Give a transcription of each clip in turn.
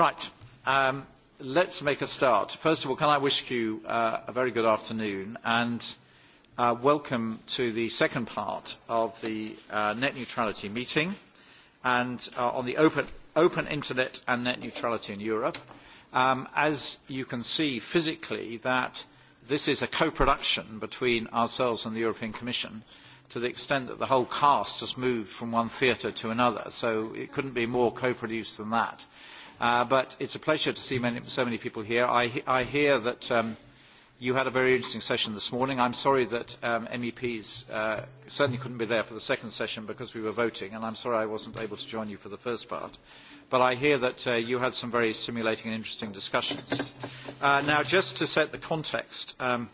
Right. Um, let's make a start. First of all, can I wish you uh, a very good afternoon and uh, welcome to the second part of the uh, net neutrality meeting and uh, on the open, open internet and net neutrality in Europe. Um, as you can see physically that this is a co-production between ourselves and the European Commission to the extent that the whole cast has moved from one theatre to another, so it couldn't be more co-produced than that but it's a pleasure to see many, so many people here. I, I hear that um, you had a very interesting session this morning. I'm sorry that um, MEPs uh, certainly couldn't be there for the second session because we were voting, and I'm sorry I wasn't able to join you for the first part. But I hear that uh, you had some very stimulating and interesting discussions. Uh, now, just to set the context, um,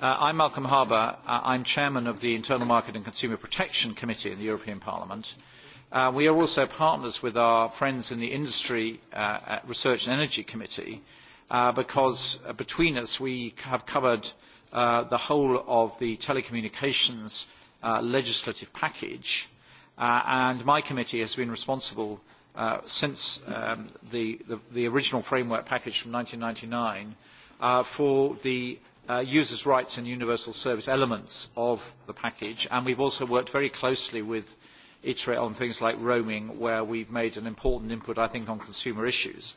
uh, I'm Malcolm Harbour. Uh, I'm chairman of the Internal Market and Consumer Protection Committee in the European Parliament. Uh, we are also partners with our friends in the Industry Research and Energy Committee because between us we have covered the whole of the telecommunications legislative package and my committee has been responsible since the, original framework package from ninety nine for the users' rights and universal service elements of the package and we have also worked very closely with iterate on things like roaming, where we've made an important input, I think, on consumer issues.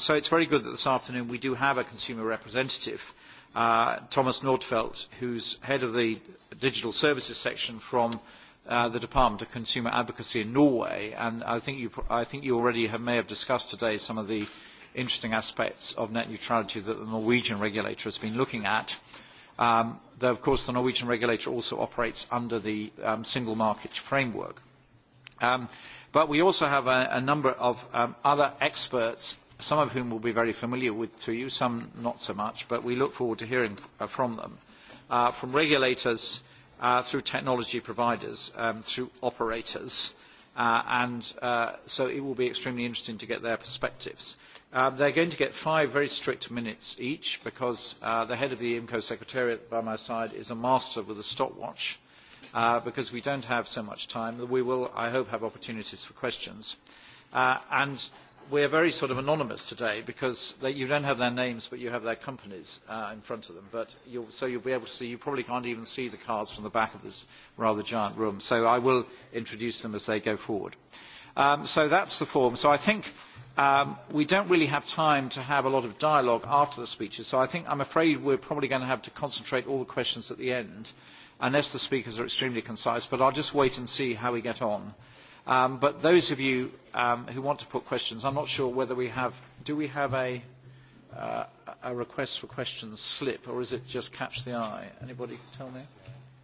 So it's very good that this afternoon we do have a consumer representative, Thomas Nordfeldt, who's head of the digital services section from the Department of Consumer Advocacy in Norway. And I think you, I think you already have, may have discussed today some of the interesting aspects of net neutrality that the Norwegian regulator has been looking at though, of course, the Norwegian regulator also operates under the single market framework. but we also have a, number of other experts, some of whom will be very familiar with to you, some not so much, but we look forward to hearing from them, from regulators through technology providers, through operators, and so it will be extremely interesting to get their perspectives. They are going to get five very strict minutes each because the head of the IMCO secretariat by my side is a master with a stopwatch because we don't have so much time. We will, I hope, have opportunities for questions. and we are very sort of anonymous today because they, you don't have their names but you have their companies uh, in front of them. But you'll, so you'll be able to see, you probably can't even see the cards from the back of this rather giant room. So I will introduce them as they go forward. Um, so that's the form. So I think Um, we don't really have time to have a lot of dialogue after the speeches, so I think I'm afraid we're probably going to have to concentrate all the questions at the end, unless the speakers are extremely concise, but I'll just wait and see how we get on. Um, but those of you um, who want to put questions, I'm not sure whether we have, do we have a, uh, a request for questions slip, or is it just catch the eye? Anybody tell me?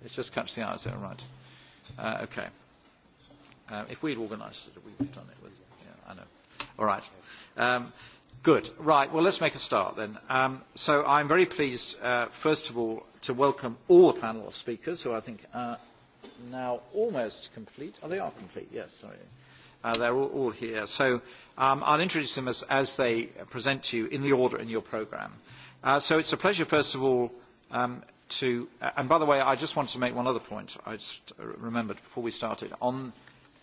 It's just catch the eye, is that right? Uh, okay. Uh, if we'd organised it, we'd have done it with All right. Um, good. Right. Well, let's make a start then. Um, so I'm very pleased, uh, first of all, to welcome all the panel of speakers who I think are now almost complete. Oh, they are complete. Yes, sorry. Uh, they're all, all here. So um, I'll introduce them as, as they present to you in the order in your programme. Uh, so it's a pleasure, first of all, um, to... Uh, and by the way, I just want to make one other point I just remembered before we started. On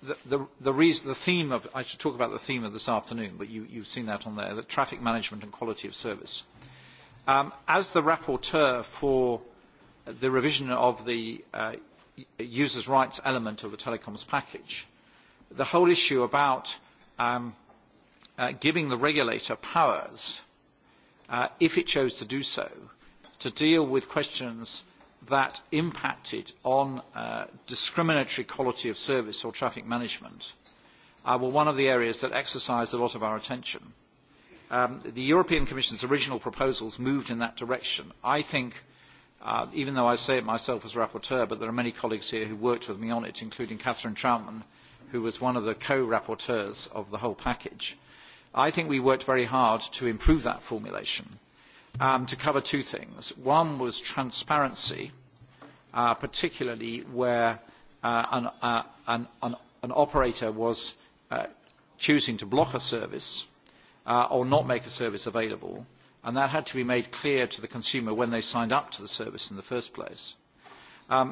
the, the, the, reason, the theme of, I should talk about the theme of this afternoon, but you, you've seen that on there, the traffic management and quality of service. Um, as the rapporteur for the revision of the uh, users' rights element of the telecoms package, the whole issue about um, uh, giving the regulator powers, uh, if it chose to do so, to deal with questions – that impacted on discriminatory quality of service or traffic management were one of the areas that exercised a lot of our attention. the European Commission's original proposals moved in that direction. I think, even though I say it myself as rapporteur, but there are many colleagues here who worked with me on it, including Catherine Trautmann, who was one of the co-rapporteurs of the whole package. I think we worked very hard to improve that formulation to cover two things. One was transparency, particularly where an, operator was choosing to block a service or not make a service available, and that had to be made clear to the consumer when they signed up to the service in the first place.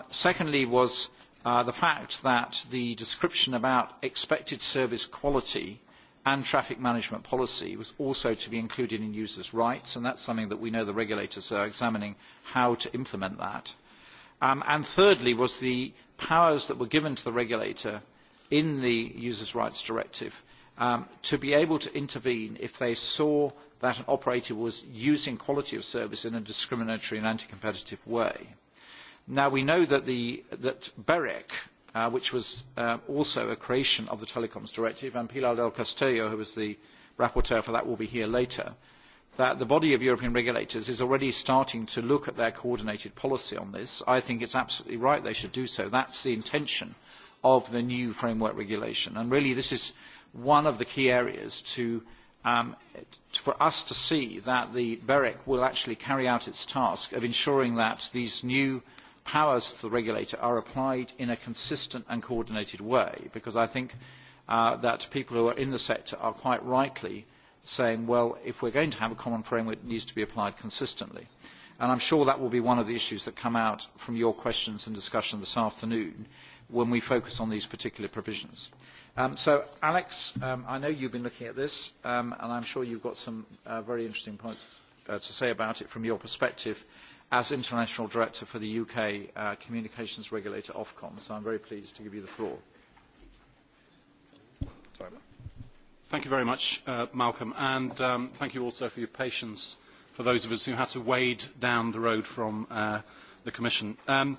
secondly was the fact that the description about expected service quality and traffic management policy was also to be included in users' rights, and that is something that we know the regulators are examining how to implement that. and thirdly was the powers that were given to the regulator in the Users' Rights Directive to be able to intervene if they saw that an operator was using quality of service in a discriminatory and anti-competitive way. Now we know that, the, that BEREC, which was also a creation of the Telecoms Directive, and Pilar del Castillo, who was the rapporteur for that, will be here later, that the body of European regulators is already starting to look at their coordinated policy on this. I think it is absolutely right they should do so. That is the intention of the new framework regulation. And really this is one of the key areas for us to see that the BEREC will actually carry out its task of ensuring that these new powers to the regulator are applied in a consistent and coordinated way because I think that people who are in the sector are quite rightly saying, well, if we are going to have a common framework, it needs to be applied consistently. And am sure that will be one of the issues that come out from your questions and discussion this afternoon when we focus on these particular provisions. so, Alex, I know you have been looking at this, and I am sure you have got some very interesting points to say about it from your perspective as International Director for the UK Communications Regulator, Ofcom. So I am very pleased to give you the floor. Thank you very much, Malcolm, and thank you also for your patience for those of us who had to wade down the road from the Commission. I,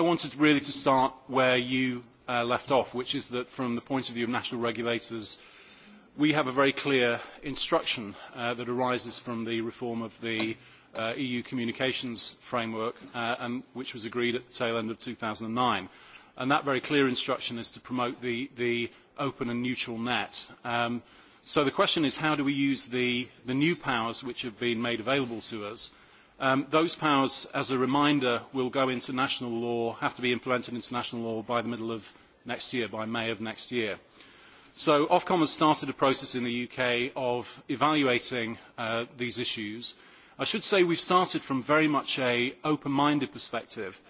wanted really to start where you left off, which is that from the point of view of national regulators, we have a very clear instruction that arises from the reform of the EU communications framework, which was agreed at the tail end of two thousand nine. And that very clear instruction is to promote the, open and neutral net. so the question is, how do we use the, new powers which have been made available to us? those powers, as a reminder, will go into national law, have to be implemented into national law by the middle of next year, by May of next year. So Ofcom has started a process in the UK of evaluating these issues I should say we've started from very much an open-minded perspective.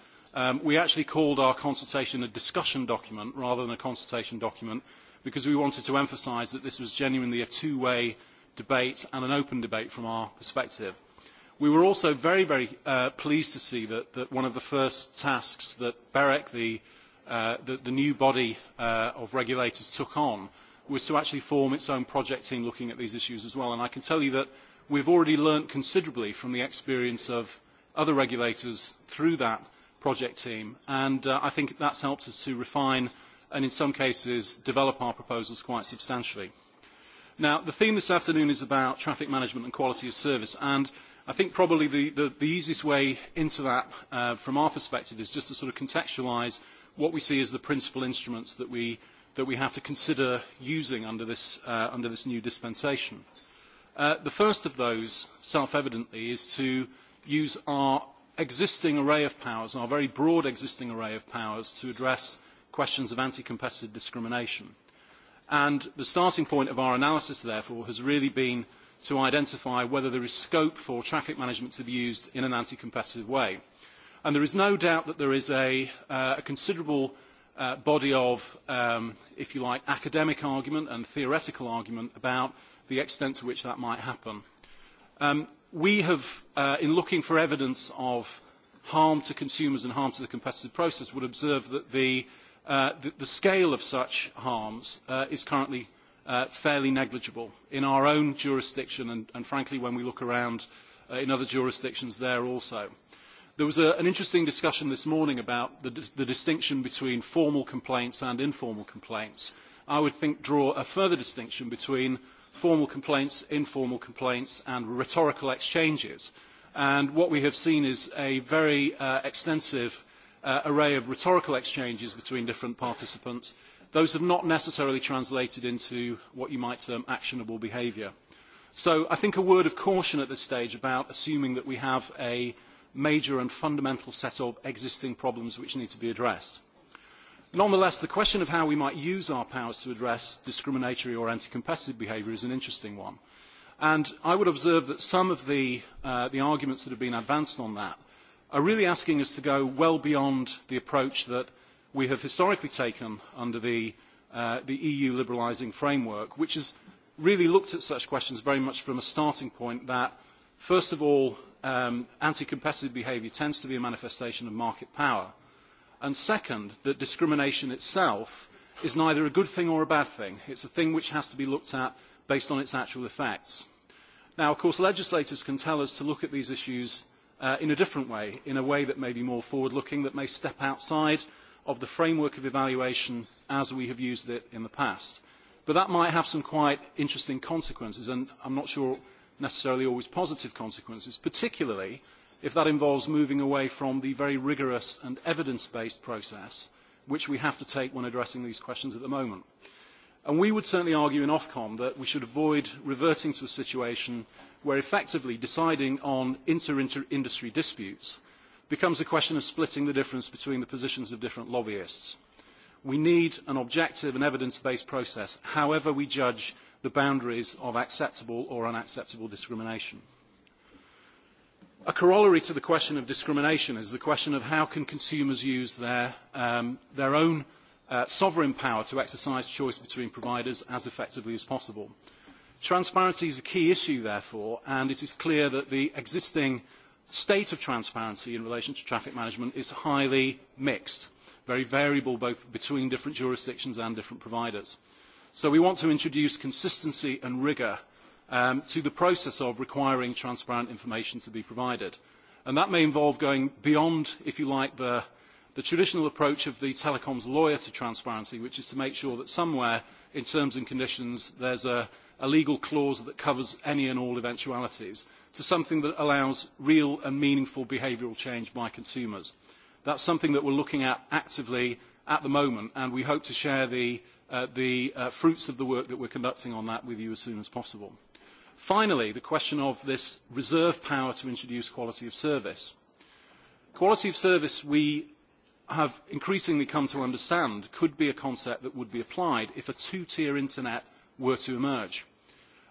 we actually called our consultation a discussion document rather than a consultation document because we wanted to emphasise that this was genuinely a two-way debate and an open debate from our perspective. We were also very, very pleased to see that, one of the first tasks that BEREC, the, new body of regulators, took on was to actually form its own project team looking at these issues as well. And I can tell you that We have already learnt considerably from the experience of other regulators through that project team, and I think that has helped us to refine and in some cases develop our proposals quite substantially. Now, the theme this afternoon is about traffic management and quality of service, and I think probably the, the, the easiest way into that uh, from our perspective is just to sort of contextualise what we see as the principal instruments that we, that we have to consider using under this, uh, under this new dispensation the first of those, self-evidently, is to use our existing array of powers, our very broad existing array of powers, to address questions of anti-competitive discrimination. And the starting point of our analysis, therefore, has really been to identify whether there is scope for traffic management to be used in an anti-competitive way. And there is no doubt that there is a, considerable body of, if you like, academic argument and theoretical argument about the extent to which that might happen. we have, in looking for evidence of harm to consumers and harm to the competitive process, would observe that the, scale of such harms is currently fairly negligible. In our own jurisdiction, and, and frankly when we look around in other jurisdictions there also. There was an interesting discussion this morning about the the, distinction between formal complaints and informal complaints. I would think draw a further distinction between formal complaints, informal complaints, and rhetorical exchanges. And what we have seen is a very extensive array of rhetorical exchanges between different participants. Those have not necessarily translated into what you might term actionable behaviour. So I think a word of caution at this stage about assuming that we have a major and fundamental set of existing problems which need to be addressed. Nonetheless, the question of how we might use our powers to address discriminatory or anti-competitive behaviour is an interesting one. And I would observe that some of the, arguments that have been advanced on that are really asking us to go well beyond the approach that we have historically taken under the, EU liberalising framework, which has really looked at such questions very much from a starting point that, first of all, anti-competitive behaviour tends to be a manifestation of market power and second, that discrimination itself is neither a good thing or a bad thing. It is a thing which has to be looked at based on its actual effects. Now, of course, legislators can tell us to look at these issues in a different way, in a way that may be more forward-looking, that may step outside of the framework of evaluation as we have used it in the past. But that might have some quite interesting consequences, and I am not sure necessarily always positive consequences, particularly if that involves moving away from the very rigorous and evidence-based process which we have to take when addressing these questions at the moment. And we would certainly argue in Ofcom that we should avoid reverting to a situation where effectively deciding on inter-industry disputes becomes a question of splitting the difference between the positions of different lobbyists. We need an objective and evidence-based process, however we judge the boundaries of acceptable or unacceptable discrimination. A corollary to the question of discrimination is the question of how can consumers use their, own sovereign power to exercise choice between providers as effectively as possible. Transparency is a key issue, therefore, and it is clear that the existing state of transparency in relation to traffic management is highly mixed, very variable both between different jurisdictions and different providers. So we want to introduce consistency and rigour to the process of requiring transparent information to be provided. And that may involve going beyond, if you like, the, the traditional approach of the telecoms lawyer to transparency, which is to make sure that somewhere in terms and conditions there's a, a legal clause that covers any and all eventualities to something that allows real and meaningful behavioural change by consumers. That's something that we're looking at actively at the moment, and we hope to share the, fruits of the work that we're conducting on that with you as soon as possible. Finally, the question of this reserve power to introduce quality of service. Quality of service we have increasingly come to understand could be a concept that would be applied if a two-tier internet were to emerge.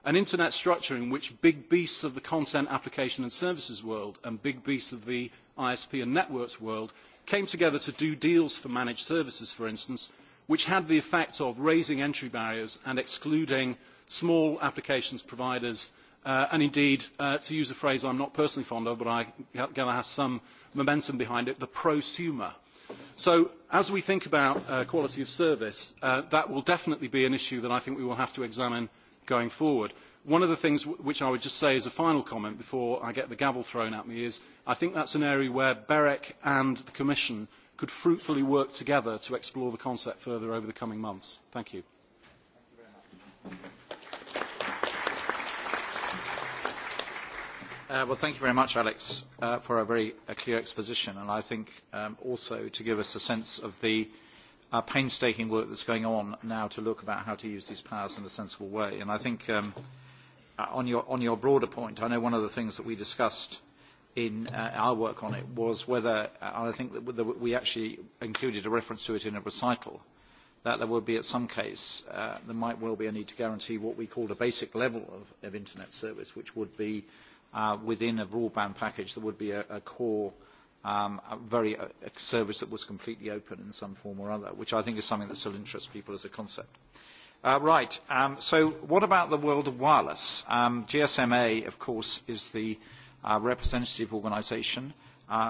An internet structure in which big beasts of the content application and services world and big beasts of the ISP and networks world came together to do deals for managed services, for instance, which had the effect of raising entry barriers and excluding small applications providers, and indeed, to use a phrase I am not personally fond of, but I gather has some momentum behind it, the prosumer. So as we think about quality of service, that will definitely be an issue that I think we will have to examine going forward. One of the things which I would just say as a final comment before I get the gavel thrown at me is I think that is an area where BEREC and the Commission could fruitfully work together to explore the concept further over the coming months. Thank you. well, thank you very much, Alex, for a very clear exposition, and I think also to give us a sense of the painstaking work that's going on now to look about how to use these powers in a sensible way. And I think on your broader point, I know one of the things that we discussed in our work on it was whether, and I think that we actually included a reference to it in a recital, that there would be at some case, there might well be a need to guarantee what we called a basic level of internet service, which would be uh within a broadband package that would be a, a core um very a service that was completely open in some form or other, which I think is something that still interests people as a concept. right, um so what about the world of wireless? Um GSMA, of course, is the representative organisation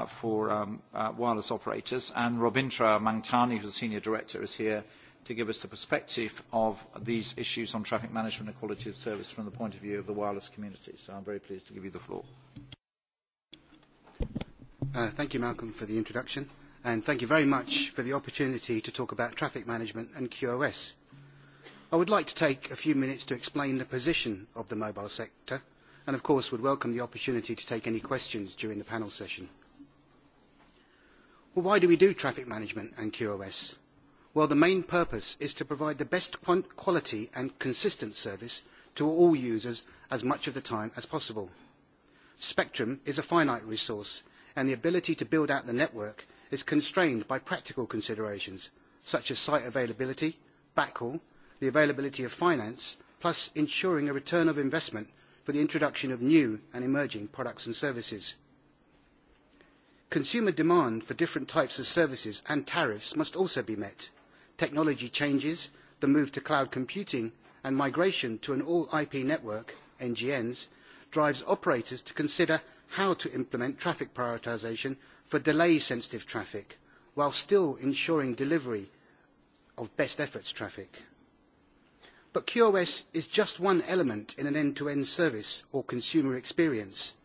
for wireless operators, and Robintra Mangtani, who's the senior director, is here to give us the perspective of these issues on traffic management and quality of service from the point of view of the wireless community. So I'm very pleased to give you the floor. Uh, thank you, Malcolm, for the introduction. And thank you very much for the opportunity to talk about traffic management and QoS. I would like to take a few minutes to explain the position of the mobile sector and of course would welcome the opportunity to take any questions during the panel session. Well, why do we do traffic management and QoS? while the main purpose is to provide the best quality and consistent service to all users as much of the time as possible. Spectrum is a finite resource and the ability to build out the network is constrained by practical considerations such as site availability, backhaul, the availability of finance, plus ensuring a return of investment for the introduction of new and emerging products and services. Consumer demand for different types of services and tariffs must also be met Technology changes, the move to cloud computing, and migration to an all-IP network, NGNs, drives operators to consider how to implement traffic prioritisation for delay-sensitive traffic, while still ensuring delivery of best efforts traffic. But QoS is just one element in an end-to-end service or consumer experience.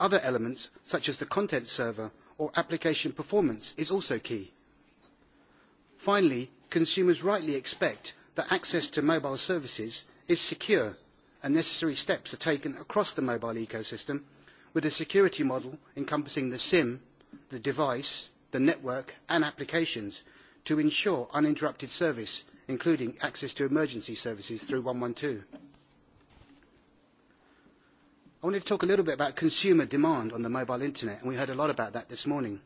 Other elements, such as the content server or application performance, is also key. Finally, consumers rightly expect that access to mobile services is secure and necessary steps are taken across the mobile ecosystem with a security model encompassing the SIM, the device, the network and applications to ensure uninterrupted service, including access to emergency services through one hundred and twelve. I wanted to talk a little bit about consumer demand on the mobile internet, and we heard a lot about that this morning.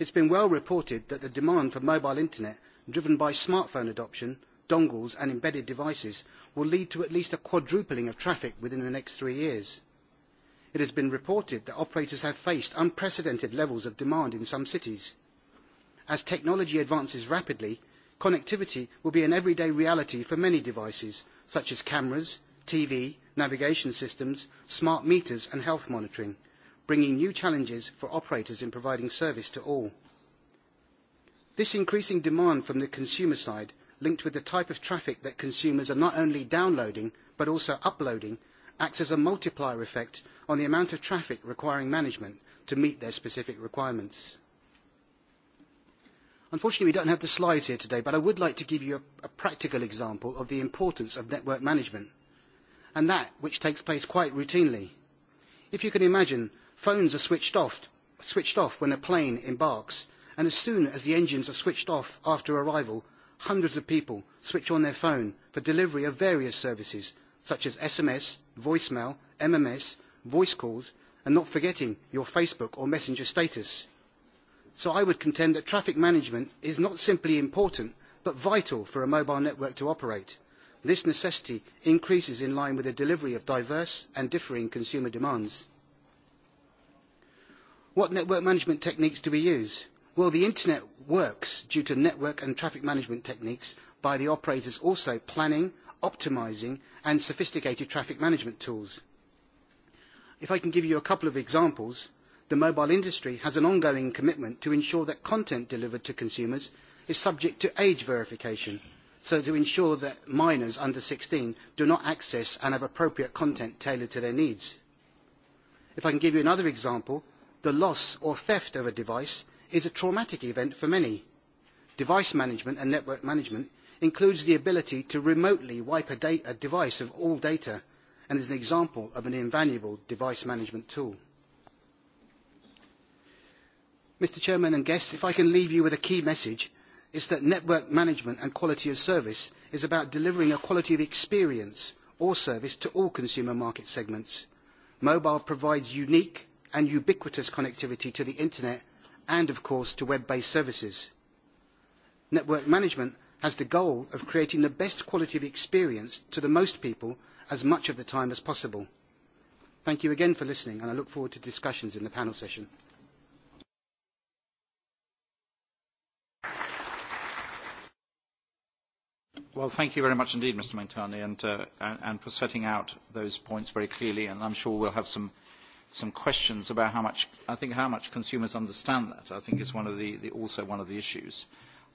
It has been well reported that the demand for mobile internet driven by smartphone adoption, dongles and embedded devices will lead to at least a quadrupling of traffic within the next three years. It has been reported that operators have faced unprecedented levels of demand in some cities. As technology advances rapidly, connectivity will be an everyday reality for many devices, such as cameras, TV, navigation systems, smart meters and health monitoring bringing new challenges for operators in providing service to all. This increasing demand from the consumer side, linked with the type of traffic that consumers are not only downloading but also uploading, acts as a multiplier effect on the amount of traffic requiring management to meet their specific requirements. Unfortunately, we don't have the slides here today, but I would like to give you a, practical example of the importance of network management, and that which takes place quite routinely. If you can imagine Phones are switched off, when a plane embarks, and as soon as the engines are switched off after arrival, hundreds of people switch on their phone for delivery of various services such as SMS, voicemail, MMS, voice calls, and not forgetting your Facebook or Messenger status. So I would contend that traffic management is not simply important but vital for a mobile network to operate. This necessity increases in line with the delivery of diverse and differing consumer demands. What network management techniques do we use? Well, the internet works due to network and traffic management techniques by the operators also planning, optimising and sophisticated traffic management tools. If I can give you a couple of examples, the mobile industry has an ongoing commitment to ensure that content delivered to consumers is subject to age verification, so to ensure that minors under sixteen do not access and have appropriate content tailored to their needs. If I can give you another example, the loss or theft of a device is a traumatic event for many. Device management and network management includes the ability to remotely wipe a, device of all data and is an example of an invaluable device management tool. Mr Chairman and guests, if I can leave you with a key message, it is that network management and quality of service is about delivering a quality of experience or service to all consumer market segments. Mobile provides unique and ubiquitous connectivity to the internet and, of course, to web-based services. Network management has the goal of creating the best quality of experience to the most people as much of the time as possible. Thank you again for listening, and I look forward to discussions in the panel session. Well, thank you very much indeed, Mr. Mintani, and, uh, and for setting out those points very clearly, and I'm sure we'll have some some questions about how much, I think how much consumers understand that, I think is one of the, the also one of the issues,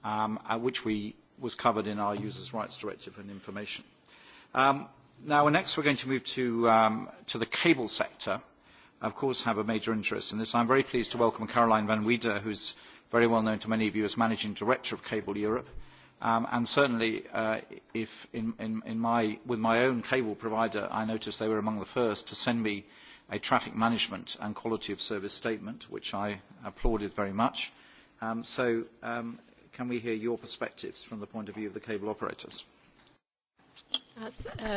um, which we, was covered in our Users' Rights Directive and information. Um, now, next we're going to move to, um, to the cable sector. Of course, have a major interest in this. I'm very pleased to welcome Caroline Van Wieder, who's very well known to many of you as Managing Director of Cable Europe. Um, and certainly, uh, if in, in, in my, with my own cable provider, I noticed they were among the first to send me a traffic management and quality of service statement, which I applauded very much. so can we hear your perspectives from the point of view of the cable operators?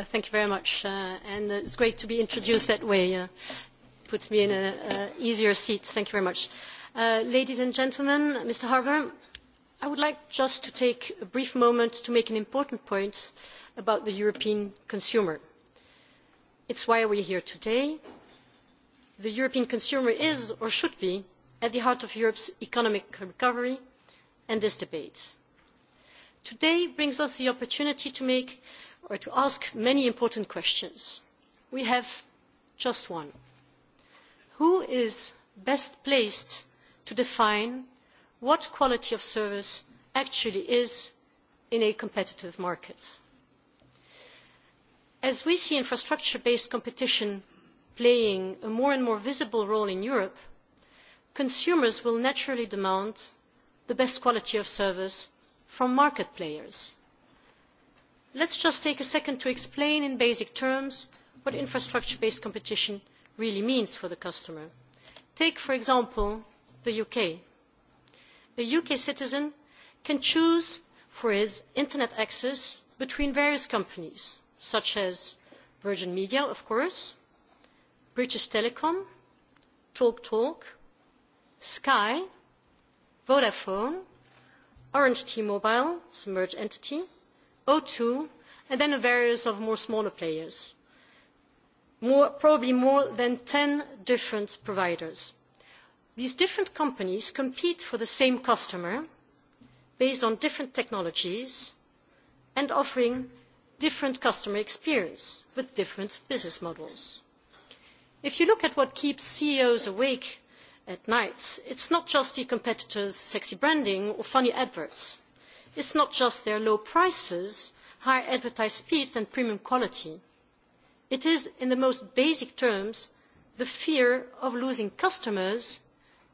thank you very much. and it's great to be introduced that way. Uh, puts me in an easier seat. Thank you very much. ladies and gentlemen, Mr. Harbour, I would like just to take a brief moment to make an important point about the European consumer. It's why we're here today the European consumer is or should be at the heart of Europe's economic recovery and this debate. Today brings us the opportunity to make or to ask many important questions. We have just one. Who is best placed to define what quality of service actually is in a competitive market? As we see infrastructure-based competition playing a more and more visible role in Europe, consumers will naturally demand the best quality of service from market players. Let's just take a second to explain in basic terms what infrastructure-based competition really means for the customer. Take, for example, the UK. A UK citizen can choose for his internet access between various companies, such as Virgin Media, of course, British Telecom, TalkTalk, Sky, Vodafone, Orange T-Mobile, submerged entity, O2, and then a various of more smaller players. More, probably more than 10 different providers. These different companies compete for the same customer based on different technologies and offering different customer experience with different business models. If you look at what keeps CEOs awake at night, it's not just the competitors' sexy branding or funny adverts. It's not just their low prices, high advertised speeds and premium quality. It is, in the most basic terms, the fear of losing customers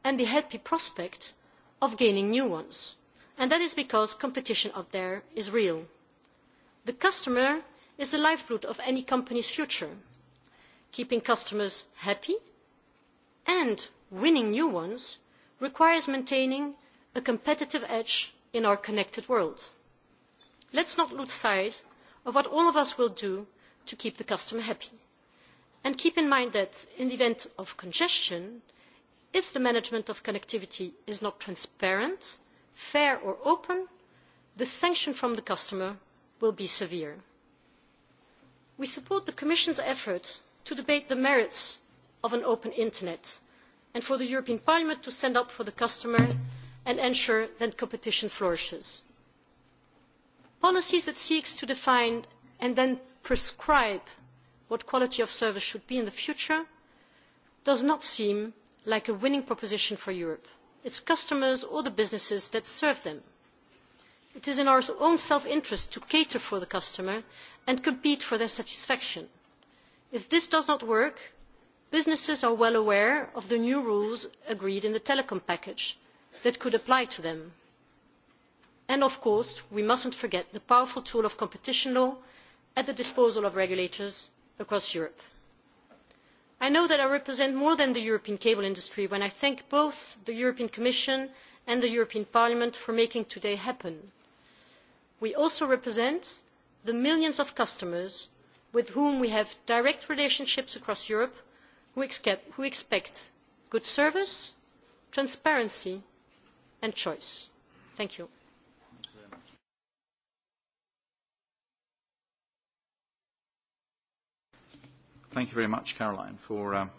and the happy prospect of gaining new ones. And that is because competition out there is real. The customer is the lifeblood of any company's future keeping customers happy and winning new ones requires maintaining a competitive edge in our connected world. Let's not lose sight of what all of us will do to keep the customer happy. And keep in mind that in the event of congestion, if the management of connectivity is not transparent, fair or open, the sanction from the customer will be severe. We support the Commission's effort to debate the merits of an open internet and for the European Parliament to stand up for the customer and ensure that competition flourishes. Policies that seek to define and then prescribe what quality of service should be in the future does not seem like a winning proposition for Europe. It's customers or the businesses that serve them. It is in our own self-interest to cater for the customer and compete for their satisfaction – If this does not work, businesses are well aware of the new rules agreed in the telecom package that could apply to them. And of course, we must not forget the powerful tool of competition law at the disposal of regulators across Europe. I know that I represent more than the European cable industry when I thank both the European Commission and the European Parliament for making today happen. We also represent the millions of customers with whom we have direct relationships across Europe, who expect good service, transparency and choice. Thank you. Thank you very much, Caroline, for um,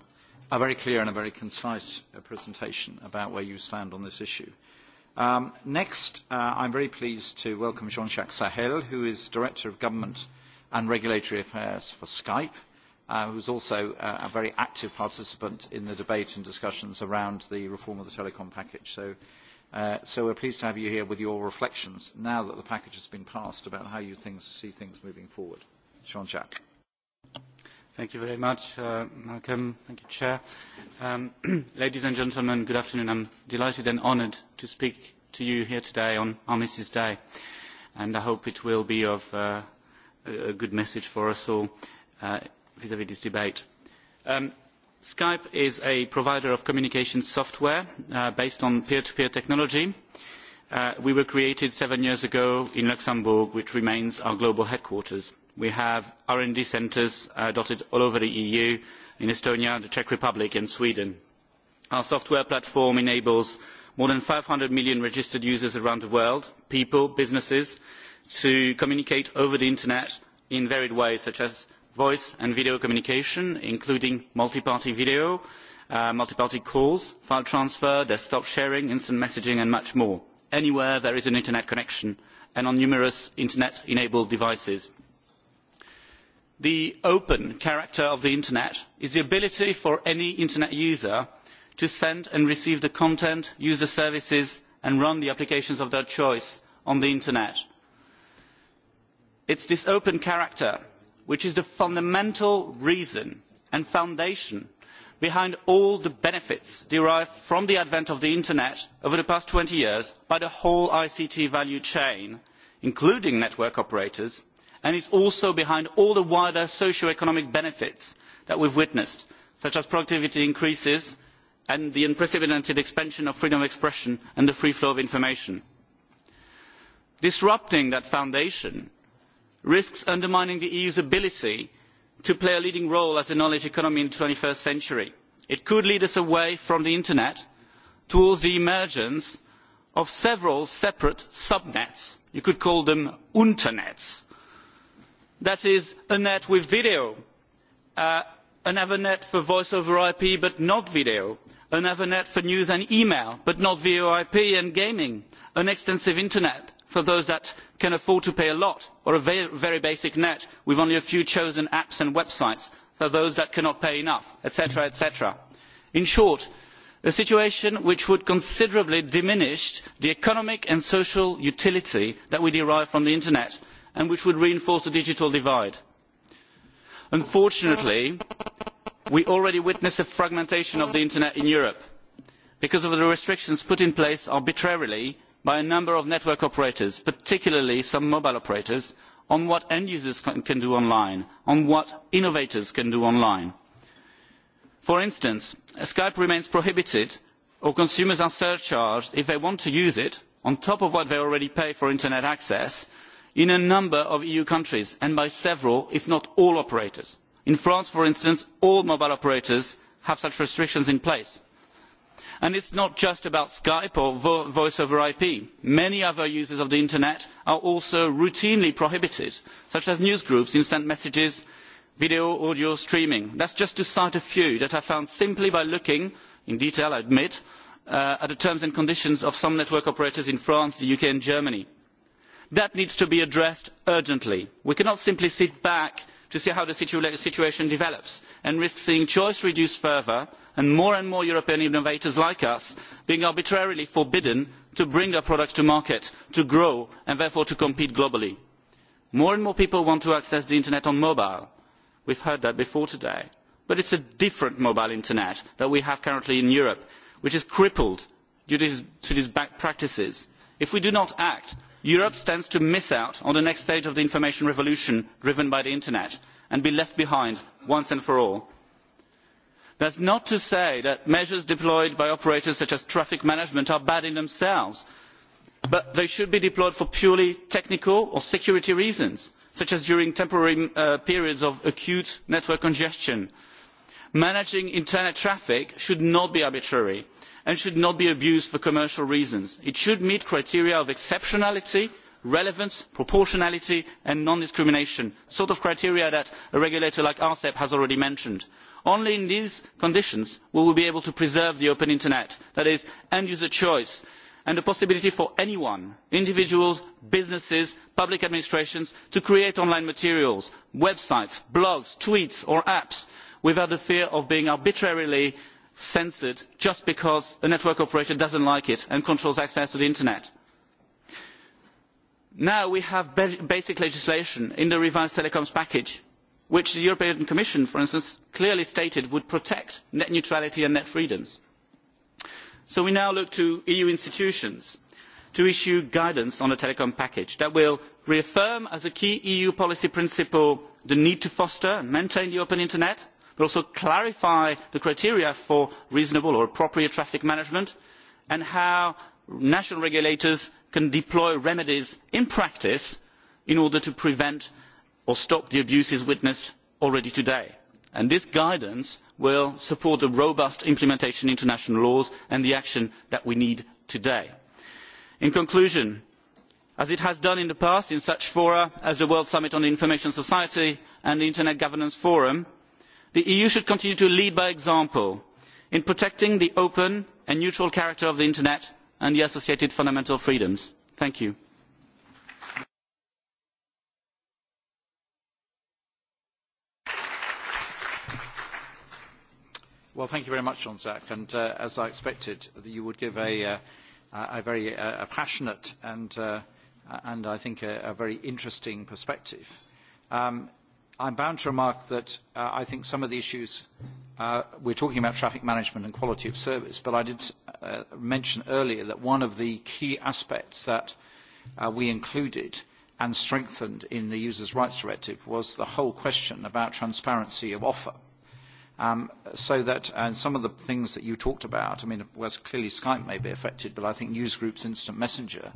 a very clear and a very concise uh, presentation about where you stand on this issue. Um, next, uh, I'm very pleased to welcome Jean-Jacques Sahel, who is Director of Government and Regulatory Affairs for Skype, uh, who's also uh, a very active participant in the debate and discussions around the reform of the telecom package. So, uh, so we're pleased to have you here with your reflections now that the package has been passed about how you things, see things moving forward. Jean-Jacques. Thank you very much, uh, Malcolm. Thank you, Chair. Um, ladies and gentlemen, good afternoon. I'm delighted and honoured to speak to you here today on Armistice Day, and I hope it will be of uh, a good message for us all vis-à-vis this debate. Skype is a provider of communication software based on peer-to-peer technology. we were created seven years ago in Luxembourg, which remains our global headquarters. We have R&D centres dotted all over the EU, in Estonia, the Czech Republic and Sweden. Our software platform enables more than five hundred million registered users around the world, people, businesses, to communicate over the internet in varied ways such as voice and video communication including multi party video multi party calls file transfer desktop sharing instant messaging and much more anywhere there is an internet connection and on numerous internet enabled devices. the open character of the internet is the ability for any internet user to send and receive the content use the services and run the applications of their choice on the internet it is this open character which is the fundamental reason and foundation behind all the benefits derived from the advent of the internet over the past twenty years by the whole ict value chain including network operators and it is also behind all the wider socio economic benefits that we have witnessed such as productivity increases and the unprecedented expansion of freedom of expression and the free flow of information. disrupting that foundation risks undermining the eu's ability to play a leading role as a knowledge economy in the twenty first century. it could lead us away from the internet towards the emergence of several separate subnets you could call them unternets that is a net with video another net for voice over ip but not video another net for news and email but not voip and gaming an extensive internet for those that can afford to pay a lot or a very basic net with only a few chosen apps and websites for those that cannot pay enough etc. etc. in short a situation which would considerably diminish the economic and social utility that we derive from the internet and which would reinforce the digital divide. unfortunately we already witness a fragmentation of the internet in europe because of the restrictions put in place arbitrarily by a number of network operators particularly some mobile operators on what end users can do online on what innovators can do online. for instance skype remains prohibited or consumers are surcharged if they want to use it on top of what they already pay for internet access in a number of eu countries and by several if not all operators. in france for instance all mobile operators have such restrictions in place and it is not just about skype or voice over ip many other uses of the internet are also routinely prohibited such as news groups instant messages video audio streaming that is just to cite a few that i found simply by looking in detail i admit at the terms and conditions of some network operators in france the uk and germany. that needs to be addressed urgently. we cannot simply sit back to see how the situation develops and risk seeing choice reduced further and more and more european innovators like us being arbitrarily forbidden to bring their products to market to grow and therefore to compete globally. more and more people want to access the internet on mobile we have heard that before today but it is a different mobile internet that we have currently in europe which is crippled due to these bad practices. if we do not act europe stands to miss out on the next stage of the information revolution driven by the internet and be left behind once and for all that is not to say that measures deployed by operators such as traffic management are bad in themselves but they should be deployed for purely technical or security reasons such as during temporary periods of acute network congestion. managing internet traffic should not be arbitrary and should not be abused for commercial reasons. it should meet criteria of exceptionality relevance proportionality and non discrimination the sort of criteria that a regulator like arcep has already mentioned only in these conditions will we be able to preserve the open internet that is end user choice and the possibility for anyone individuals businesses public administrations to create online materials websites blogs tweets or apps without the fear of being arbitrarily censored just because a network operator does not like it and controls access to the internet. now we have basic legislation in the revised telecoms package which the European Commission, for instance, clearly stated would protect net neutrality and net freedoms. So we now look to EU institutions to issue guidance on the telecom package that will reaffirm as a key EU policy principle the need to foster and maintain the open internet, but also clarify the criteria for reasonable or appropriate traffic management and how national regulators can deploy remedies in practice in order to prevent or stop the abuses witnessed already today. and this guidance will support the robust implementation of international laws and the action that we need today. in conclusion as it has done in the past in such fora as the world summit on the information society and the internet governance forum the eu should continue to lead by example in protecting the open and neutral character of the internet and the associated fundamental freedoms. thank you. Well, thank you very much, Jean-Jacques. And uh, as I expected, you would give a, uh, a very uh, a passionate and, uh, and I think a, a very interesting perspective. Um, I'm bound to remark that uh, I think some of the issues, uh, we're talking about traffic management and quality of service, but I did uh, mention earlier that one of the key aspects that uh, we included and strengthened in the Users' Rights Directive was the whole question about transparency of offer Um, so that, and some of the things that you talked about, I mean, whereas clearly Skype may be affected, but I think groups, instant messenger,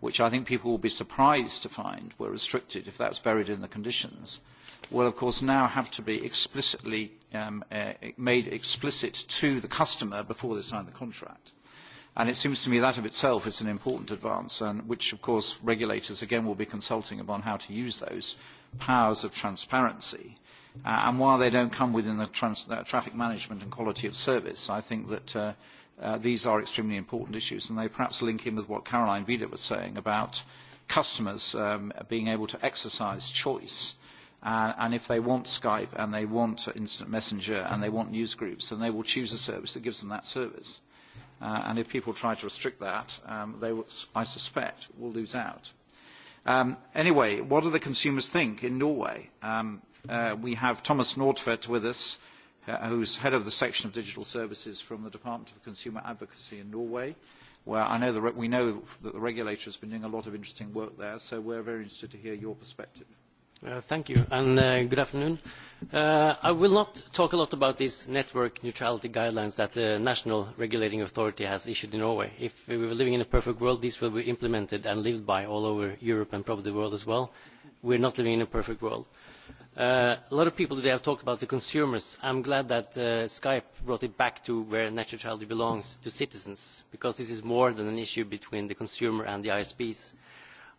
which I think people will be surprised to find were restricted if that's buried in the conditions, will of course now have to be explicitly um, uh, made explicit to the customer before they sign the contract. And it seems to me that of itself is an important advance, and which of course regulators again will be consulting upon how to use those powers of transparency and while they don't come within the trans traffic management and quality of service, I think that these are extremely important issues, and they perhaps link in with what Caroline Vida was saying about customers being able to exercise choice. and if they want Skype and they want instant messenger and they want news groups, then they will choose a service that gives them that service. and if people try to restrict that, they, will, I suspect, will lose out. anyway, what do the consumers think in Norway? Um, we have Thomas Nordfett with us, who is head of the section of digital services from the Department of Consumer Advocacy in Norway, where I know re we know that the regulator has been doing a lot of interesting work there, so we're very interested to hear your perspective. Thank you, and good afternoon. I will not talk a lot about these network neutrality guidelines that the national regulating authority has issued in Norway. If we were living in a perfect world, these will be implemented and lived by all over Europe and probably the world as well. We're not living in a perfect world a lot of people today have talked about the consumers. I'm glad that Skype brought it back to where natural neutrality belongs, to citizens, because this is more than an issue between the consumer and the ISPs.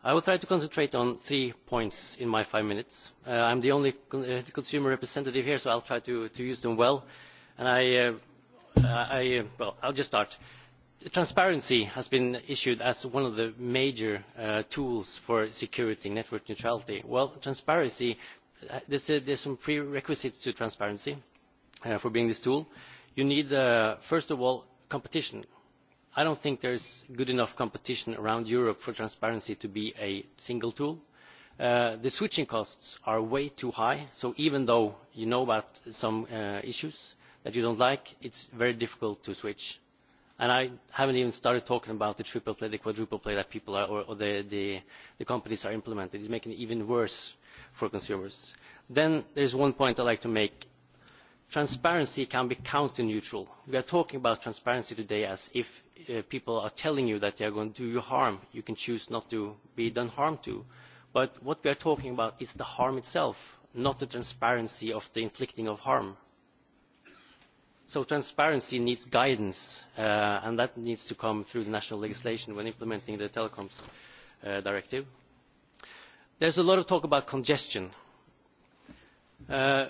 I will try to concentrate on three points in my five minutes. Uh, I'm the only consumer representative here, so I'll try to, to use them well. And I, I, well, I'll just start. Transparency has been issued as one of the major tools for security, network neutrality. Well, transparency there's, there's some prerequisites to transparency uh, for being this tool. You need, uh, first of all, competition. I don't think there's good enough competition around Europe for transparency to be a single tool. Uh, the switching costs are way too high, so even though you know about some uh, issues that you don't like, it's very difficult to switch. And I haven't even started talking about the triple play, the quadruple play that people are, or, or the, the, the companies are implementing. It's making it even worse for consumers. Then there's one point I'd like to make. Transparency can be counter-neutral. We are talking about transparency today as if people are telling you that they are going to do you harm. You can choose not to be done harm to. But what we are talking about is the harm itself, not the transparency of the inflicting of harm. So transparency needs guidance, and that needs to come through the national legislation when implementing the telecoms directive There's a lot of talk about congestion. Uh,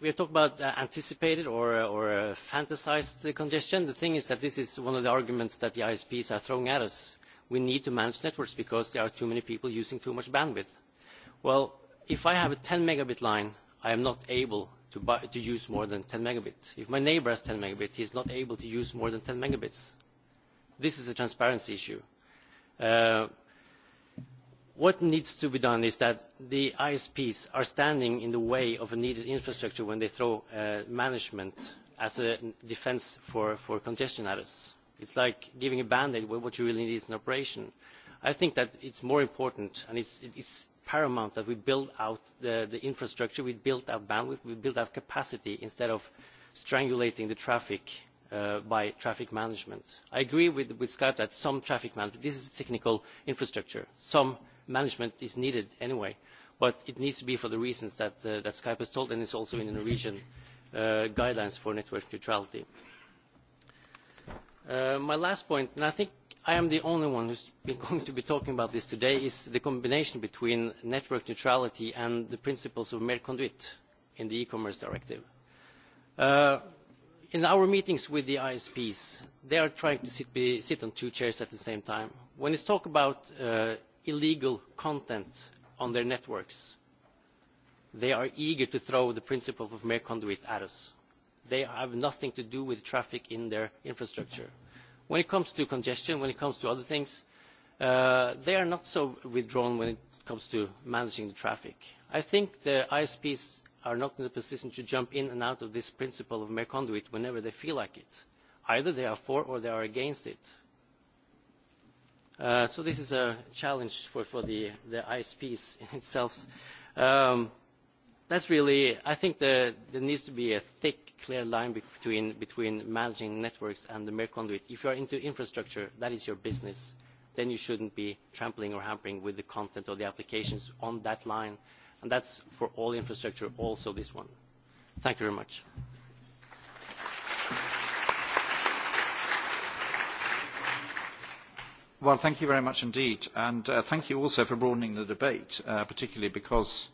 we have talked about uh, anticipated or, or uh, fantasized congestion. The thing is that this is one of the arguments that the ISPs are throwing at us. We need to manage networks because there are too many people using too much bandwidth. Well, if I have a 10 megabit line, I am not able to, buy, to use more than 10 megabit. If my neighbor has 10 megabit, he is not able to use more than 10 megabits. This is a transparency issue. Uh, what needs to be done is that the isps are standing in the way of needed infrastructure when they throw management as a defence for congestion at us. it's like giving a band aid when what you really need is an operation. i think that it's more important and it's, is paramount that we build out the, the infrastructure, we build out bandwidth, we build out capacity instead of strangulating the traffic by traffic management. I agree with, with Scott that some traffic management, this is technical infrastructure, some management is needed anyway, but it needs to be for the reasons that, that Skype has told, and it's also in the Norwegian guidelines for network neutrality. my last point, and I think I am the only one who's been going to be talking about this today, is the combination between network neutrality and the principles of Merconduit in the e-commerce directive. in our meetings with the ISPs, they are trying to sit, on two chairs at the same time. When it's talk about illegal content on their networks, they are eager to throw the principle of mere conduit at us. They have nothing to do with traffic in their infrastructure. When it comes to congestion, when it comes to other things, they are not so withdrawn when it comes to managing the traffic. I think the ISPs are not in a position to jump in and out of this principle of mere conduit whenever they feel like it. Either they are for or they are against it so this is a challenge for, for the, the ISPs in itself. that's really, I think the, there needs to be a thick, clear line between, between managing networks and the mere conduit. If you are into infrastructure, that is your business. Then you shouldn't be trampling or hampering with the content or the applications on that line. And that's for all infrastructure, also this one. Thank you very much. Well, thank you very much indeed. And uh, thank you also for broadening the debate, uh, particularly because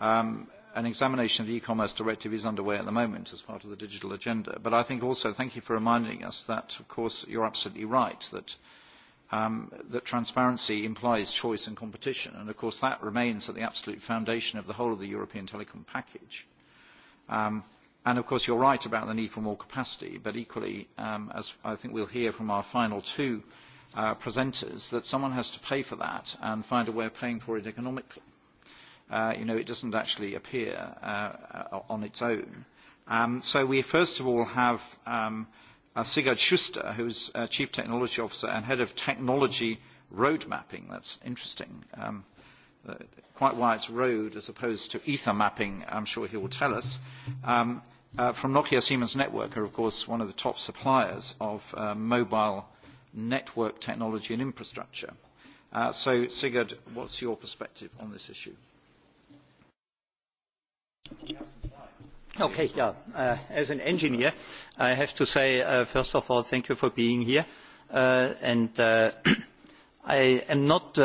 um, an examination of the e-commerce directive is underway at the moment as part of the digital agenda. But I think also thank you for reminding us that, of course, you're absolutely right that um, that transparency implies choice and competition. And of course, that remains at the absolute foundation of the whole of the European telecom package. Um, and of course, you're right about the need for more capacity. But equally, um, as I think we'll hear from our final two uh, presenters that someone has to pay for that and find a way of paying for it economically. Uh, you know, it doesn't actually appear uh, on its own. Um, so we first of all have um, uh, Sigurd Schuster, who's uh, Chief Technology Officer and Head of Technology Road Mapping. That's interesting. Um, uh, quite why it's road as opposed to ether mapping, I'm sure he will tell us. Um, uh, from Nokia Siemens Network are, of course, one of the top suppliers of uh, mobile network technology and infrastructure. so, Sigurd, what's your perspective on this issue? Okay, yeah. as an engineer, I have to say, first of all, thank you for being here. and I am not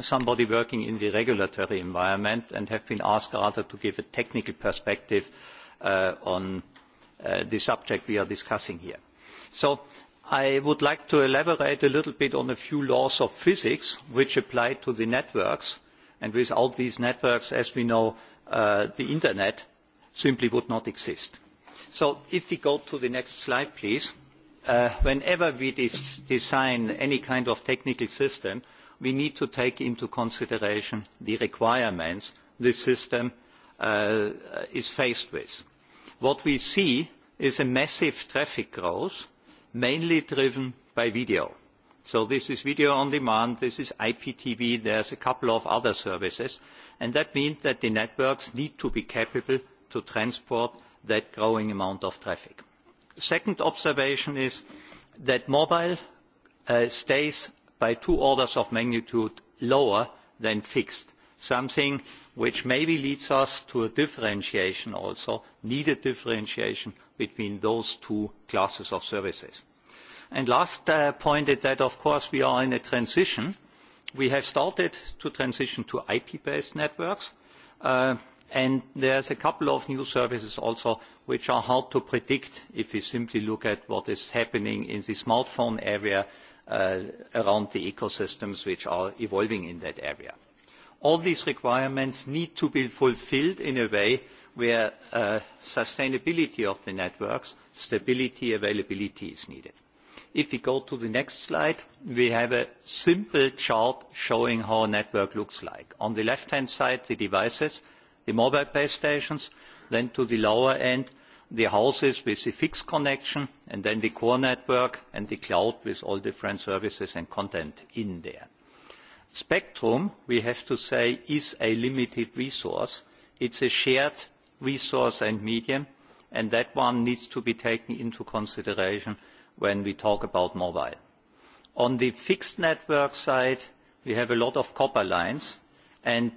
somebody working in the regulatory environment and have been asked rather to give a technical perspective on the subject we are discussing here. So I would like to elaborate a little bit on a few laws of physics which apply to the networks. And without these networks, as we know, the Internet simply would not exist. So if we go to the next slide, please. whenever we design any kind of technical system, we need to take into consideration the requirements this system is faced with. What we see is a massive traffic growth mainly driven by video. So this is video on demand, this is IPTV, there's a couple of other services, and that means that the networks need to be capable to transport that growing amount of traffic. Second observation is that mobile stays by two orders of magnitude lower than fixed something which maybe leads us to a differentiation also, needed differentiation between those two classes of services. And last point is that, of course, we are in a transition. We have started to transition to IP-based networks, and there's a couple of new services also which are hard to predict if we simply look at what is happening in the smartphone area around the ecosystems which are evolving in that area all these requirements need to be fulfilled in a way where sustainability of the networks, stability, and availability is needed. If we go to the next slide, we have a simple chart showing how a network looks like. On the left-hand side, the devices, the mobile base stations, then to the lower end, the houses with the fixed connection, and then the core network and the cloud with all different services and content in there Spectrum, we have to say, is a limited resource. It is a shared resource and medium, and that one needs to be taken into consideration when we talk about mobile. On the fixed network side, we have a lot of copper lines, and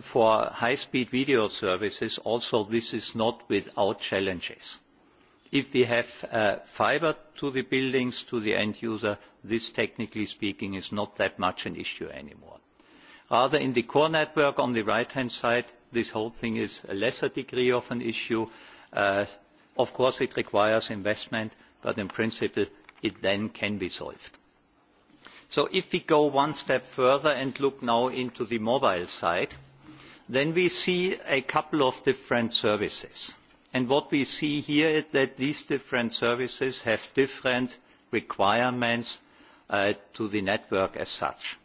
for high-speed video services also, this is not without challenges If we have fibre to the buildings, to the end user, this, technically speaking, is not that much an issue anymore. Rather, in the core network on the right-hand side, this whole thing is a lesser degree of an issue. Of course, it requires investment, but in principle, it then can be solved. So If we go one step further and look now into the mobile side, then we see a couple of different services and what we see here is that these different services have different requirements to the network as such.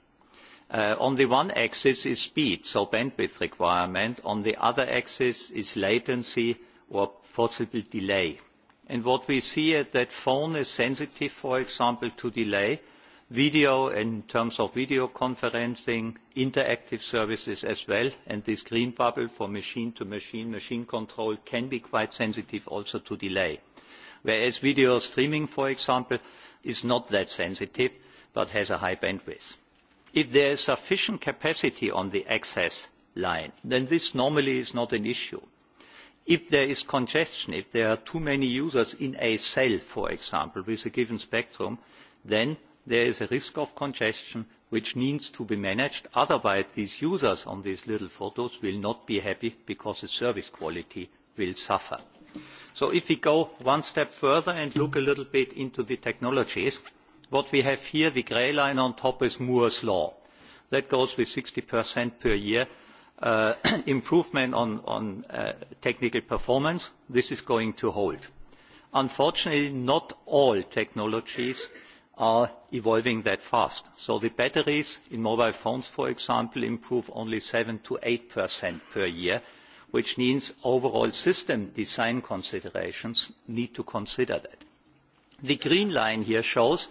on the one axis is speed, so bandwidth requirement. On the other axis is latency or possible delay. what we see is that phone is sensitive, for example, to delay, video in terms of video conferencing, interactive services as well, and this green bubble for machine-to-machine, machine control can be quite sensitive also to delay. Whereas video streaming, for example, is not that sensitive, but has a high bandwidth. If there is sufficient capacity on the access line, then this normally is not an issue. If there is congestion, if there are too many users in a cell, for example, with a given spectrum, then there is a risk of congestion which needs to be managed. Otherwise, these users on these little photos will not be happy because the service quality will suffer. So if we go one step further and look a little bit into the technologies, what we have here, the grey line on top is Moore's law. That goes with 60% per year improvement on technical performance. This is going to hold. Unfortunately, not all technologies are evolving that fast. So the batteries in mobile phones, for example, improve only seven to 8% per year, which means overall system design considerations need to consider that. The green line here shows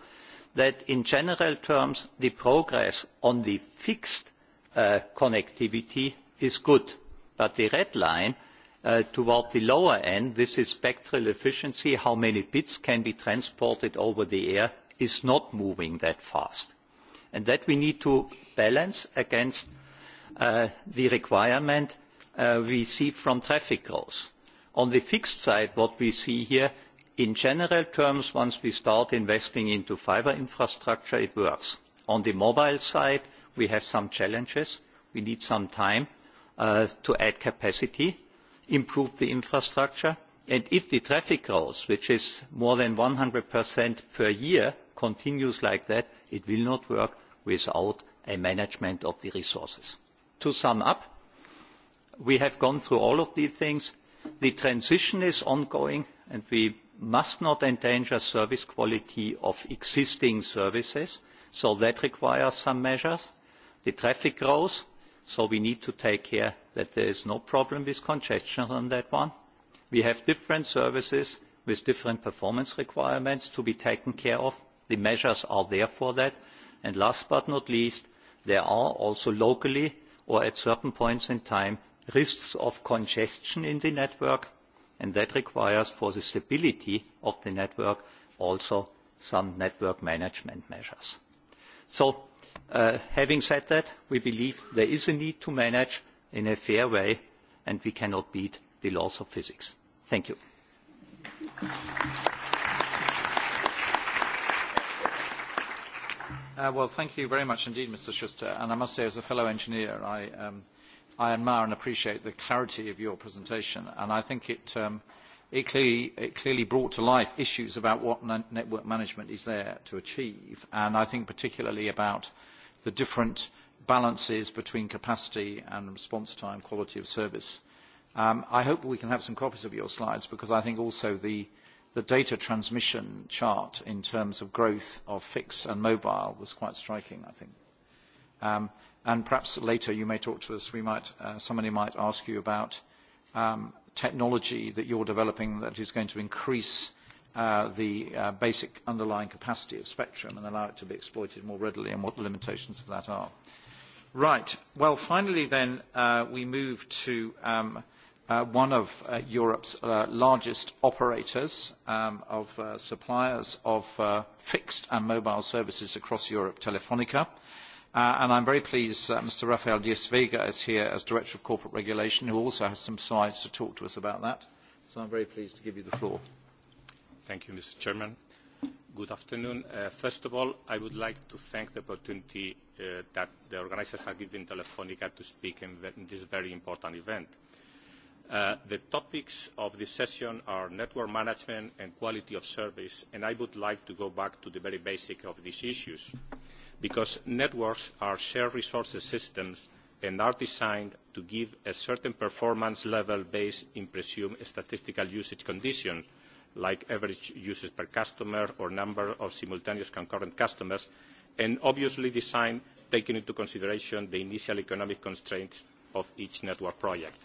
that in general terms, the progress on the fixed connectivity is good, but the red line toward the lower end, this is spectral efficiency, how many bits can be transported over the air is not moving that fast. And that we need to balance against the requirement we see from traffic growth. On the fixed side, what we see here, in general terms, once we start investing into fiber infrastructure, it works. On the mobile side, we have some challenges. We need some time to add capacity, improve the infrastructure. and If the traffic growth, which is more than one 100% per year, continues like that, it will not work without a management of the resources. To sum up, we have gone through all of these things. The transition is ongoing, and we must not endanger service quality of existing services, so that requires some measures. The traffic grows, so we need to take care that there is no problem with congestion on that one. We have different services with different performance requirements to be taken care of The measures are there for that. And last but not least, there are also locally or at certain points in time risks of congestion in the network, and that requires for the stability of the network also some network management measures. So having said that, we believe there is a need to manage in a fair way, and we cannot beat the laws of physics. Thank you. well, thank you very much indeed, Mr. Schuster. And I must say, as a fellow engineer, I, um, I admire and appreciate the clarity of your presentation. And I think it, um, it, clearly, it clearly brought to life issues about what network management is there to achieve. And I think particularly about the different balances between capacity and response time, quality of service. Um, I hope we can have some copies of your slides because I think also the, uh, the data transmission chart in terms of growth of fixed and mobile was quite striking, I think. Um, and perhaps later you may talk to us, we might, uh, somebody might ask you about um, technology that you're developing that is going to increase uh, the uh, basic underlying capacity of spectrum and allow it to be exploited more readily and what the limitations of that are. Right. Well, finally then, uh, we move to um, – one of Europe's largest operators of suppliers of fixed and mobile services across Europe, Telefonica. And I'm very pleased that Mr. Rafael Diaz-Vega is here as Director of Corporate Regulation, who also has some slides to talk to us about that. So I'm very pleased to give you the floor. Thank you, Mr. Chairman. Good afternoon. First of all, I would like to thank the opportunity that the organisers have given Telefonica to speak in this very important event the topics of this session are network management and quality of service, and I would like to go back to the very basic of these issues, because networks are shared resources systems and are designed to give a certain performance level based on presumed statistical usage conditions, like average usage per customer or number of simultaneous concurrent customers, and obviously designed taking into consideration the initial economic constraints of each network project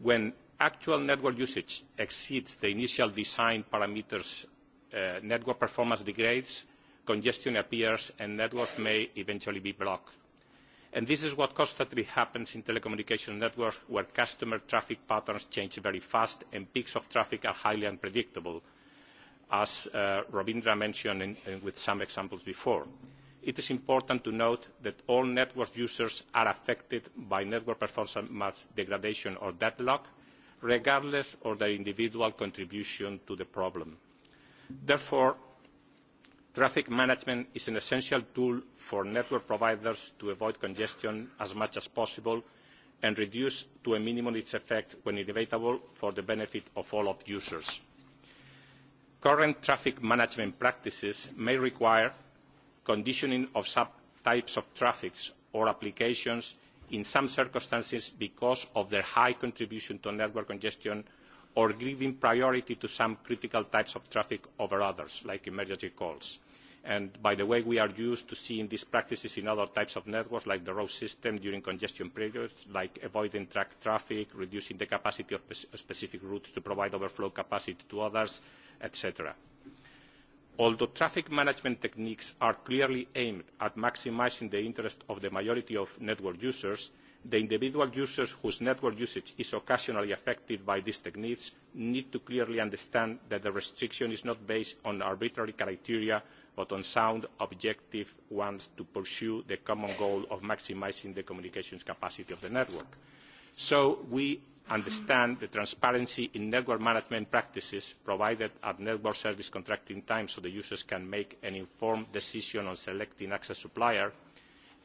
when actual network usage exceeds the initial design parameters, network performance degrades, congestion appears, and networks may eventually be blocked. And this is what constantly happens in telecommunication networks where customer traffic patterns change very fast and peaks of traffic are highly unpredictable, as Robindra mentioned with some examples before it is important to note that all network users are affected by network performance degradation or deadlock, regardless of their individual contribution to the problem. Therefore, traffic management is an essential tool for network providers to avoid congestion as much as possible and reduce to a minimum its effect when inevitable for the benefit of all of users. Current traffic management practices may require conditioning of subtypes of traffic or applications in some circumstances because of their high contribution to network congestion or giving priority to some critical types of traffic over others, like emergency calls. And by the way, we are used to seeing these practices in other types of networks, like the road system during congestion periods, like avoiding track traffic, reducing the capacity of specific routes to provide overflow capacity to others, etc although traffic management techniques are clearly aimed at maximising the interest of the majority of network users the individual users whose network usage is occasionally affected by these techniques need to clearly understand that the restriction is not based on arbitrary criteria but on sound objective ones to pursue the common goal of maximising the communications capacity of the network. so we understand the transparency in network management practices provided at network service contracting time so the users can make an informed decision on selecting access supplier,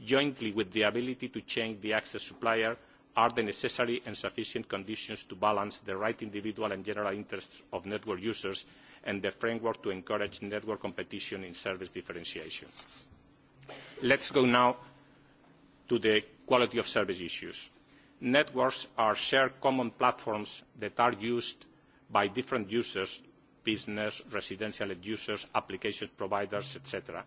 jointly with the ability to change the access supplier, are the necessary and sufficient conditions to balance the right individual and general interests of network users and the framework to encourage network competition in service differentiation. Let's go now to the quality of service issues networks are shared common platforms that are used by different users business residential users application providers etc.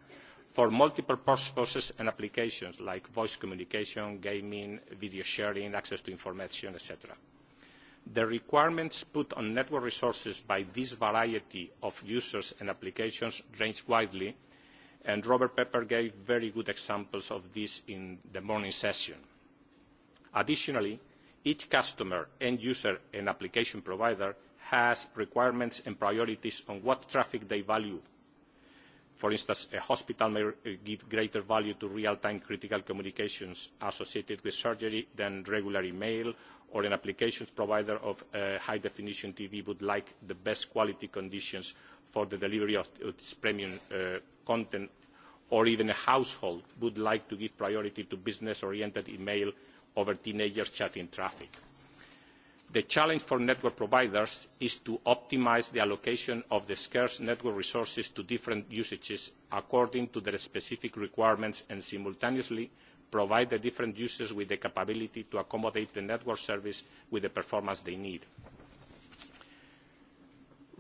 for multiple purposes and applications like voice communication gaming video sharing access to information etc. the requirements put on network resources by this variety of users and applications range widely and robert pepper gave very good examples of this in the morning session Additionally, each customer, end user and application provider has requirements and priorities on what traffic they value. For instance, a hospital may give greater value to real-time critical communications associated with surgery than regular email, or an applications provider of high-definition TV would like the best quality conditions for the delivery of its premium content, or even a household would like to give priority to business-oriented email over teenagers chatting traffic. The challenge for network providers is to optimise the allocation of the scarce network resources to different usages according to their specific requirements and simultaneously provide the different users with the capability to accommodate the network service with the performance they need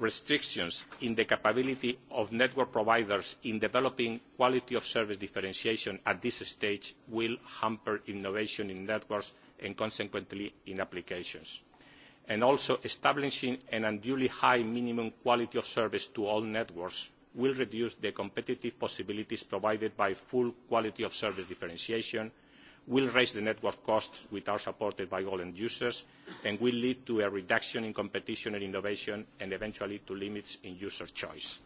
restrictions in the capability of network providers in developing quality of service differentiation at this stage will hamper innovation in networks and consequently in applications. And also establishing an unduly high minimum quality of service to all networks will reduce the competitive possibilities provided by full quality of service differentiation will raise the network costs, which are supported by all end users, and will lead to a reduction in competition and innovation, and eventually to limits in user choice.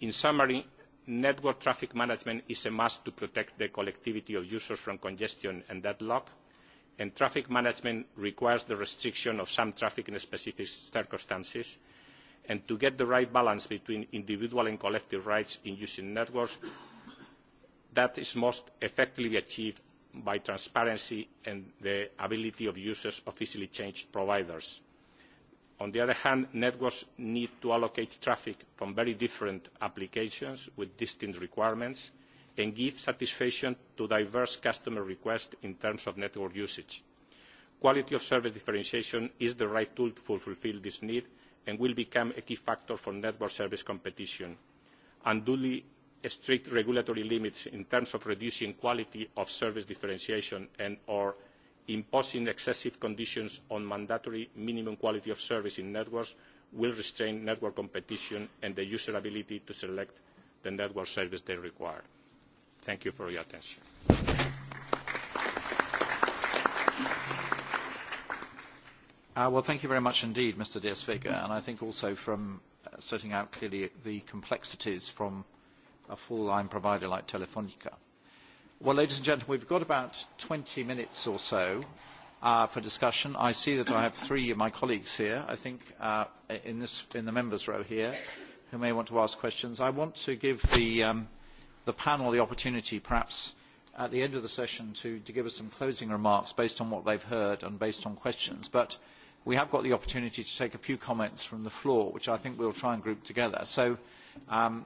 In summary, network traffic management is a must to protect the collectivity of users from congestion and deadlock, and traffic management requires the restriction of some traffic in specific circumstances, and to get the right balance between individual and collective rights in using networks, that is most effectively achieved by transparency and the ability of users of easily changed providers. On the other hand, networks need to allocate traffic from very different applications with distinct requirements and give satisfaction to diverse customer requests in terms of network usage. Quality of service differentiation is the right tool to fulfil this need and will become a key factor for network service competition. Unduly strict regulatory limits in terms of reducing quality of service differentiation and or imposing excessive conditions on mandatory minimum quality of service in networks will restrain network competition and the user's ability to select the network service they require. Thank you for your attention. well, thank you very much indeed, Mr. Diaz-Vega, and I think also from setting out clearly the complexities from a full-line provider like Telefonica. Well, ladies and gentlemen, we've got about 20 minutes or so uh, for discussion. I see that I have three of my colleagues here, I think, uh, in, this, in the members' row here, who may want to ask questions. I want to give the, um, the panel the opportunity, perhaps, at the end of the session to, to give us some closing remarks based on what they've heard and based on questions. But we have got the opportunity to take a few comments from the floor, which I think we'll try and group together. So um,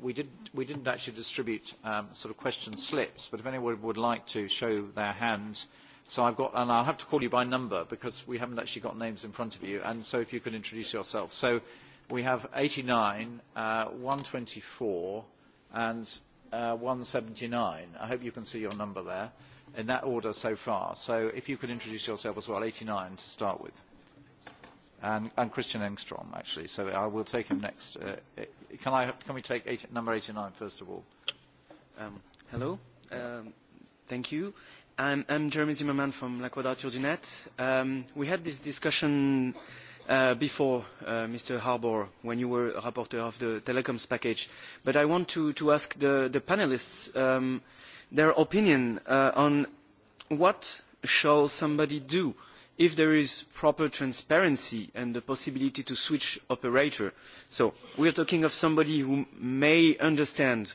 we, did, we didn't actually distribute um, sort of question slips, but if anyone would like to show their hand, so I've got, and I'll have to call you by number because we haven't actually got names in front of you, and so if you could introduce yourself. So we have 89, uh, 124, and uh, 179. I hope you can see your number there in that order so far. So if you could introduce yourself as well, 89 to start with and, and Christian Engstrom, actually. So I will take him next. Uh, can, I, can we take eight, number 89, first of all? Um, hello. Um, thank you. I'm, I'm Jeremy Zimmerman from La Quadrature du Net. Um, we had this discussion uh, before, uh, Mr. Harbour, when you were rapporteur of the telecoms package. But I want to, to ask the, the panelists um, their opinion uh, on what shall somebody do uh, if there is proper transparency and the possibility to switch operator. So we are talking of somebody who may understand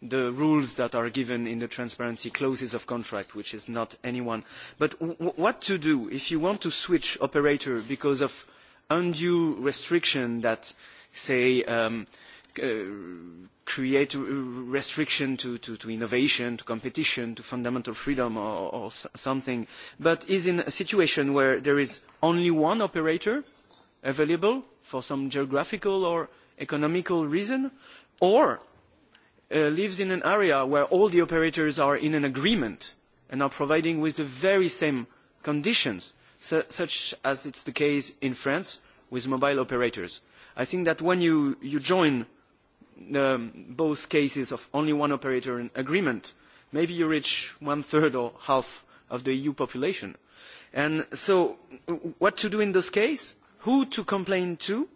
the rules that are given in the transparency clauses of contract, which is not anyone. But what to do if you want to switch operator because of undue restriction that, say, create restriction to, to, to innovation, to competition, to fundamental freedom or, or something, but is in a situation where there is only one operator available for some geographical or economical reason, or lives in an area where all the operators are in an agreement and are providing with the very same conditions, such as is the case in France with mobile operators. I think that when you, you join both cases of only one operator in agreement, maybe you reach one third or half of the EU population. And so, what to do in this case? Who to complain to?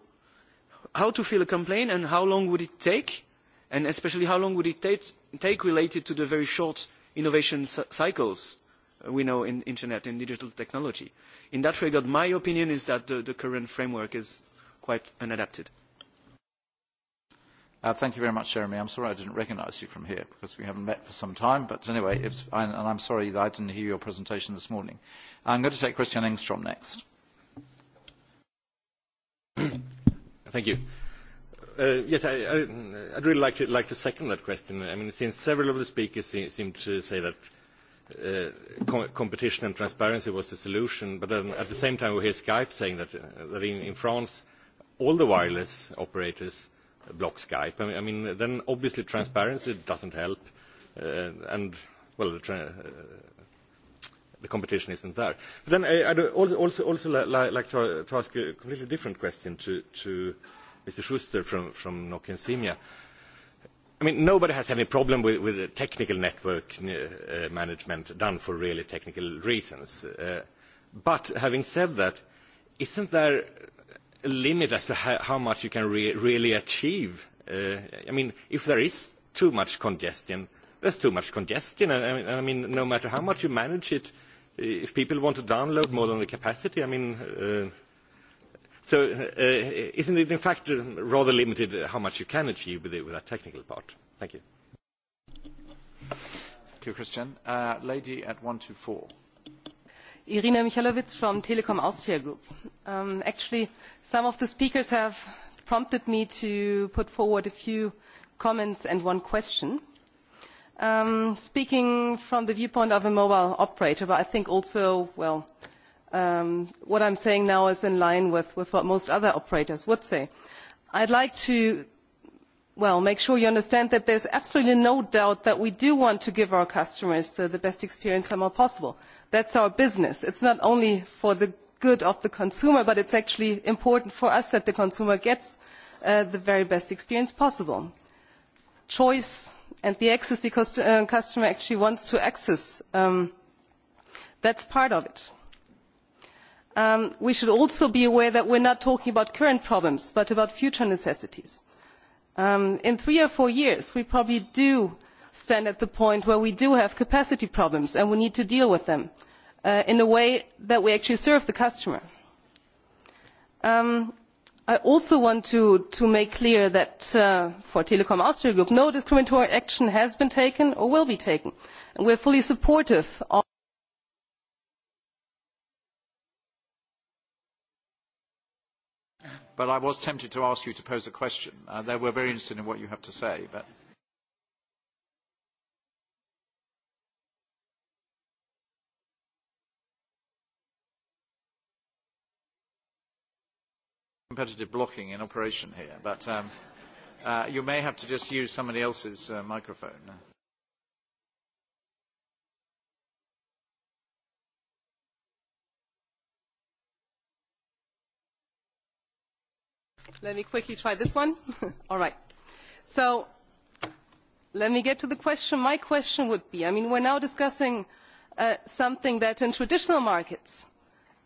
How to file a complaint, and how long would it take? And especially, how long would it take, take related to the very short innovation cycles we know in internet and digital technology? In that regard, my opinion is that the, the current framework is quite unadapted. Uh, thank you very much, Jeremy. I'm sorry I didn't recognise you from here because we haven't met for some time. But anyway, it's, I, and I'm sorry that I didn't hear your presentation this morning. I'm going to take Christian Engstrom next. Thank you. Uh, yes, I, I, I'd really like to, like to second that question. I mean, since several of the speakers se seem to say that uh, co competition and transparency was the solution, but then at the same time we hear Skype saying that, uh, that in, in France all the wireless operators block Skype. I mean, then obviously transparency doesn't help, and well, the, uh the competition isn't there. But then I, I'd also, also, like to, to ask a completely different question to, to Mr. Schuster from, from Nokia Simia. I mean, nobody has any problem with, with the technical network uh, management done for really technical reasons. Uh, but having said that, isn't there limit as to how much you can really achieve. I mean, if there is too much congestion, there's too much congestion. I mean, no matter how much you manage it, if people want to download more than the capacity, I mean, so isn't it in fact rather limited how much you can achieve with that technical part? Thank you. Thank you, Christian. Lady at 124. Irina Michalowicz from Telekom Austria Group. actually, some of the speakers have prompted me to put forward a few comments and one question. speaking from the viewpoint of a mobile operator, but I think also, well, what I am saying now is in line with, what most other operators would say. I'd like to well, make sure you understand that there is absolutely no doubt that we do want to give our customers the, best experience somehow possible that is our business. it is not only for the good of the consumer but it is actually important for us that the consumer gets the very best experience possible. choice and the access the customer actually wants to access that is part of it. we should also be aware that we are not talking about current problems but about future necessities. in three or four years we probably do stand at the point where we do have capacity problems and we need to deal with them in a way that we actually serve the customer. I also want to make clear that for Telekom Austria Group, no discriminatory action has been taken or will be taken. and We are fully supportive of But I was tempted to ask you to pose a question. they were very interested in what you have to say. But competitive blocking in operation here, but um, uh, you may have to just use somebody else's uh, microphone. Let me quickly try this one. All right. So let me get to the question. My question would be, I mean, we're now discussing uh, something that in traditional markets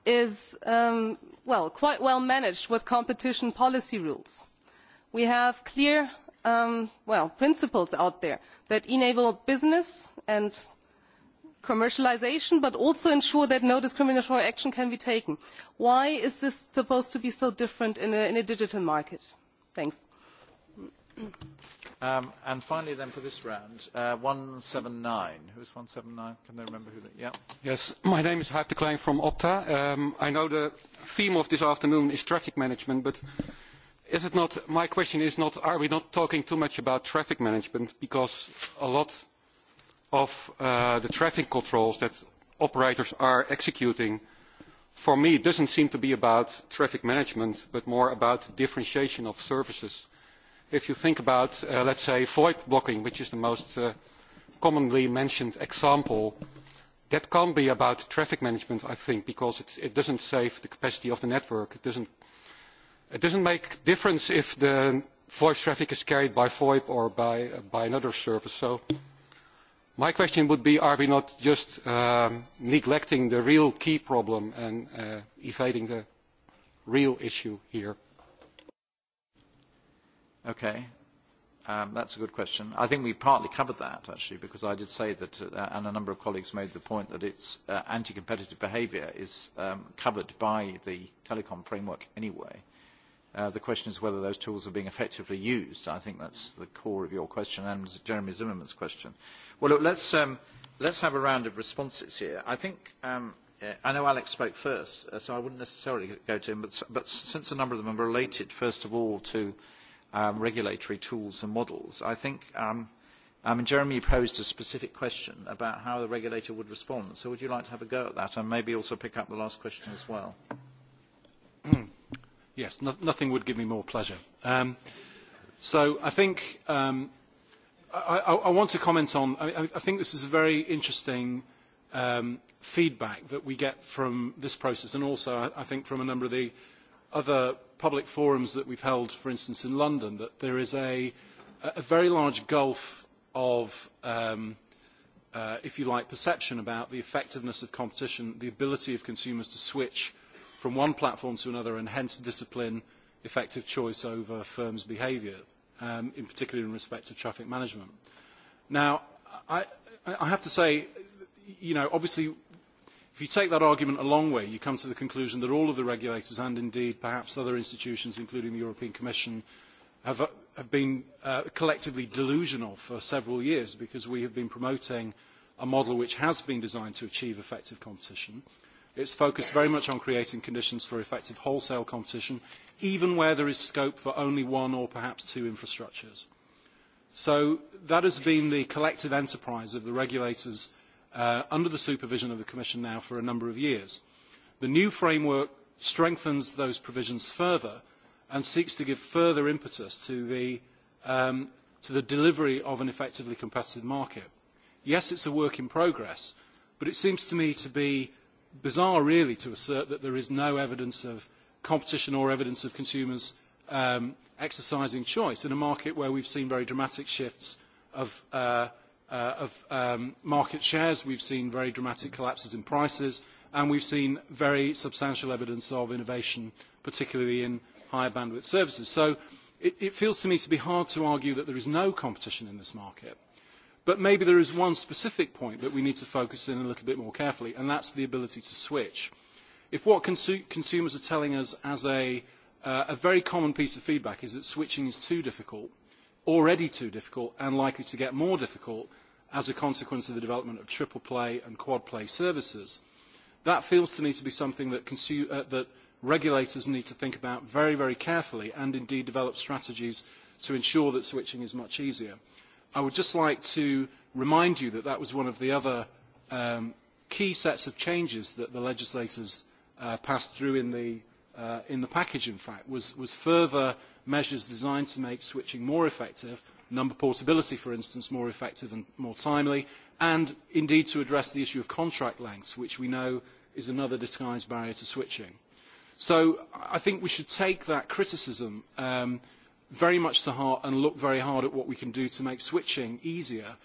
is quite well managed with competition policy rules. We have clear principles out there that enable business and commercialisation, but also ensure that no discriminatory action can be taken. Why is this supposed to be so different in a, digital market? And finally then for this round, 179. seven 179? Can they remember who that? Yeah. Yes. My name is Huib de Klein from Opta. I know the theme of this afternoon is traffic management, but is it not my question is not, are we not talking too much about traffic management? Because a lot of the traffic controls that operators are executing, for me, doesn't seem to be about traffic management, but more about differentiation of services if you think about, let us say, VoIP blocking, which is the most commonly mentioned example, that can be about traffic management, I think, because it does not save the capacity of the network. It does not make a difference if the voice traffic is carried by VoIP or by another service. So my question would be, are we not just neglecting the real key problem and evading the real issue here? Okay. Um, that's a good question. I think we partly covered that, actually, because I did say that, uh, and a number of colleagues made the point that it's uh, anti-competitive behaviour is um, covered by the telecom framework anyway. Uh, the question is whether those tools are being effectively used. I think that's the core of your question and Jeremy Zimmerman's question. Well, look, let's, um, let's have a round of responses here. I think um, I know Alex spoke first, so I wouldn't necessarily go to him, but, but since a number of them are related, first of all, to regulatory tools and models. I think Jeremy posed a specific question about how the regulator would respond. So would you like to have a go at that and maybe also pick up the last question as well? Yes, nothing would give me more pleasure. so I think um I, I I want to comment on, I, I think this is a very interesting um feedback that we get from this process and also I, I think from a number of the other public forums that we've held, for instance, in London, that there is a, a very large gulf of, if you like, perception about the effectiveness of competition, the ability of consumers to switch from one platform to another and hence discipline effective choice over firms' behaviour, in particular in respect of traffic management. Now, I, I have to say, you know, obviously If you take that argument a long way, you come to the conclusion that all of the regulators and indeed perhaps other institutions, including the European Commission, have, been collectively delusional for several years because we have been promoting a model which has been designed to achieve effective competition. It has focused very much on creating conditions for effective wholesale competition, even where there is scope for only one or perhaps two infrastructures. So that has been the collective enterprise of the regulators under the supervision of the Commission now for a number of years. The new framework strengthens those provisions further and seeks to give further impetus to the, delivery of an effectively competitive market. Yes, it is a work in progress, but it seems to me to be bizarre really to assert that there is no evidence of competition or evidence of consumers exercising choice in a market where we have seen very dramatic shifts of of market shares. We've seen very dramatic collapses in prices, and we've seen very substantial evidence of innovation, particularly in higher bandwidth services. So it feels to me to be hard to argue that there is no competition in this market. But maybe there is one specific point that we need to focus in a little bit more carefully, and that's the ability to switch. If what consumers are telling us as a, very common piece of feedback is that switching is too difficult, already too difficult and likely to get more difficult as a consequence of the development of triple play and quad play services. That feels to me to be something that, regulators need to think about very, very carefully and indeed develop strategies to ensure that switching is much easier. I would just like to remind you that that was one of the other key sets of changes that the legislators passed through in the, package, in fact, was, further measures designed to make switching more effective, number portability, for instance, more effective and more timely, and indeed to address the issue of contract lengths, which we know is another disguised barrier to switching. So I think we should take that criticism very much to heart and look very hard at what we can do to make switching easier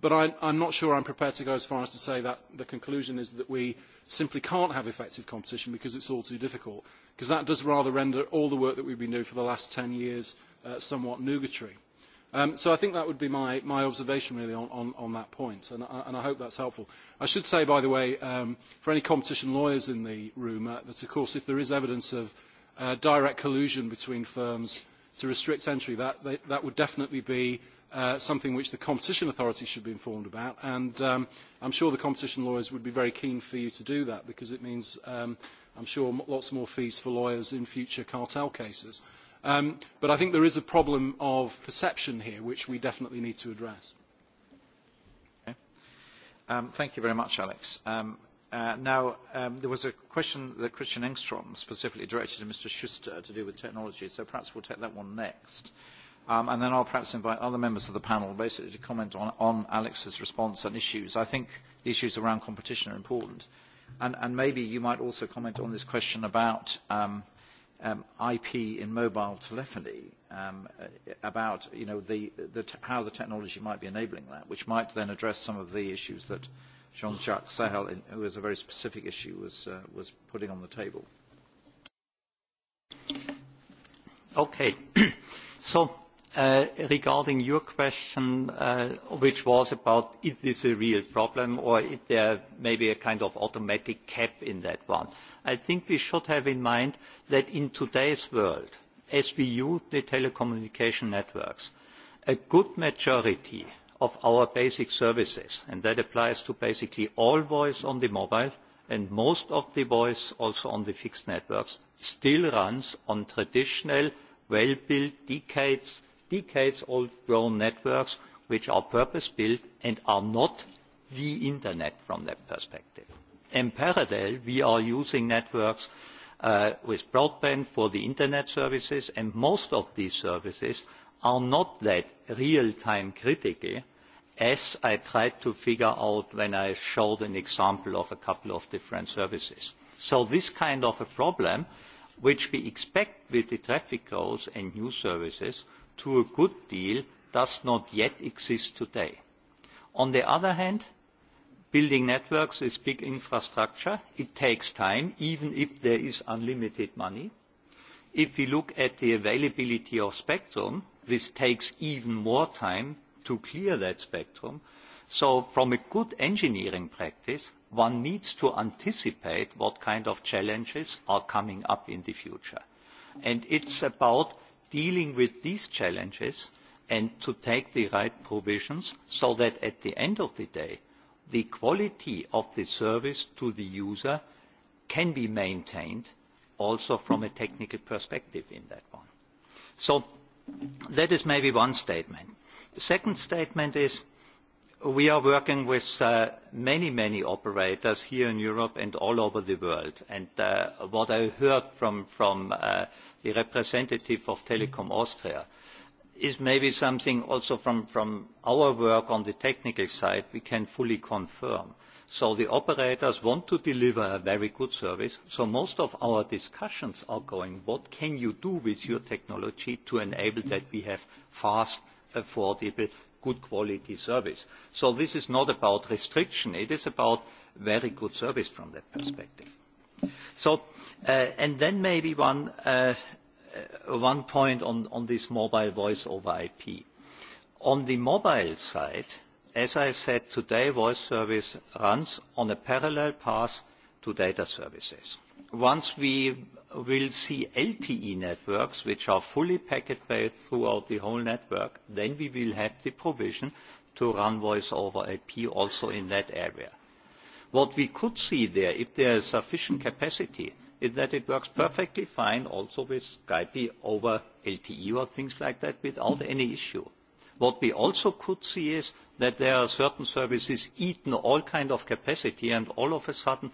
But I I'm not sure I'm prepared to go as far as to say that the conclusion is that we simply can't have effective competition because it's all too difficult, because that does rather render all the work that we've been doing for the last 10 years somewhat nugatory. so I think that would be my, my observation really on, on, on that point, and, and I hope that's helpful. I should say, by the way, um, for any competition lawyers in the room, uh, that of course if there is evidence of uh, direct collusion between firms to restrict entry, that, that would definitely be something which the competition authority should be informed about. And um, I'm sure the competition lawyers would be very keen for you to do that because it means, um, I'm sure, lots more fees for lawyers in future cartel cases. Um, but I think there is a problem of perception here which we definitely need to address. Um, thank you very much, Alex. Um, uh, now, um, there was a question that Christian Engstrom specifically directed to Mr. Schuster to do with technology, so perhaps we'll take that one next. Uh, Um, and then I'll perhaps invite other members of the panel basically to comment on, on Alex's response and issues. I think the issues around competition are important. And, and maybe you might also comment on this question about um, um, IP in mobile telephony, um, about you know, the, the t- how the technology might be enabling that, which might then address some of the issues that Jean-Jacques Sahel, who has a very specific issue, was, uh, was putting on the table. Okay. so Regarding your question, which was about is this a real problem or is there maybe a kind of automatic cap in that one? I think we should have in mind that in today's world, as we use the telecommunication networks, a good majority of our basic services, and that applies to basically all voice on the mobile and most of the voice also on the fixed networks, still runs on traditional, well-built, decades decades old grown networks which are purpose built and are not the internet from that perspective. In parallel, we are using networks with broadband for the internet services, and most of these services are not that real-time critical as I tried to figure out when I showed an example of a couple of different services. So this kind of a problem, which we expect with the traffic growth and new services, to a good deal does not yet exist today. On the other hand, building networks is big infrastructure. It takes time, even if there is unlimited money. If we look at the availability of spectrum, this takes even more time to clear that spectrum. So from a good engineering practice, one needs to anticipate what kind of challenges are coming up in the future. And it's about dealing with these challenges and to take the right provisions so that at the end of the day, the quality of the service to the user can be maintained also from a technical perspective in that one. So that is maybe one statement. The second statement is We are working with many, many operators here in Europe and all over the world. And what I heard from the representative of Telekom Austria is maybe something also from our work on the technical side we can fully confirm. So the operators want to deliver a very good service. So most of our discussions are going, what can you do with your technology to enable that we have fast, affordable good quality service. So this is not about restriction. It is about very good service from that perspective. So, uh and then maybe one uh one point on on this mobile voice over IP. On the mobile side, as I said, today, voice service runs on a parallel path to data services. Once we will see LTE networks which are fully packet-based throughout the whole network, then we will have the provision to run voice over IP also in that area. What we could see there, if there is sufficient capacity, is that it works perfectly fine also with Skype over LTE or things like that without any issue. What we also could see is that there are certain services eaten all kind of capacity and all of a sudden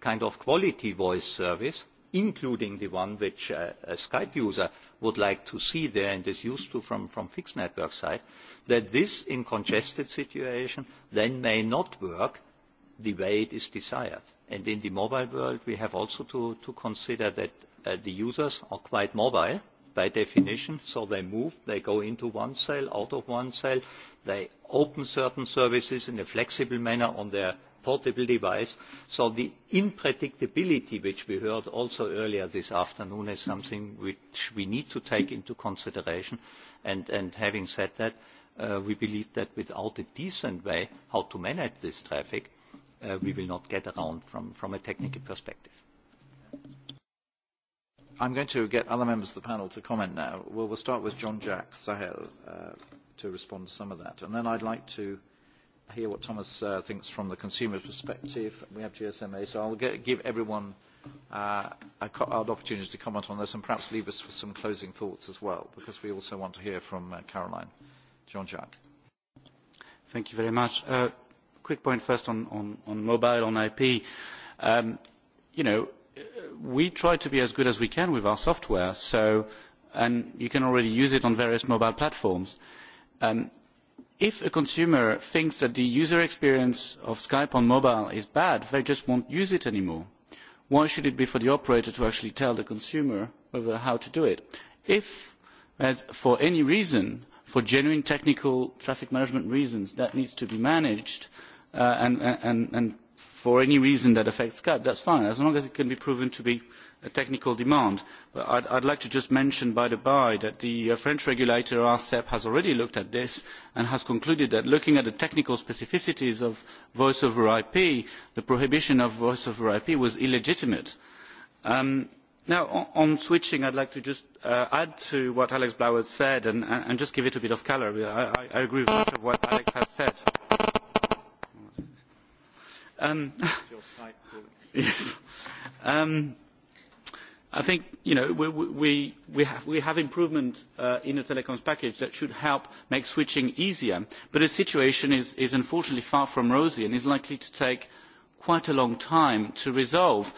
kind of quality voice service including the one which a Skype user would like to see there and is used to from, from fixed network side, that this in congested situation then may not work the way it is desired. And in the mobile world, we have also to, to consider that uh, the users are quite mobile by definition, so they move, they go into one cell, out of one cell, they open certain services in a flexible manner on their portable device. So the unpredictability, which we heard also earlier this afternoon, is something which we need to take into consideration. And, and having said that, uh, we believe that without a decent way how to manage this traffic, uh, we will not get around from, from a technical perspective. I'm going to get other members of the panel to comment now. We'll, we'll start with John Jack Sahel uh, to respond to some of that. And then I'd like to uh, hear what Thomas uh, thinks from the consumer perspective. We have GSMA, so I'll get, give everyone uh, an opportunity to comment on this and perhaps leave us with some closing thoughts as well, because we also want to hear from uh, Caroline. Jean-Jacques. Thank you very much. Uh, quick point first on, on, on mobile, on IP. Um, you know, we try to be as good as we can with our software, so, and you can already use it on various mobile platforms. Um, if a consumer thinks that the user experience of Skype on mobile is bad, they just won't use it anymore. Why should it be for the operator to actually tell the consumer how to do it? If, for any reason, for genuine technical traffic management reasons, that needs to be managed, and, for any reason that affects Skype, that is fine, as long as it can be proven to be technical demand. But I would like to just mention by the by that the French regulator ARCEP has already looked at this and has concluded that looking at the technical specificities of voice over IP, the prohibition of voice over IP was illegitimate. now, on switching, I would like to just add to what Alex bauer said and, just give it a bit of colour. I, agree with much of what Alex has said. I think you know, we, we, we, have, we have improvement uh, in the telecoms package that should help make switching easier, but the situation is, is unfortunately far from rosy and is likely to take quite a long time to resolve.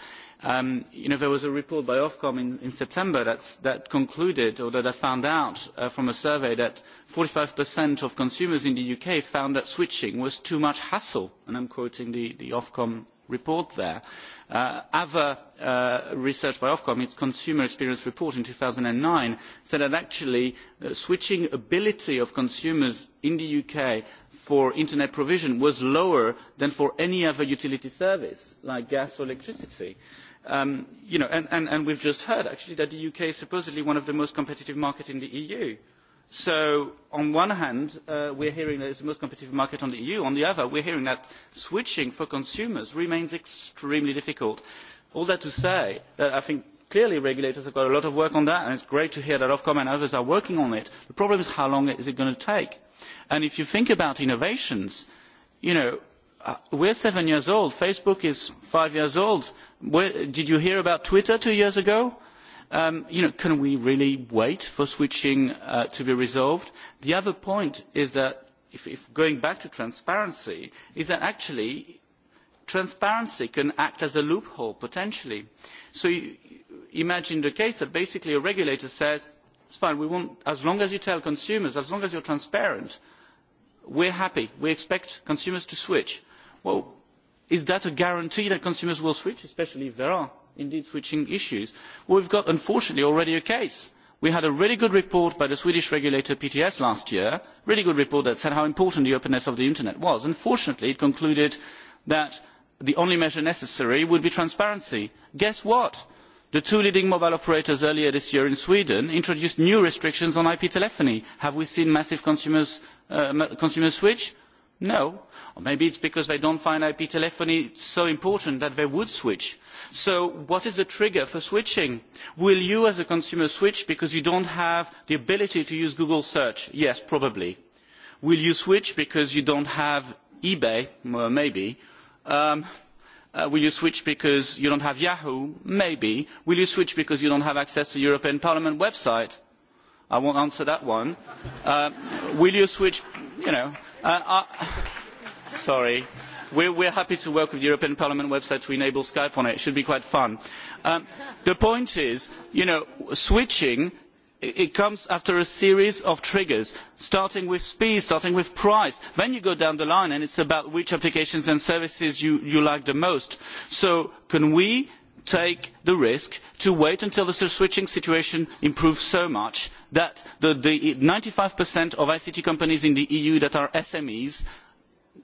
Um, you know, there was a report by Ofcom in, in September that's, that concluded or that I found out uh, from a survey that 45% of consumers in the UK found that switching was too much hassle, and I'm quoting the, the Ofcom report there other research by Ofcom, its consumer experience report in two thousand nine said that actually the switching ability of consumers in the UK for internet provision was lower than for any other utility service like gas or electricity. we have just heard actually that the UK is supposedly one of the most competitive markets in the EU So on one hand, we are hearing that it is the most competitive market on the EU. On the other, we are hearing that switching for consumers remains extremely difficult. All that to say that I think clearly regulators have got a lot of work on that, and it is great to hear that Ofcom and others are working on it. The problem is how long is it going to take? And if you think about innovations, you know, we are seven years old. Facebook is five years old. did you hear about Twitter two years ago? can we really wait for switching to be resolved? The other point is that, if, going back to transparency, is that actually transparency can act as a loophole potentially. So imagine the case that basically a regulator says, it's fine, we want as long as you tell consumers, as long as you're transparent, we're happy, we expect consumers to switch. Well, is that a guarantee that consumers will switch, especially if there are indeed switching issues. We have unfortunately already a case. We had a really good report by the Swedish regulator PTS last year, a really good report that said how important the openness of the internet was. Unfortunately, it concluded that the only measure necessary would be transparency. Guess what? The two leading mobile operators earlier this year in Sweden introduced new restrictions on IP telephony. Have we seen massive consumer switch? No. Or maybe is because they don't find IP telephony so important that they would switch. So what is the trigger for switching? Will you as a consumer switch because you don't have the ability to use Google search? Yes, probably. Will you switch because you don't have eBay? maybe. will you switch because you don't have Yahoo? Maybe. Will you switch because you don't have access to the European Parliament website? I won't answer that one. will you switch you know, uh, uh, sorry. We're, we're happy to work with the European Parliament website to enable Skype on it. It should be quite fun. Um, the point is, you know, switching it comes after a series of triggers starting with speed starting with price then you go down the line and it is about which applications and services you like the most. so can we take the risk to wait until the switching situation improves so much that the ninety five of ict companies in the eu that are smes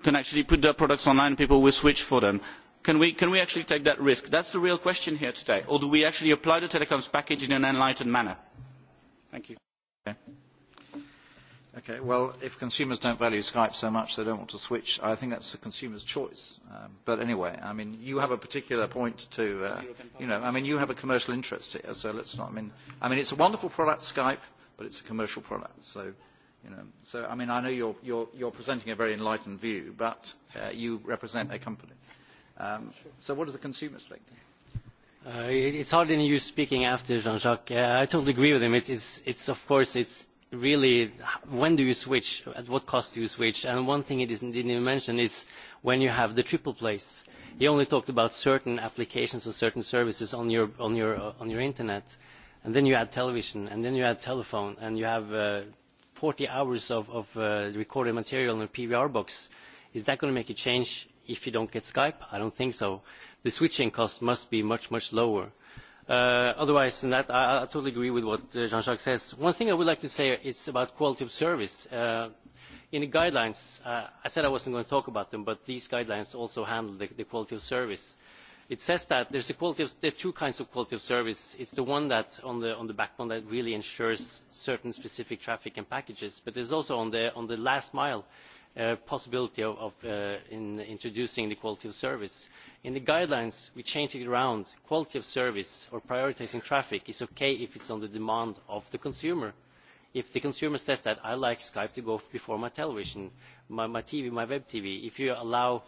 can actually put their products online and people will switch for them. can we actually take that risk? that is the real question here today or do we actually apply the telecoms package in an enlightened manner? Okay, well, if consumers don't value Skype so much they don't want to switch, I think that's the consumer's choice. Um, but anyway, I mean, you have a particular point to, uh, you know, I mean, you have a commercial interest here, so let's not, I mean, I mean, it's a wonderful product, Skype, but it's a commercial product, so, you know, so, I mean, I know you're, you're, you're presenting a very enlightened view, but uh, you represent a company. Um, so what do the consumers think? Uh, it's hardly any use speaking after Jean-Jacques. Uh, I totally agree with him. It's, it's, it's of course, it's really when do you switch, at what cost do you switch? And one thing he didn't, even mention is when you have the triple plays. He only talked about certain applications or certain services on your, on your, uh, on your internet. And then you add television, and then you add telephone, and you have uh, 40 hours of, of uh, recorded material in a PVR box. Is that going to make a change if you don't get Skype? I don't think so. The switching cost must be much, much lower otherwise than that, I, I totally agree with what Jean-Jacques says. One thing I would like to say is about quality of service. in the guidelines, I said I wasn't going to talk about them, but these guidelines also handle the, the quality of service. It says that there's a quality of, there are two kinds of quality of service. It's the one that on the, on the backbone that really ensures certain specific traffic and packages, but there's also on the, on the last mile possibility of, introducing the quality of service in the guidelines we change it around quality of service or prioritising traffic is okay if it is on the demand of the consumer if the consumer says that i like skype to go before my television my, my tv my web tv if you allow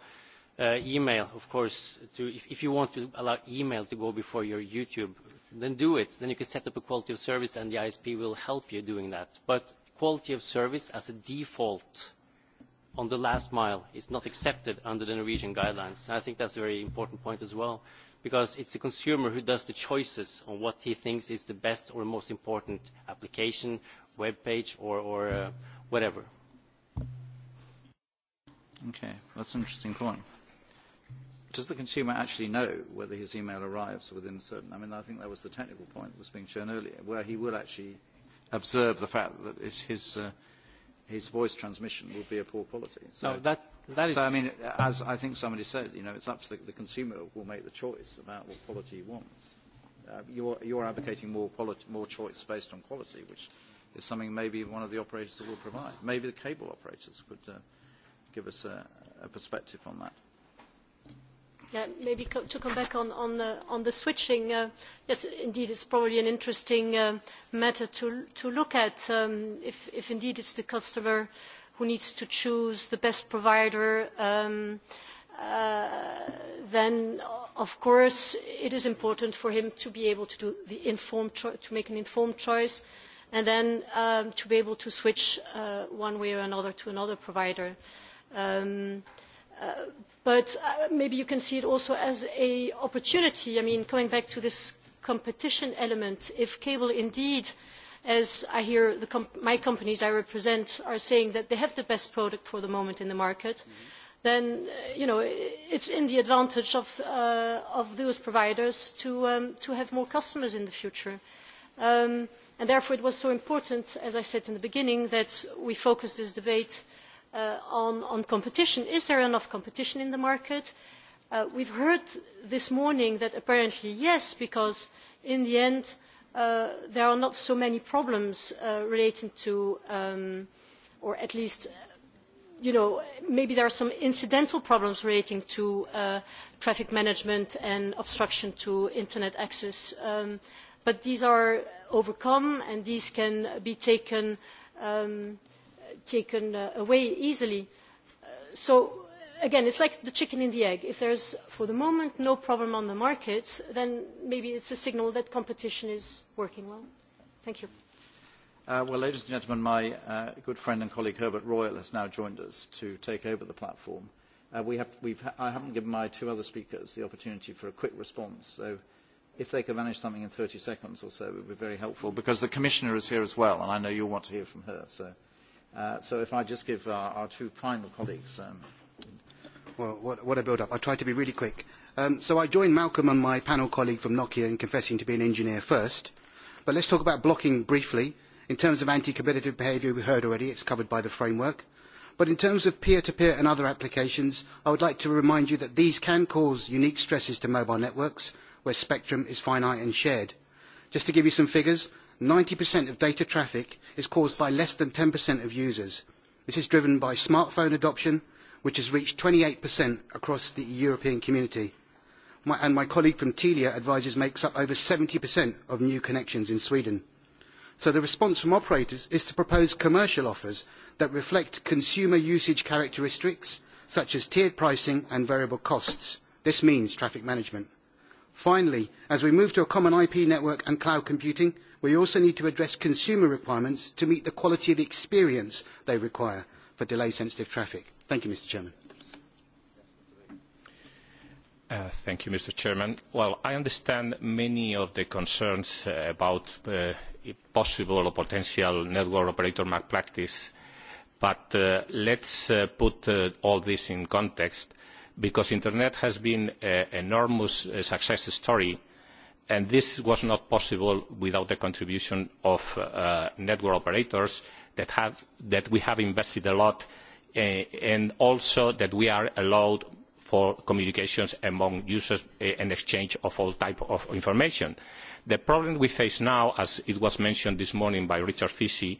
uh, email of course to if, if you want to allow email to go before your youtube then do it then you can set up a quality of service and the isp will help you doing that but quality of service as a default on the last mile is not accepted under the Norwegian guidelines. I think that's a very important point as well, because it's the consumer who does the choices on what he thinks is the best or most important application, web page, or, or uh, whatever. Okay, that's an interesting point. Does the consumer actually know whether his email arrives within a certain... I mean, I think that was the technical point that was being shown earlier, where he will actually observe the fact that it's his... Uh, his voice transmission would be a poor quality. So, no, that, that is... so I mean, as I think somebody said, you know, it's up to the, the consumer will make the choice about what quality he wants. Uh, you're, you're advocating more, quality, more choice based on quality, which is something maybe one of the operators will provide. Maybe the cable operators could uh, give us a, a perspective on that. Maybe to come back on the switching, yes, indeed, it's probably an interesting matter to look at if indeed it's the customer who needs to choose the best provider, then of course it is important for him to be able to do the informed to make an informed choice and then to be able to switch one way or another to another provider but maybe you can see it also as an opportunity. I mean, coming back to this competition element, if cable indeed, as I hear my companies I represent are saying that they have the best product for the moment in the market, then you know it's in the advantage of of those providers to to have more customers in the future and therefore it was so important as i said in the beginning that we focus this debate on competition is there enough competition in the market? we have heard this morning that apparently yes because in the end there are not so many problems relating to or at least maybe there are some incidental problems relating to traffic management and obstruction to internet access but these are overcome and these can be taken taken away easily. So again, it's like the chicken and the egg. If there's, for the moment, no problem on the market, then maybe it's a signal that competition is working well. Thank you. well, ladies and gentlemen, my good friend and colleague Herbert Royal has now joined us to take over the platform. we have, we've, I haven't given my two other speakers the opportunity for a quick response, so if they could manage something in 30 seconds or so, it would be very helpful, because the Commissioner is here as well, and I know you'll want to hear from her. So so if I just give our, our two final colleagues. Um, well, what, what a build-up. I'll try to be really quick. Um, so I joined Malcolm and my panel colleague from Nokia in confessing to be an engineer first. But let's talk about blocking briefly. In terms of anti-competitive behaviour, we heard already, it's covered by the framework. But in terms of peer-to-peer and other applications, I would like to remind you that these can cause unique stresses to mobile networks where spectrum is finite and shared. Just to give you some figures, 90% of data traffic is caused by less than 10% of users. This is driven by smartphone adoption, which has reached 28% across the European community. and my colleague from Telia advises makes up over 70% of new connections in Sweden. So the response from operators is to propose commercial offers that reflect consumer usage characteristics, such as tiered pricing and variable costs. This means traffic management. Finally, as we move to a common IP network and cloud computing, We also need to address consumer requirements to meet the quality of experience they require for delay-sensitive traffic. Thank you, Mr Chairman. Thank you, Mr. President. Well, I understand many of the concerns about possible or potential network operator malpractice, but let's put all this in context because internet has been an enormous success story and this was not possible without the contribution of network operators that we have invested a lot and also that we are allowed for communications among users and exchange of all types of information. The problem we face now, as it was mentioned this morning by Richard Fisey,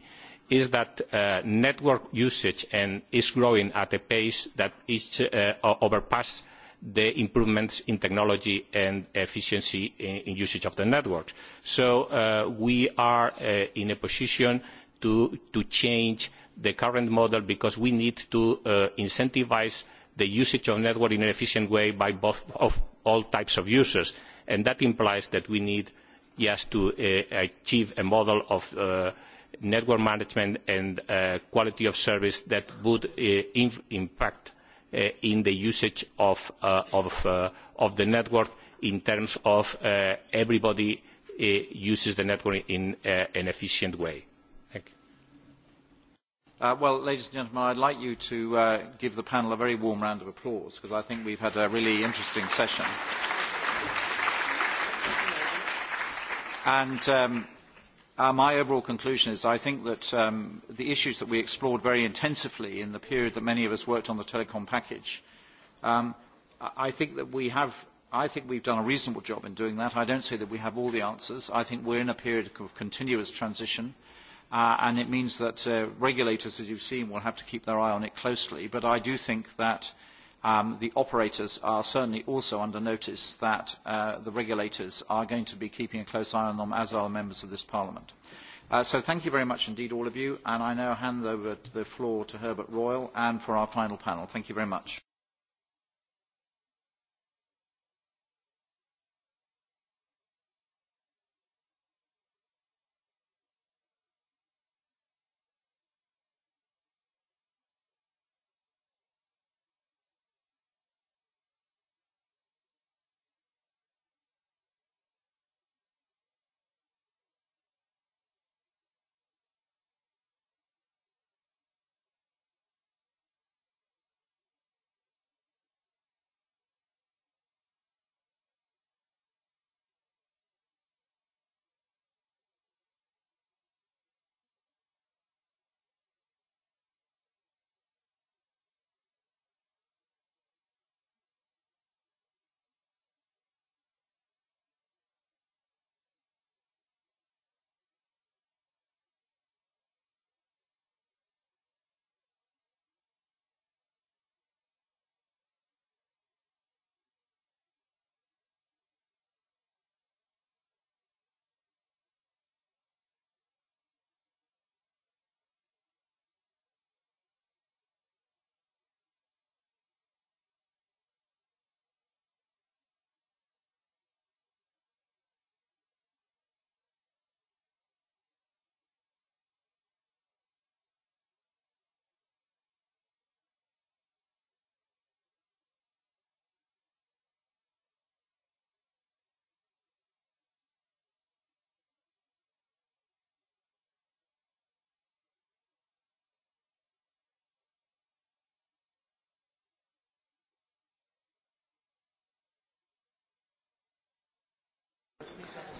is that network usage is growing at a pace that is overpass the improvements in technology and efficiency in usage of the network. So we are in a position to change the current model because we need to incentivise the usage of network in an efficient way by both of all types of users. And that implies that we need just to achieve a model of network management and quality of service that would impact in the usage of, the network in terms of everybody uses the network in an efficient way. well, ladies and gentlemen, I'd like you to give the panel a very warm round of applause because I think we've had a really interesting session my overall conclusion is I think that um, the issues that we explored very intensively in the period that many of us worked on the telecom package, um, I think that we have I think we've done a reasonable job in doing that. I don't say that we have all the answers. I think we're in a period of continuous transition, uh, and it means that uh, regulators, as you've seen, will have to keep their eye on it closely. But I do think that the operators are certainly also under notice that the regulators are going to be keeping a close eye on them, as are the members of this Parliament. so thank you very much indeed, all of you, and I now hand over the floor to Herbert Royal and for our final panel. Thank you very much.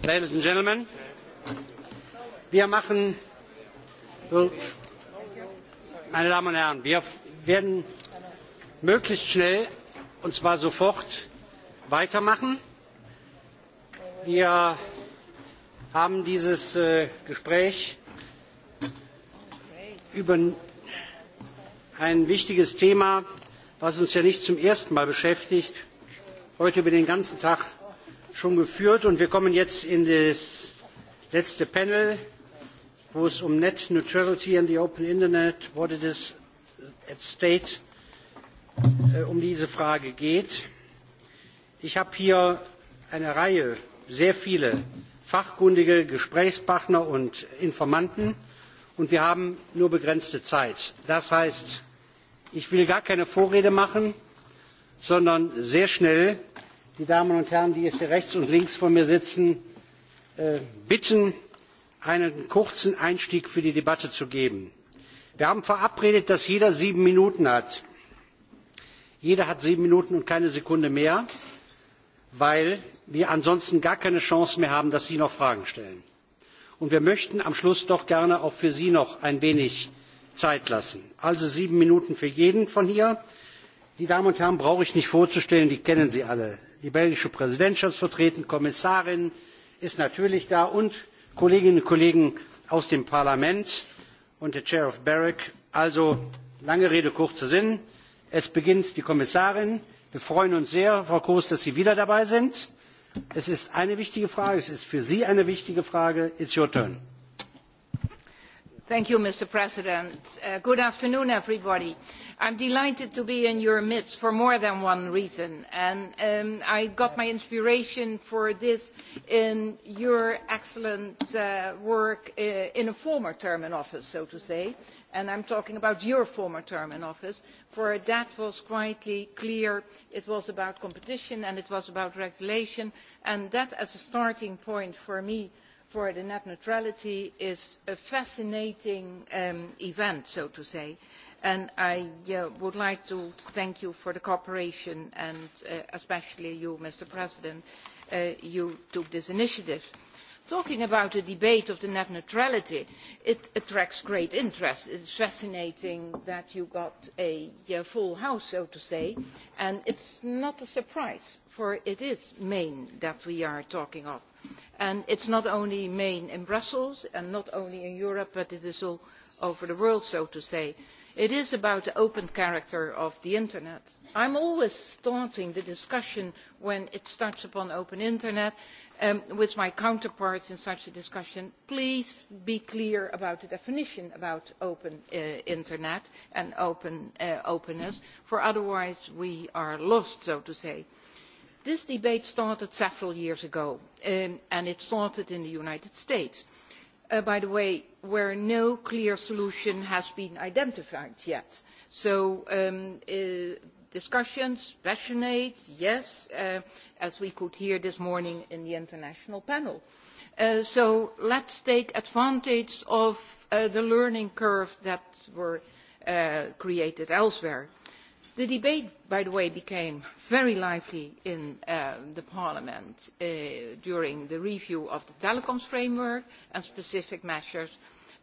Ladies and gentlemen, wir machen, meine Damen und Herren, wir werden möglichst schnell und zwar sofort weitermachen. Wir haben dieses Gespräch über ein wichtiges Thema, das uns ja nicht zum ersten Mal beschäftigt, heute über den ganzen Tag schon geführt und wir kommen jetzt in das letzte Panel, wo es um Net Neutrality and the Open Internet, what it is at stake, um diese Frage geht. Ich habe hier eine Reihe, sehr viele fachkundige Gesprächspartner und Informanten und wir haben nur begrenzte Zeit. Das heißt, ich will gar keine Vorrede machen, sondern sehr schnell die Damen und Herren, die jetzt hier rechts und links von mir sitzen, bitten, einen kurzen Einstieg für die Debatte zu geben. Wir haben verabredet, dass jeder sieben Minuten hat. Jeder hat sieben Minuten und keine Sekunde mehr, weil wir ansonsten gar keine Chance mehr haben, dass Sie noch Fragen stellen. Und wir möchten am Schluss doch gerne auch für Sie noch ein wenig Zeit lassen. Also sieben Minuten für jeden von hier. Die Damen und Herren brauche ich nicht vorzustellen, die kennen Sie alle die belgische Präsidentschaft vertreten, Kommissarin ist natürlich da und Kolleginnen und Kollegen aus dem Parlament und der Chair of BEREC. Also lange Rede, kurzer Sinn. Es beginnt die Kommissarin. Wir freuen uns sehr, Frau Kroes, dass Sie wieder dabei sind. Es ist eine wichtige Frage, es ist für Sie eine wichtige Frage. It's your turn mr president good afternoon everybody. i am delighted to be in your midst for more than one reason and i got my inspiration for this in your excellent work in a former term in office so to say and i am talking about your former term in office for that was quite clear it was about competition and it was about regulation and that as a starting point for me for the net neutrality is a fascinating event, so to say. And I would like to thank you for the cooperation and especially you, Mr. President. you took this initiative talking about the debate on net neutrality, it attracts great interest. It is fascinating that you got a full house, so to say, and it is not a surprise, for it is Maine that we are talking of. And it is not only Maine in Brussels and not only in Europe, but it is all over the world, so to say. It is about the open character of the internet. I am always starting the discussion when it starts upon open internet with my counterparts in such a discussion, please be clear about the definition about open internet and openness, for otherwise we are lost, so to say. This debate started several years ago, and it started in the United States, by the way, where no clear solution has been identified yet. So discussions, passionate, yes, as we could hear this morning in the international panel. so let us take advantage of the learning curve that were created elsewhere. The debate, by the way, became very lively in Parliament during the review of the telecoms framework and specific measures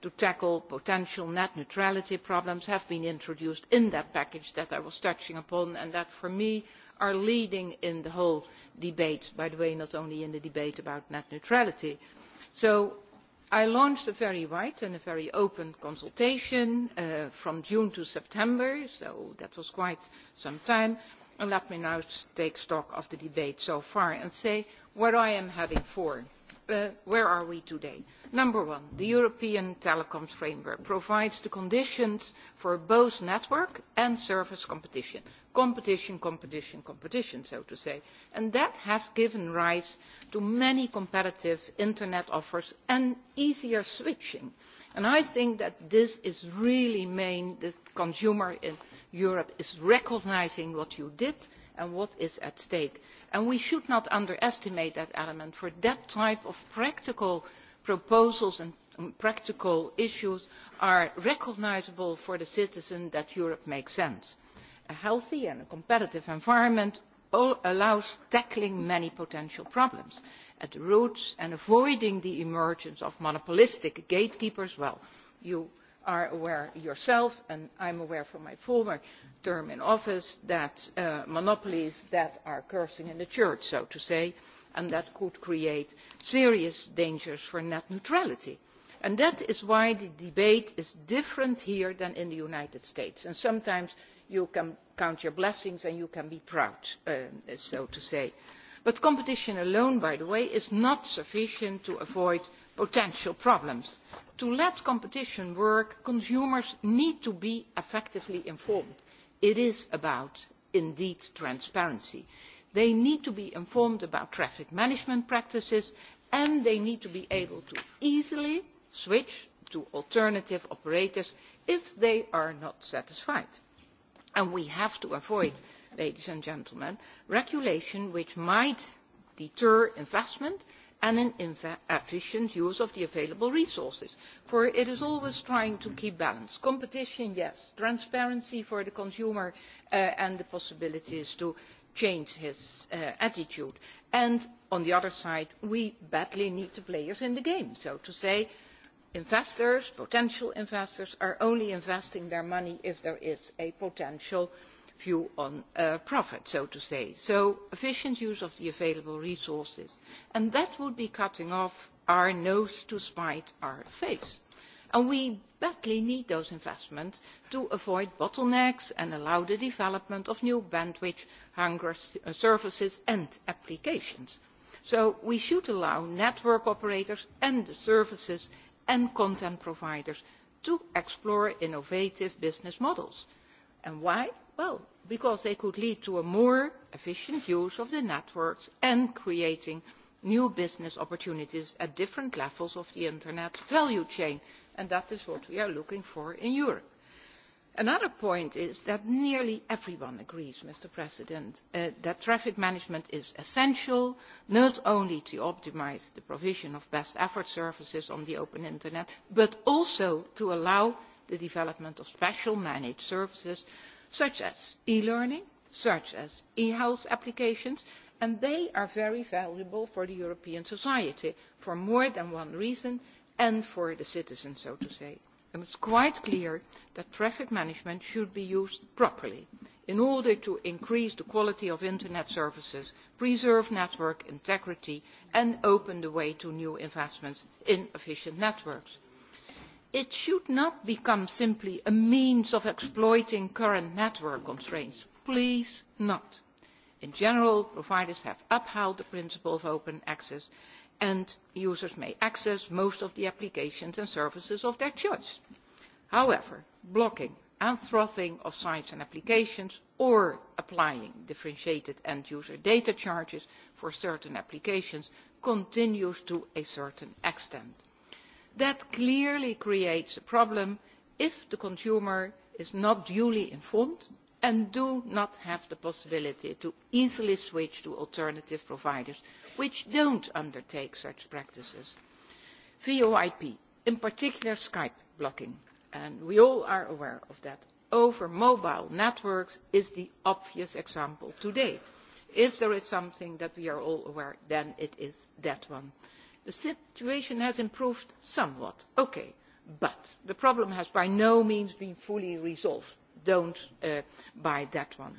to tackle potential net neutrality problems have been introduced in that package that I was touching upon and that for me are leading in the whole debate, by the way, not only in the debate about net neutrality. So I launched a very wide and a very open consultation from June to September, so that was quite some time. And let me now take stock of the debate so far and say what I am heading for where are we today? Number one, the European Telecoms Framework provides the conditions for both network and service competition. Competition, competition, competition, so to say. And that has given rise to many competitive internet offers and easier switching. And I think that this is really main, the consumer in Europe is recognising what you did and what is at stake. we should not underestimate that element for that type of practical proposals and practical issues are recognisable for the citizen that Europe makes sense. A healthy and competitive environment allows tackling many potential problems at the roots and avoiding the emergence of monopolistic gatekeepers. Well, you are aware yourself, and I am aware from my former term in office, that monopolies that are cursing in the church, so to say, and that could create serious dangers for net neutrality. And that is why the debate is different here than in the United States. And sometimes you can count your blessings and you can be proud, so to say. But competition alone, by the way, is not sufficient to avoid potential problems to let competition work, consumers need to be effectively informed. It is about, indeed, transparency. They need to be informed about traffic management practices and they need to be able to easily switch to alternative operators if they are not satisfied. And we have to avoid, ladies and gentlemen, regulation which might deter investment and an efficient use of the available resources. For it is always trying to keep balance. Competition, yes. Transparency for the consumer and the possibilities to change his attitude. And on the other side, we badly need the players in the game, so to say. Investors, potential investors, are only investing their money if there is a potential view on profit, so to say. So efficient use of the available resources. And that would be cutting off our nose to spite our face. And we badly need those investments to avoid bottlenecks and allow the development of new bandwidth hunger services and applications. So we should allow network operators and the services and content providers to explore innovative business models. And why? Well, because they could lead to a more efficient use of the networks and creating new business opportunities at different levels of the internet value chain. And that is what we are looking for in Europe. Another point is that nearly everyone agrees, Mr. President, that traffic management is essential, not only to optimise the provision of best effort services on the open internet, but also to allow the development of special managed services such as e-learning, such as e-health applications, and they are very valuable for the European society for more than one reason and for the citizens, so to say. And it's quite clear that traffic management should be used properly in order to increase the quality of internet services, preserve network integrity, and open the way to new investments in efficient networks it should not become simply a means of exploiting current network constraints. Please not. In general, providers have upheld the principle of open access and users may access most of the applications and services of their choice. However, blocking and throttling of sites and applications or applying differentiated end-user data charges for certain applications continues to a certain extent That clearly creates a problem if the consumer is not duly informed and does not have the possibility to easily switch to alternative providers which do not undertake such practices. VoIP, in particular Skype blocking, and we are all aware of that, over mobile networks is the obvious example today. If there is something that we are all aware, then it is that one. The situation has improved somewhat, okay, but the problem has by no means been fully resolved. Don't not buy that one.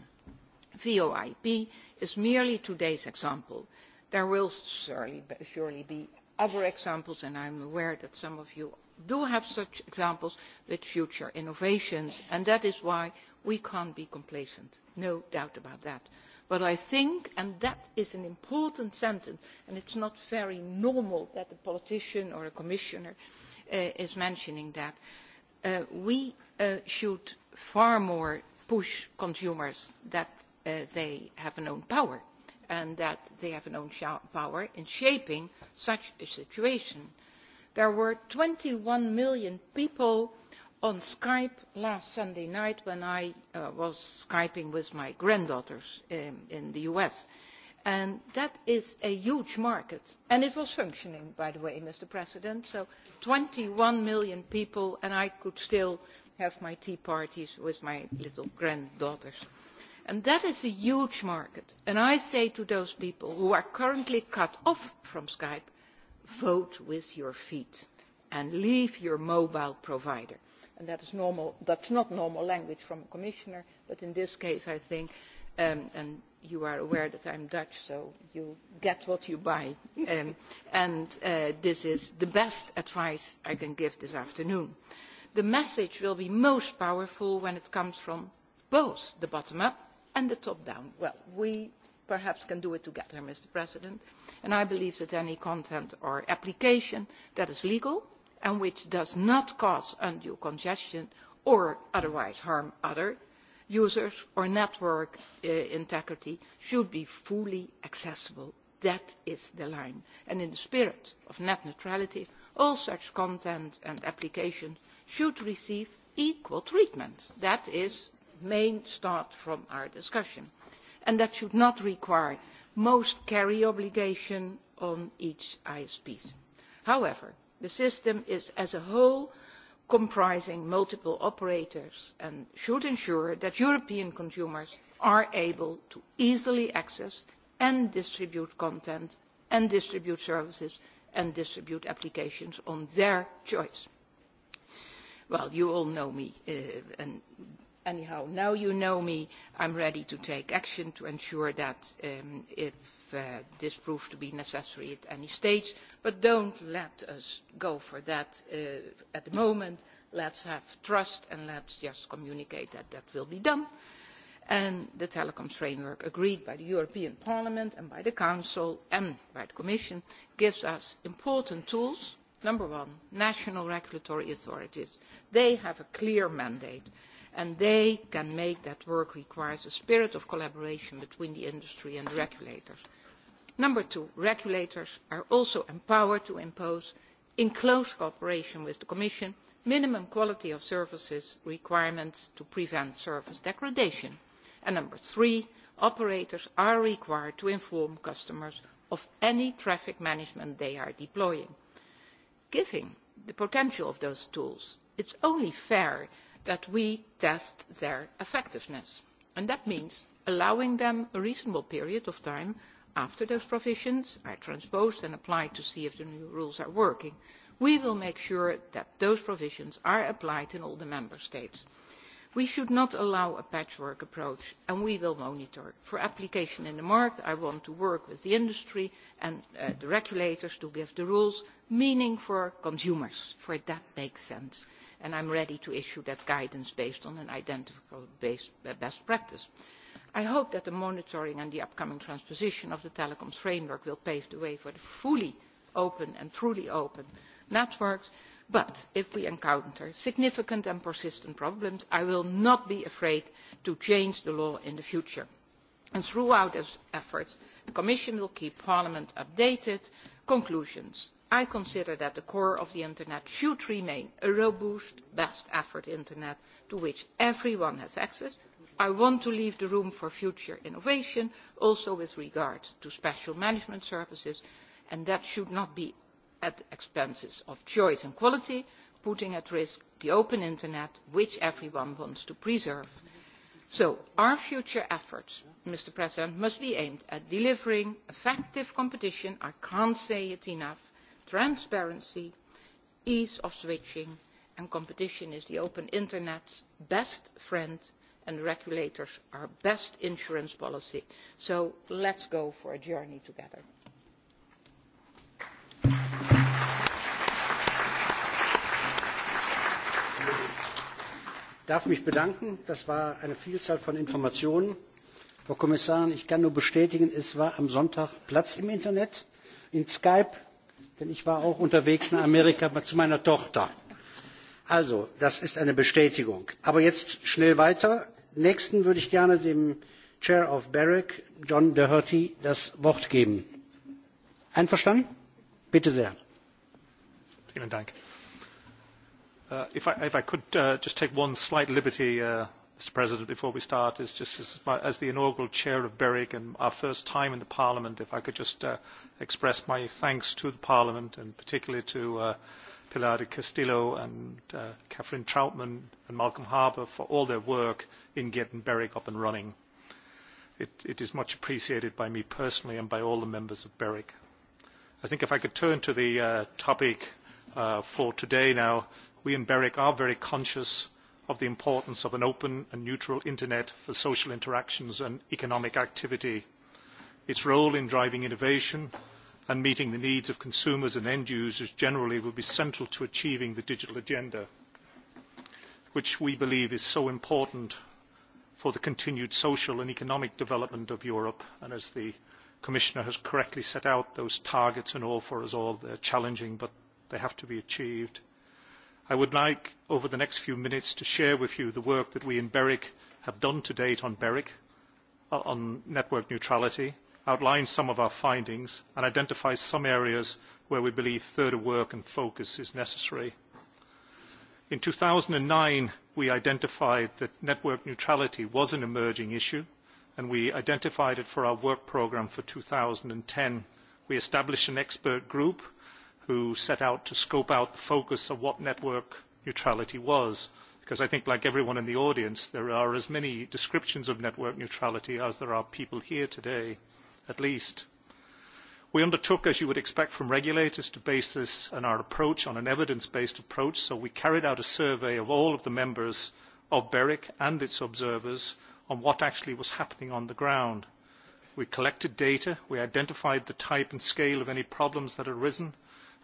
VOIP is merely today's example. There will surely, be other examples, and I am aware that some of you do have such examples with future innovations, and that is why we cannot be complacent. No doubt about that. But I think, and that is an important sentence, and it is not very normal that a politician or a commissioner is mentioning that, we should far more push consumers that they have an own power and that they have an own power in shaping such a situation. There were twenty one million people on Skype last Sunday night when I was Skyping with my granddaughters in, the US. And that is a huge market. And it was functioning, by the way, Mr. President. So twenty one million people, and I could still have my tea parties with my little granddaughters. And that is a huge market. And I say to those people who are currently cut off from Skype, vote with your feet and leave your mobile provider. And that is normal, is not normal language from a commissioner, but in this case I think, and you are aware that I am Dutch, so you get what you buy. and this is the best advice I can give this afternoon. The message will be most powerful when it comes from both the bottom up and the top down. Well, we perhaps can do it together, Mr. President. And I believe that any content or application that is legal and which does not cause undue congestion or otherwise harm other users or network integrity should be fully accessible. That is the line. And in the spirit of net neutrality, all such content and applications should receive equal treatment. That is the main start from our discussion. And that should not require most carry obligation on each ISP. However, The system is as a whole comprising multiple operators and should ensure that European consumers are able to easily access and distribute content and distribute services and distribute applications on their choice. Well, you all know me, and anyhow, now you know me, I'm ready to take action to ensure that if this prove to be necessary at any stage, but don't let us go for that at the moment. Let's have trust and let's just communicate that that will be done. And the telecoms framework agreed by the European Parliament and by the Council and by the Commission gives us important tools. Number one, national regulatory authorities. They have a clear mandate and they can make that work requires a spirit of collaboration between the industry and the regulators number two regulators are also empowered to impose in close cooperation with the commission minimum quality of services requirements to prevent service degradation and number three operators are required to inform customers of any traffic management they are deploying. given the potential of those tools it is only fair that we test their effectiveness and that means allowing them a reasonable period of time after those provisions are transposed and applied to see if the new rules are working, we will make sure that those provisions are applied in all the member states. We should not allow a patchwork approach, and we will monitor. For application in the market, I want to work with the industry and the regulators to give the rules meaning for consumers, for that makes sense. And I am ready to issue that guidance based on an identifiable best practice. I hope that the monitoring and the upcoming transposition of the telecoms framework will pave the way for the fully open and truly open networks, but if we encounter significant and persistent problems, I will not be afraid to change the law in the future. throughout those efforts, the Commission will keep Parliament updated. Conclusions. I consider that the core of the Internet should remain a robust best effort Internet to which everyone has access, I want to leave the room for future innovation, also with regard to special management services, and that should not be at the expense of choice and quality, putting at risk the open internet, which everyone wants to preserve. So our future efforts, must be aimed at delivering effective competition, I cannot say it enough, transparency, ease of switching, and competition is the open internet's best friend and regulators our best insurance policy. So let's go for a journey together. Ich darf mich bedanken. Das war eine Vielzahl von Informationen. Frau Kommissarin, ich kann nur bestätigen, es war am Sonntag Platz im Internet, in Skype, denn ich war auch unterwegs in Amerika zu meiner Tochter. Also, das ist eine Bestätigung. Aber jetzt schnell weiter nächsten würde ich gerne dem Chair of BEREC, John Doherty, das Wort geben. Einverstanden? Bitte sehr. Vielen Dank. Uh, if, I, if I could uh, just take one slight liberty, uh, Mr. President, before we start, is just as, my, as the inaugural chair of BEREC and our first time in the Parliament, if I could just uh, express my thanks to the Parliament and particularly to uh, Pilar de Castillo and uh, Catherine Troutman and Malcolm Harbour for all their work in getting BEREC up and running. It, it is much appreciated by me personally and by all the members of BEREC. I think if I could turn to the uh, topic uh, for today now, we in BEREC are very conscious of the importance of an open and neutral internet for social interactions and economic activity, its role in driving innovation, and meeting the needs of consumers and end users generally will be central to achieving the digital agenda, which we believe is so important for the continued social and economic development of Europe. And as the Commissioner has correctly set out, those targets and all for us all, they are challenging, but they have to be achieved. I would like, over the next few minutes, to share with you the work that we in BEREC have done to date on BEREC, on network neutrality, outlines some of our findings and identifies some areas where we believe further work and focus is necessary. In two thousand nine we identified that network neutrality was an emerging issue, and we identified it for our work programme for ten. We established an expert group who set out to scope out the focus of what network neutrality was, because I think, like everyone in the audience, there are as many descriptions of network neutrality as there are people here today at least. We undertook, as you would expect from regulators, to base this and our approach on an evidence-based approach, so we carried out a survey of all of the members of BEREC and its observers on what actually was happening on the ground. We collected data, we identified the type and scale of any problems that had arisen,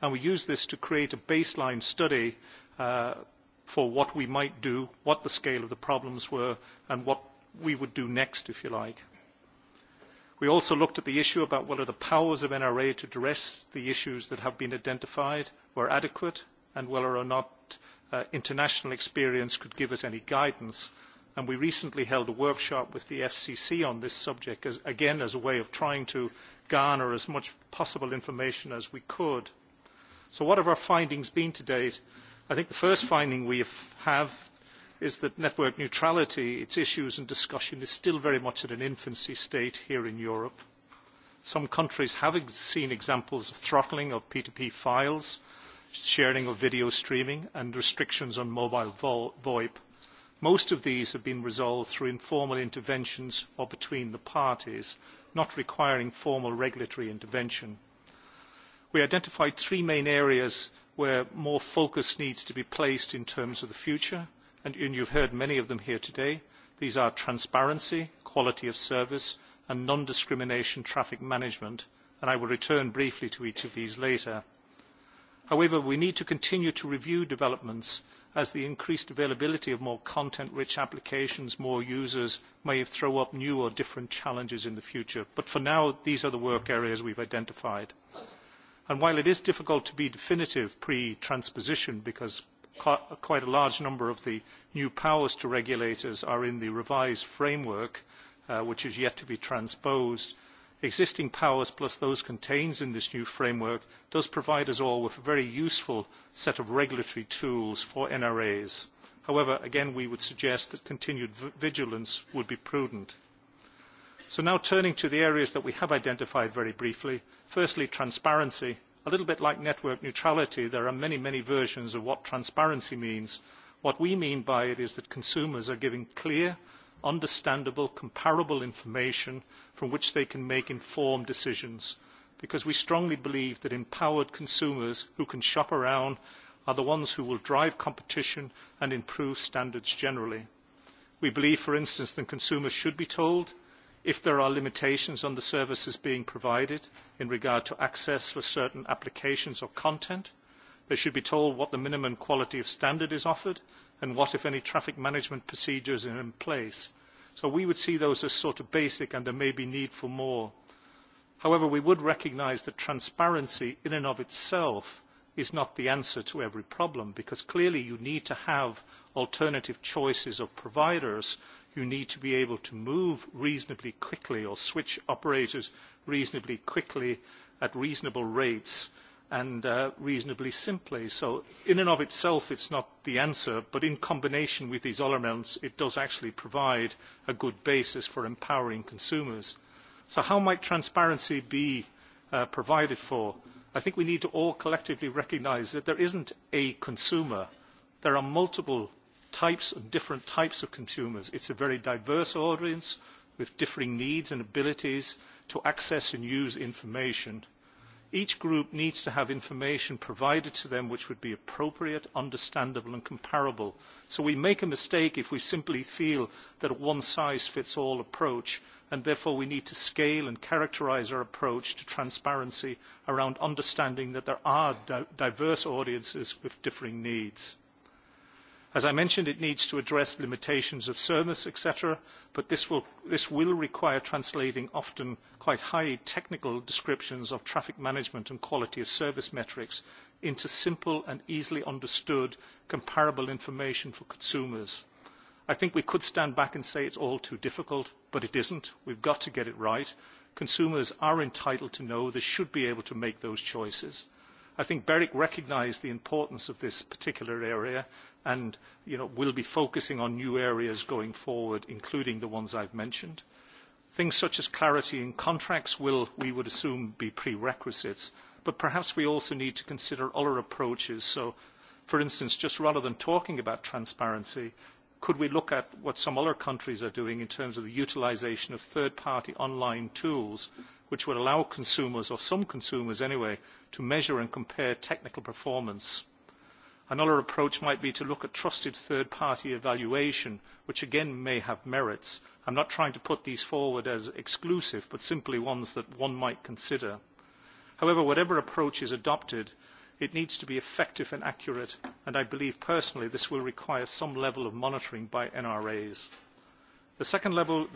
and we used this to create a baseline study for what we might do, what the scale of the problems were, and what we would do next, if you like. We also looked at the issue about whether the powers of NRA to address the issues that have been identified were adequate and whether or not international experience could give us any guidance. And we recently held a workshop with the FCC on this subject, again as a way of trying to garner as much possible information as we could. So what have our findings been to date? I think the first finding we have is that network neutrality, its issues and discussion is still very much at an infancy state here in Europe. Some countries have seen examples of throttling of P2P files, sharing of video streaming and restrictions on mobile VoIP. Most of these have been resolved through informal interventions or between the parties, not requiring formal regulatory intervention. We identified three main areas where more focus needs to be placed in terms of the future – and you have heard many of them here today. These are transparency, quality of service and non-discrimination traffic management, and I will return briefly to each of these later. However, we need to continue to review developments as the increased availability of more content-rich applications, more users, may throw up new or different challenges in the future. But for now, these are the work areas we have identified. while it is difficult to be definitive pre-transposition because quite a large number of the new powers to regulators are in the revised framework, which is yet to be transposed. Existing powers plus those contained in this new framework does provide us all with a very useful set of regulatory tools for NRAs. However, again, we would suggest that continued vigilance would be prudent. So now turning to the areas that we have identified very briefly. Firstly, transparency a little bit like network neutrality, there are many, many versions of what transparency means. What we mean by it is that consumers are given clear, understandable, comparable information from which they can make informed decisions. Because we strongly believe that empowered consumers who can shop around are the ones who will drive competition and improve standards generally. We believe, for instance, that consumers should be told if there are limitations on the services being provided in regard to access for certain applications or content. They should be told what the minimum quality of standard is offered and what, if any, traffic management procedures are in place. So we would see those as sort of basic and there may be need for more. However, we would recognise that transparency in and of itself is not the answer to every problem because clearly you need to have alternative choices of providers you need to be able to move reasonably quickly or switch operators reasonably quickly at reasonable rates and reasonably simply. So in and of itself, it is not the answer, but in combination with these elements, it does actually provide a good basis for empowering consumers. So how might transparency be provided for? I think we need to all collectively recognise that there is not a consumer. There are multiple types and different types of consumers. It is a very diverse audience with differing needs and abilities to access and use information. Each group needs to have information provided to them which would be appropriate, understandable and comparable. So we make a mistake if we simply feel that a one-size-fits-all approach and therefore we need to scale and characterise our approach to transparency around understanding that there are diverse audiences with differing needs As I mentioned, it needs to address limitations of service, etc., but this will, require translating often quite high technical descriptions of traffic management and quality of service metrics into simple and easily understood comparable information for consumers. I think we could stand back and say it's all too difficult, but it isn't. We've got to get it right. Consumers are entitled to know. They should be able to make those choices. I think BEREC recognised the importance of this particular area and will be focusing on new areas going forward, including the ones I have mentioned. Things such as clarity in contracts will, we would assume, be prerequisites, but perhaps we also need to consider other approaches. So, for instance, just rather than talking about transparency, could we look at what some other countries are doing in terms of the utilisation of third-party online tools which would allow consumers, or some consumers anyway, to measure and compare technical performance. Another approach might be to look at trusted third-party evaluation, which again may have merits. I am not trying to put these forward as exclusive, but simply ones that one might consider. However, whatever approach is adopted, it needs to be effective and accurate, and I believe personally this will require some level of monitoring by NRAs. The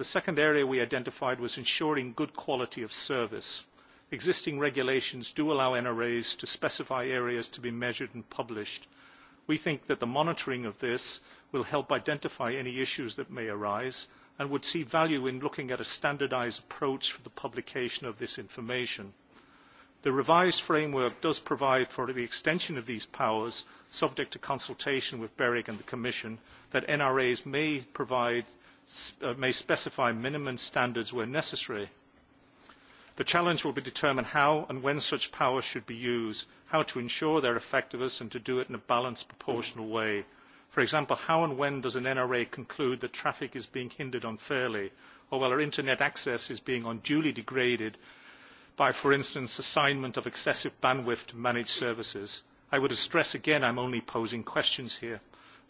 second, area we identified was ensuring good quality of service. Existing regulations do allow NRAs to specify areas to be measured and published. We think that the monitoring of this will help identify any issues that may arise and would see value in looking at a standardised approach for the publication of this information. The revised framework does provide for the extension of these powers, subject to consultation with BEREC and the Commission, that NRAs may provide may specify minimum standards where necessary. The challenge will be to determine how and when such powers should be used, how to ensure their effectiveness and to do it in a balanced, proportional way. For example, how and when does an NRA conclude that traffic is being hindered unfairly or whether internet access is being unduly degraded by, for instance, assignment of excessive bandwidth to managed services? I would stress again I am only posing questions here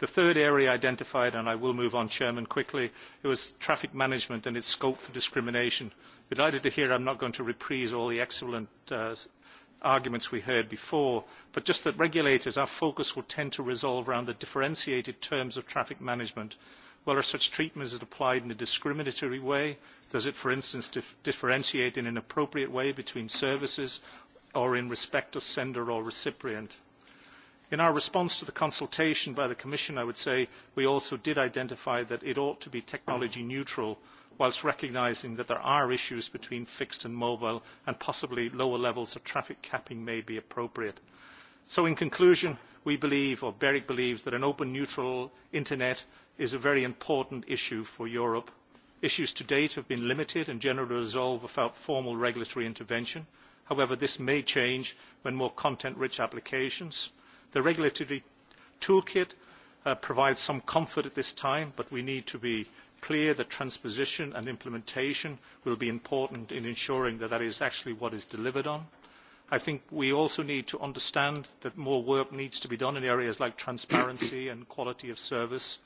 the third area identified and i will move on quickly was traffic management and its scope for discrimination. delighted to hear i am not going to reprise all the excellent arguments we heard before but just that regulators our focus will tend to resolve around the differentiated terms of traffic management whether such treatment is applied in a discriminatory way does it for instance differentiate in an appropriate way between services or in respect of sender or recipient? In our response to the consultation by the Commission, I would say we also did identify that it ought to be technology neutral whilst recognising that there are issues between fixed and mobile and possibly lower levels of traffic capping may be appropriate. So in conclusion, we believe, or BEREC believes, that an open neutral internet is a very important issue for Europe. Issues to date have been limited and generally resolved without formal regulatory intervention. However, this may change when more content-rich applications The regulatory toolkit provides some comfort at this time, but we need to be clear that transposition and implementation will be important in ensuring that that is actually what is delivered on. I think we also need to understand that more work needs to be done in areas like transparency and quality of service.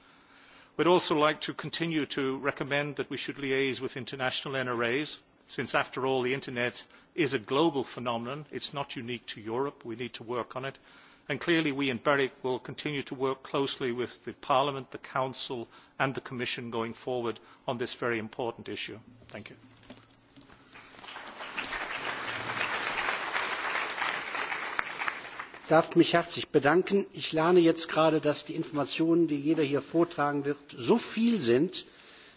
We would also like to continue to recommend that we should liaise with international NRAs, since after all the internet is a global phenomenon. It is not unique to Europe. We need to work on it and clearly we in berec will continue to work closely with parliament the council and the commission going forward on this very important issue. thank you. ich darf mich herzlich bedanken. ich lerne jetzt gerade dass die informationen die jeder hier vortragen wird so viel sind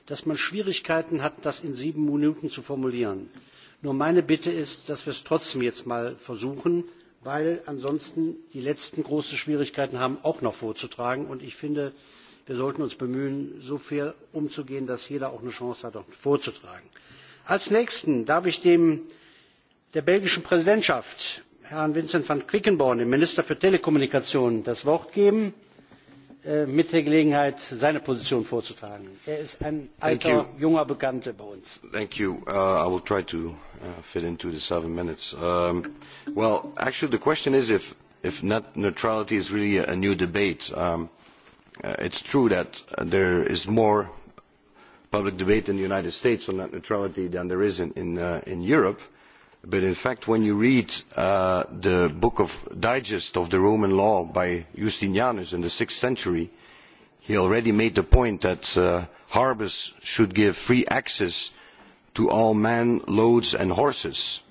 dass man schwierigkeiten hat das in sieben minuten zu formulieren. nur meine bitte ist dass wir es trotzdem jetzt mal versuchen weil ansonsten die letzten große Schwierigkeiten haben, auch noch vorzutragen. Und ich finde, wir sollten uns bemühen, so fair umzugehen, dass jeder auch eine Chance hat, auch vorzutragen. Als nächsten darf ich dem der belgischen Präsidentschaft, Herrn Vincent van Quickenborn, dem Minister für Telekommunikation, das Wort geben mit der Gelegenheit, seine Position vorzutragen. Er ist ein alter, junger Bekannter bei uns. Thank you. Uh, I will try to uh, fit into the seven minutes. Um, well, actually, the question is if, if net neutrality is really a, new debate. Um, uh, it's true that there is more public debate in the United States on net neutrality than there is in, in, uh, in Europe. But in fact, when you read the book of digest of the Roman law by Justinianus in the sixth century, he already made the point that harbours should give free access to all men, loads and horses.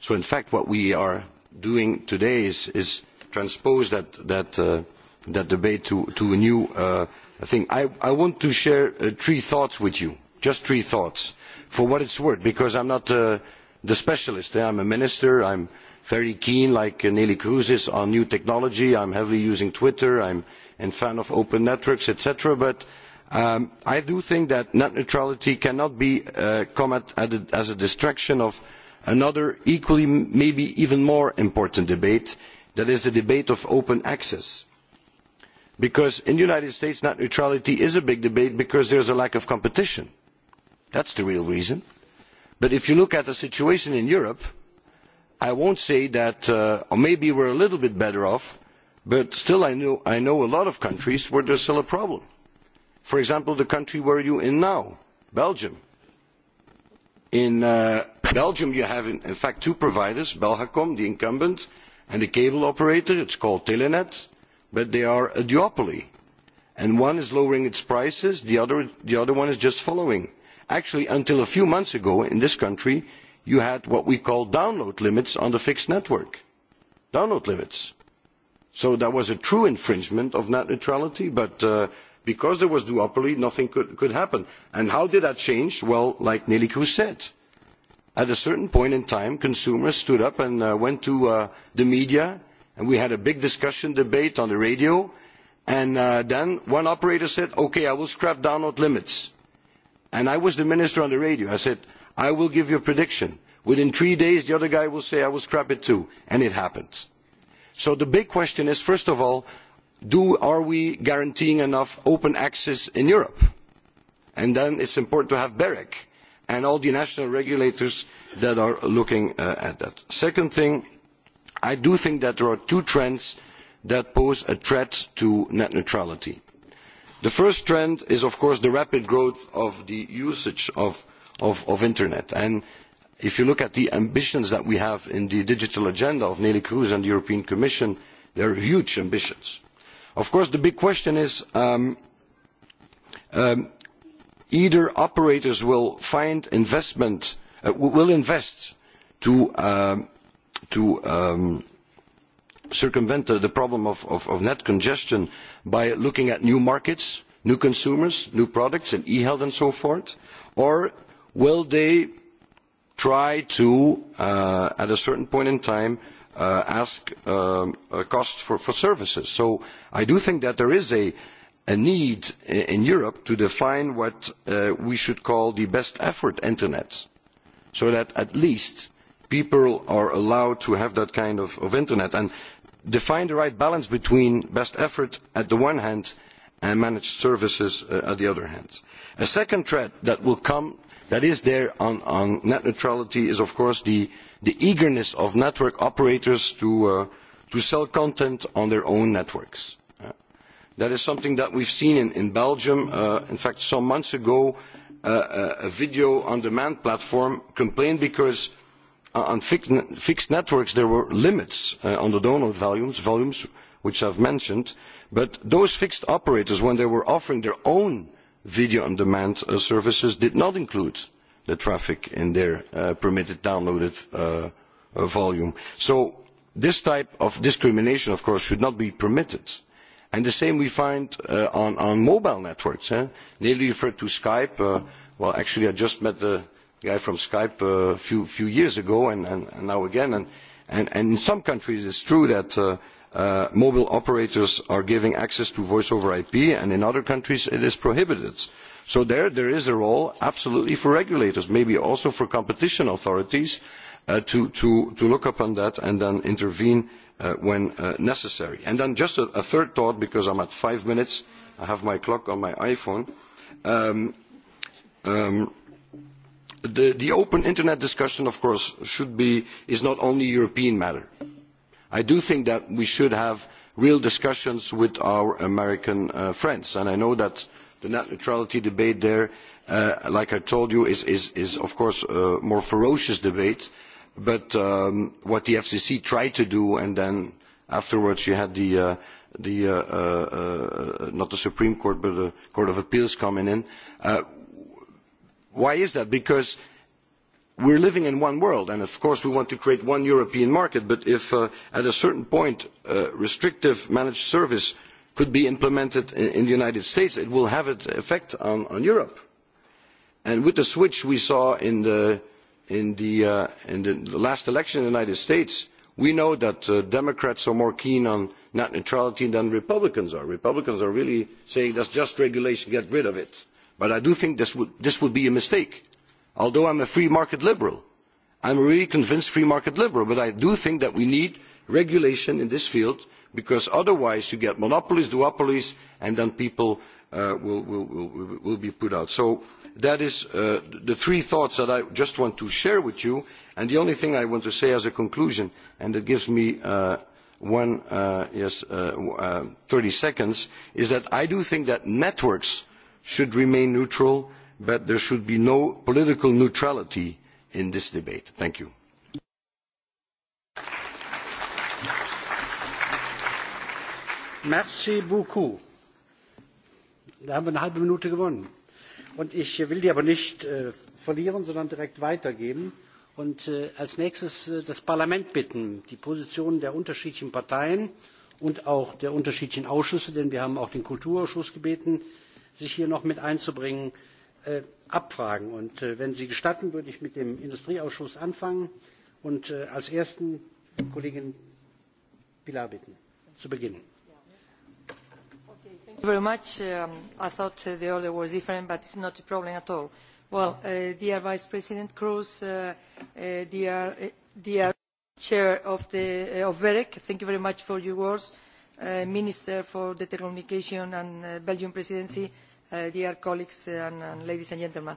So in fact, what we are doing today is, is transpose that, that, uh, that debate to, to a new uh, thing. I, I want to share uh, three thoughts with you, just three thoughts, for what it's worth, because I'm not... Uh, the specialist. I am a minister. I am very keen, like neelie kroes is, on new technology. I am heavily using Twitter. I am a fan of open networks, etc. But I do think that net neutrality cannot be combated as a distraction of another equally, maybe even more important debate, that is the debate of open access because in the united states net neutrality is a big debate because there is a lack of competition that is the real reason but if you look at the situation in europe i will not say that or maybe we are a little bit better off but still i know a lot of countries where there is still a problem for example the country where you are in now belgium. in belgium you have in fact two providers belgacom the incumbent and a cable operator it is called telenet but they are a duopoly and one is lowering its prices the other one is just following Actually, until a few months ago in this country, you had what we call download limits on the fixed network. Download limits. So that was a true infringement of net neutrality, but because there was duopoly, nothing could, happen. And how did that change? Well, like Nelly Cruz said, at a certain point in time, consumers stood up and went to the media, and we had a big discussion debate on the radio, and then one operator said, okay, I will scrap download limits And I was the minister on the radio. I said, I will give you a prediction. Within three days, the other guy will say, I will scrap it too. And it happened. So the big question is, first of all, do, are we guaranteeing enough open access in Europe? And then it's important to have BEREC and all the national regulators that are looking at that. Second thing, I do think that there are two trends that pose a threat to net neutrality the first trend is of course the rapid growth of the usage of the internet and if you look at the ambitions that we have in the digital agenda of neelie kroes and the european commission they are huge ambitions. of course the big question is either operators will find investment will invest to circumvent the problem of net congestion by looking at new markets, new consumers, new products, and e-health and so forth? Or will they try to, at a certain point in time, ask a cost for, services? So I do think that there is a, need in Europe to define what we should call the best effort internet, so that at least people are allowed to have that kind of, internet. And Find the right balance between best effort on the one hand and managed services on the other hand. A second threat that will come that is there on, net neutrality is of course the, eagerness of network operators to, sell content on their own networks. That is something that we have seen in, Belgium. in fact, some months ago, a video on demand platform complained because On fixed networks, there were limits on the download volumes, which I have mentioned, but those fixed operators, when they were offering their own video-on-demand services, did not include the traffic in their permitted downloaded volume. So this type of discrimination, of course, should not be permitted. And the same we find on, mobile networks. Nearly referred to Skype. well, actually, I just met the guy from Skype a few few years ago, and, and, now again. And, and, and in some countries, it's true that uh, uh, mobile operators are giving access to voice over IP, and in other countries, it is prohibited. So there, there is a role absolutely for regulators, maybe also for competition authorities, to, to, to look upon that and then intervene when necessary. And then just a, third thought, because I'm at five minutes, I have my clock on my iPhone the, open internet discussion, of course, should be, is not only a European matter. I do think that we should have real discussions with our American friends, and I know that the net neutrality debate there, like I told you, is, of course a more ferocious debate, but what the FCC tried to do, and then afterwards you had the the not the Supreme Court but the Court of Appeals coming in. Why is that? Because we are living in one world, and of course we want to create one European market, but if at a certain point a restrictive managed service could be implemented in the United States, it will have an effect on, Europe. And with the switch we saw in the, last election in the United States, we know that Democrats are more keen on net neutrality than Republicans are. Republicans are really saying is just regulation, get rid of it But I do think this would, be a mistake. Although I am a free market liberal, I am a really convinced free market liberal, but I do think that we need regulation in this field because otherwise you get monopolies, duopolies, and then people will, be put out. So that is the three thoughts that I just want to share with you. And the only thing I want to say as a conclusion, and it gives me one, yes, thirty seconds, is that I do think that networks should remain neutral, but there should be no political neutrality in this debate. Thank you. Merci beaucoup. Da haben wir eine halbe Minute gewonnen. Und ich will die aber nicht verlieren, sondern direkt weitergeben und als nächstes das Parlament bitten, die Positionen der unterschiedlichen Parteien und auch der unterschiedlichen Ausschüsse, denn wir haben auch den Kulturausschuss gebeten, sich hier noch mit einzubringen, abfragen. Und wenn Sie gestatten, würde ich mit dem Industrieausschuss anfangen und als ersten Kollegin Pilar bitten, zu beginnen. Thank you very much. I thought the order was different, but it's not a problem at all. Well, dear Vice President Cruz, dear Chair of the BEREC, thank you very much for your words Minister for the Telecommunication and Belgian Presidency, dear colleagues and ladies and gentlemen.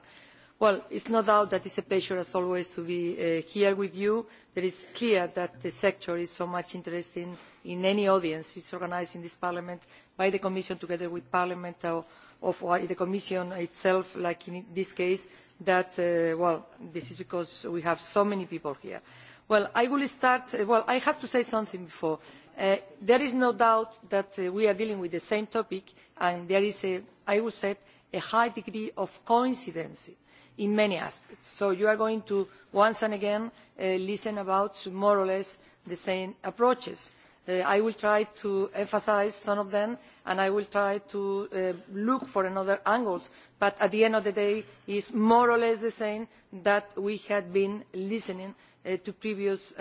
Well, is no doubt that it is a pleasure, as always, to be here with you. It is clear that the sector is so much interested in any audience. is organised in this Parliament by the Commission together with Parliament or the Commission itself, like in this case, that, well, this is because we have so many people here Well, I will start. Well, I have to say something before. there is no doubt that we are dealing with the same topic, and there is, a, I would say, a high degree of coincidence in many aspects. So you are going to once and again listen about more or less the same approaches. I will try to emphasise some of them, and I will try to look for another angles. But at the end of the day, it is more or less the same that we had been listening to previous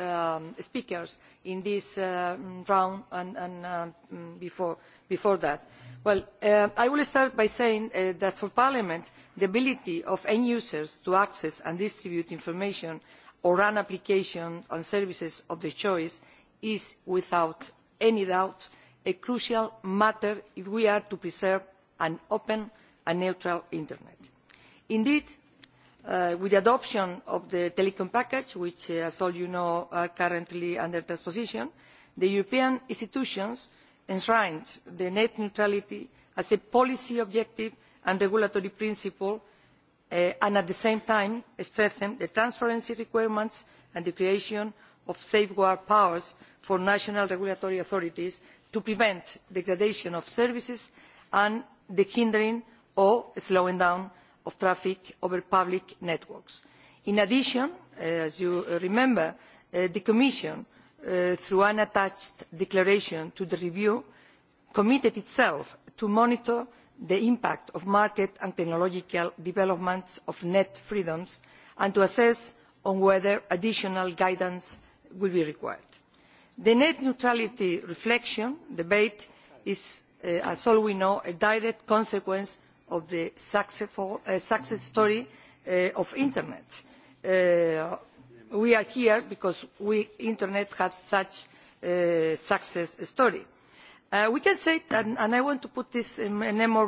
speakers in this round and before that. I will start by saying that for Parliament, the ability of end users to access and distribute information or run applications and services of their choice is, without any doubt, a crucial matter if we are to preserve an open and neutral internet. Indeed, with the adoption of the telecom package which as all you know is currently under transposition the european institutions enshrined net neutrality as a policy objective and regulatory principle and at the same time strengthened the transparency requirements and the creation of safeguard powers for national regulatory authorities to prevent degradation of services and the hindering or slowing down of traffic over public networks. in addition as you remember the commission through an attached declaration to the review committed itself to monitor the impact of market and technological developments on net freedoms and to assess whether additional guidance will be required. the net neutrality reflection debate is as we all know a direct consequence of the success story of internet. we are here because we internet has such a success story. we can say and i want to put this in a more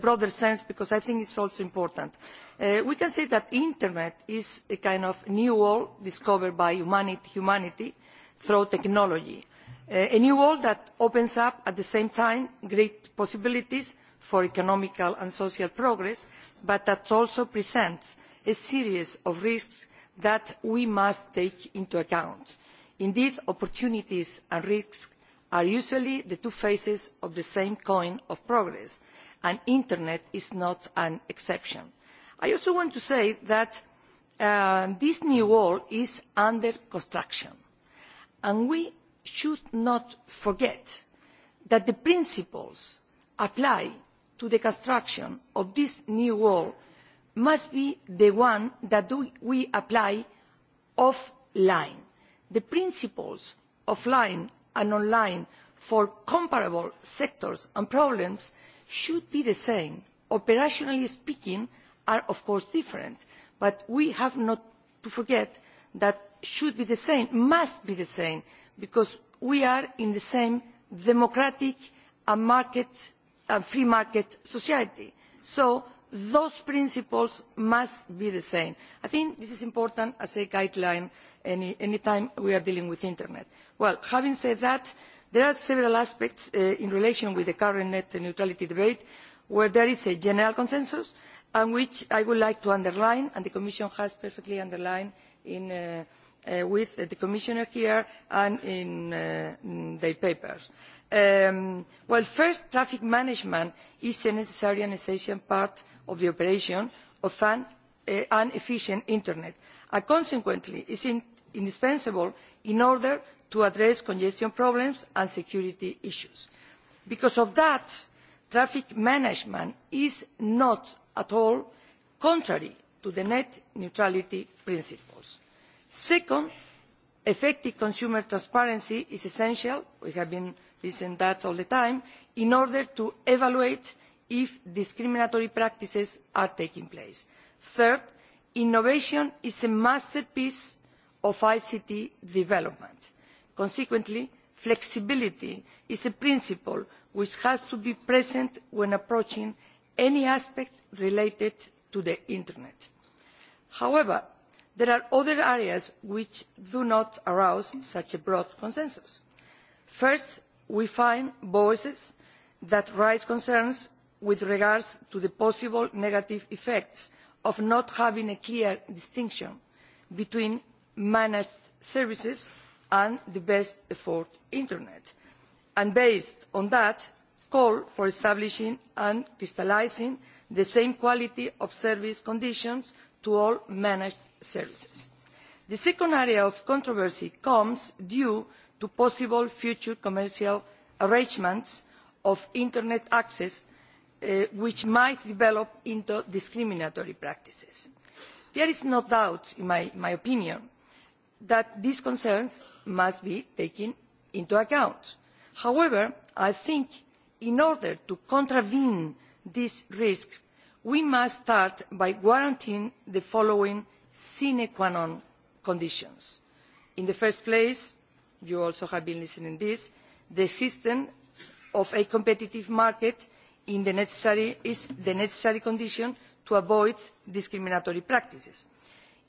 broader sense because i think it is also important we can say that the internet is a kind of new world discovered by humanity through technology a new world that opens up at the same time great possibilities for economic and social progress, but that also presents a series of risks that we must take into account. Indeed, opportunities and risks are usually the two faces of the same coin of progress, and the Internet is not an exception. I also want to say that this new world is under construction, and we should not forget that the principles apply to the construction of this new wall must be the one that we apply offline. The principles offline and online for comparable sectors and problems should be the same. Operationally speaking, are of course different, but we have not to forget that should be the same, must be the same, because we are in the same democratic and market a free market society. So those principles must be the same. I think this is important as a guideline any time we are dealing with the internet. Well, having said that, there are several aspects in relation with the current net neutrality debate where there is a general consensus and which I would like to underline, and the Commission has perfectly underlined in with the commissioner here and in their papers. well first traffic management is a necessary and essential part of the operation of an efficient internet and consequently is indispensable in order to address congestion problems and security issues. because of that traffic management is not at all contrary to the net neutrality principle second effective consumer transparency is essential we have been saying that all the time in order to evaluate if discriminatory practices are taking place. third innovation is a masterpiece of ict development. consequently flexibility is a principle which has to be present when approaching any aspect related to the internet. however there are other areas which do not arouse such a broad consensus. first we find voices that raise concerns with regard to the possible negative effects of not having a clear distinction between managed services and the best effort internet and based on that call for establishing and crystallising the same quality of service conditions to all managed services. The second area of controversy comes due to possible future commercial arrangements of internet access which might develop into discriminatory practices. There is no doubt, in my opinion, that these concerns must be taken into account. However, I think in order to contravene these risks, we must start by guaranteeing the following sine qua non conditions. In the first place, you also have been listening to this, the existence of a competitive market in the necessary, is the necessary condition to avoid discriminatory practices.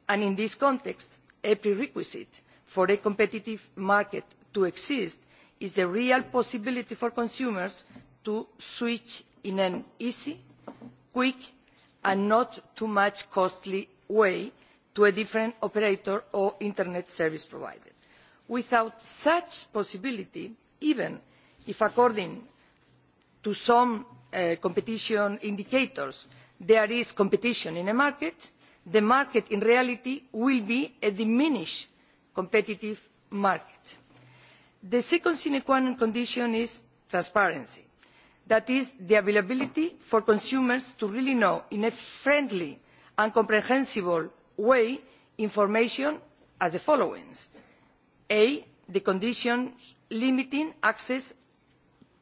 And in this context, a prerequisite for a competitive market to exist is the real possibility for consumers to switch in an easy, quick and not too much costly way to a different operator or internet service provider. Without such possibility, even if according to some competition indicators there is competition in a market, the market in reality will be a diminished competitive market. The second sine qua non condition is transparency. That is the availability for consumers to really know in a friendly and comprehensible weigh information as the following a the conditions limiting access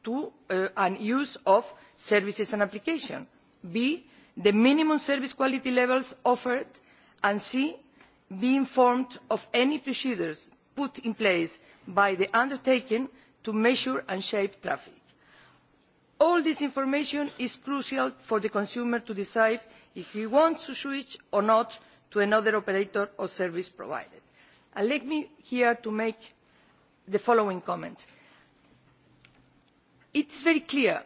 to and use of services and applications; b the minimum service quality levels offered; and c be informed of any procedures put in place by the undertaking to measure and shape traffic. All this information is crucial for the consumer to decide if he wants to switch or not to another operator or service provider. Let me here to make the following comments. It is very clear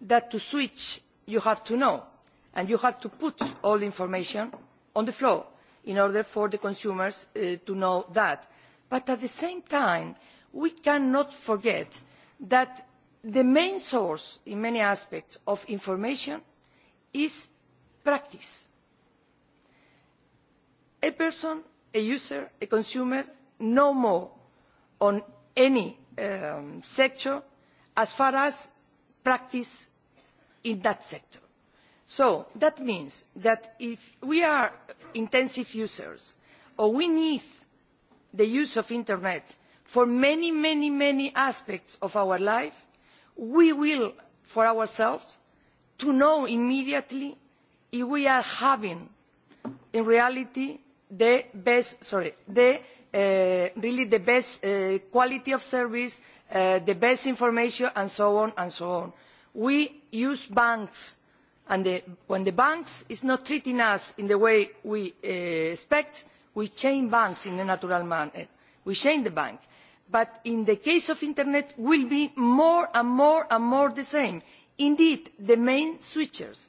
that to switch you have to know and you have to put all the information on the floor in order for the consumers to know that. But at the same time, we cannot forget that the main source in many aspects of information is practice a person a user a consumer no more on any sector as far as practice in that sector. so that means that if we are intensive users or we need the use of the internet for many many many aspects of our life we will for ourselves to know immediately if we are having in reality the best sorry the really the best quality of service the best information and so on and so on. we use banks and when the banks are not treating us in the way we expect we change banks in a natural manner we change the bank but in the case of the internet it will be more and more and more the same. indeed the main switchers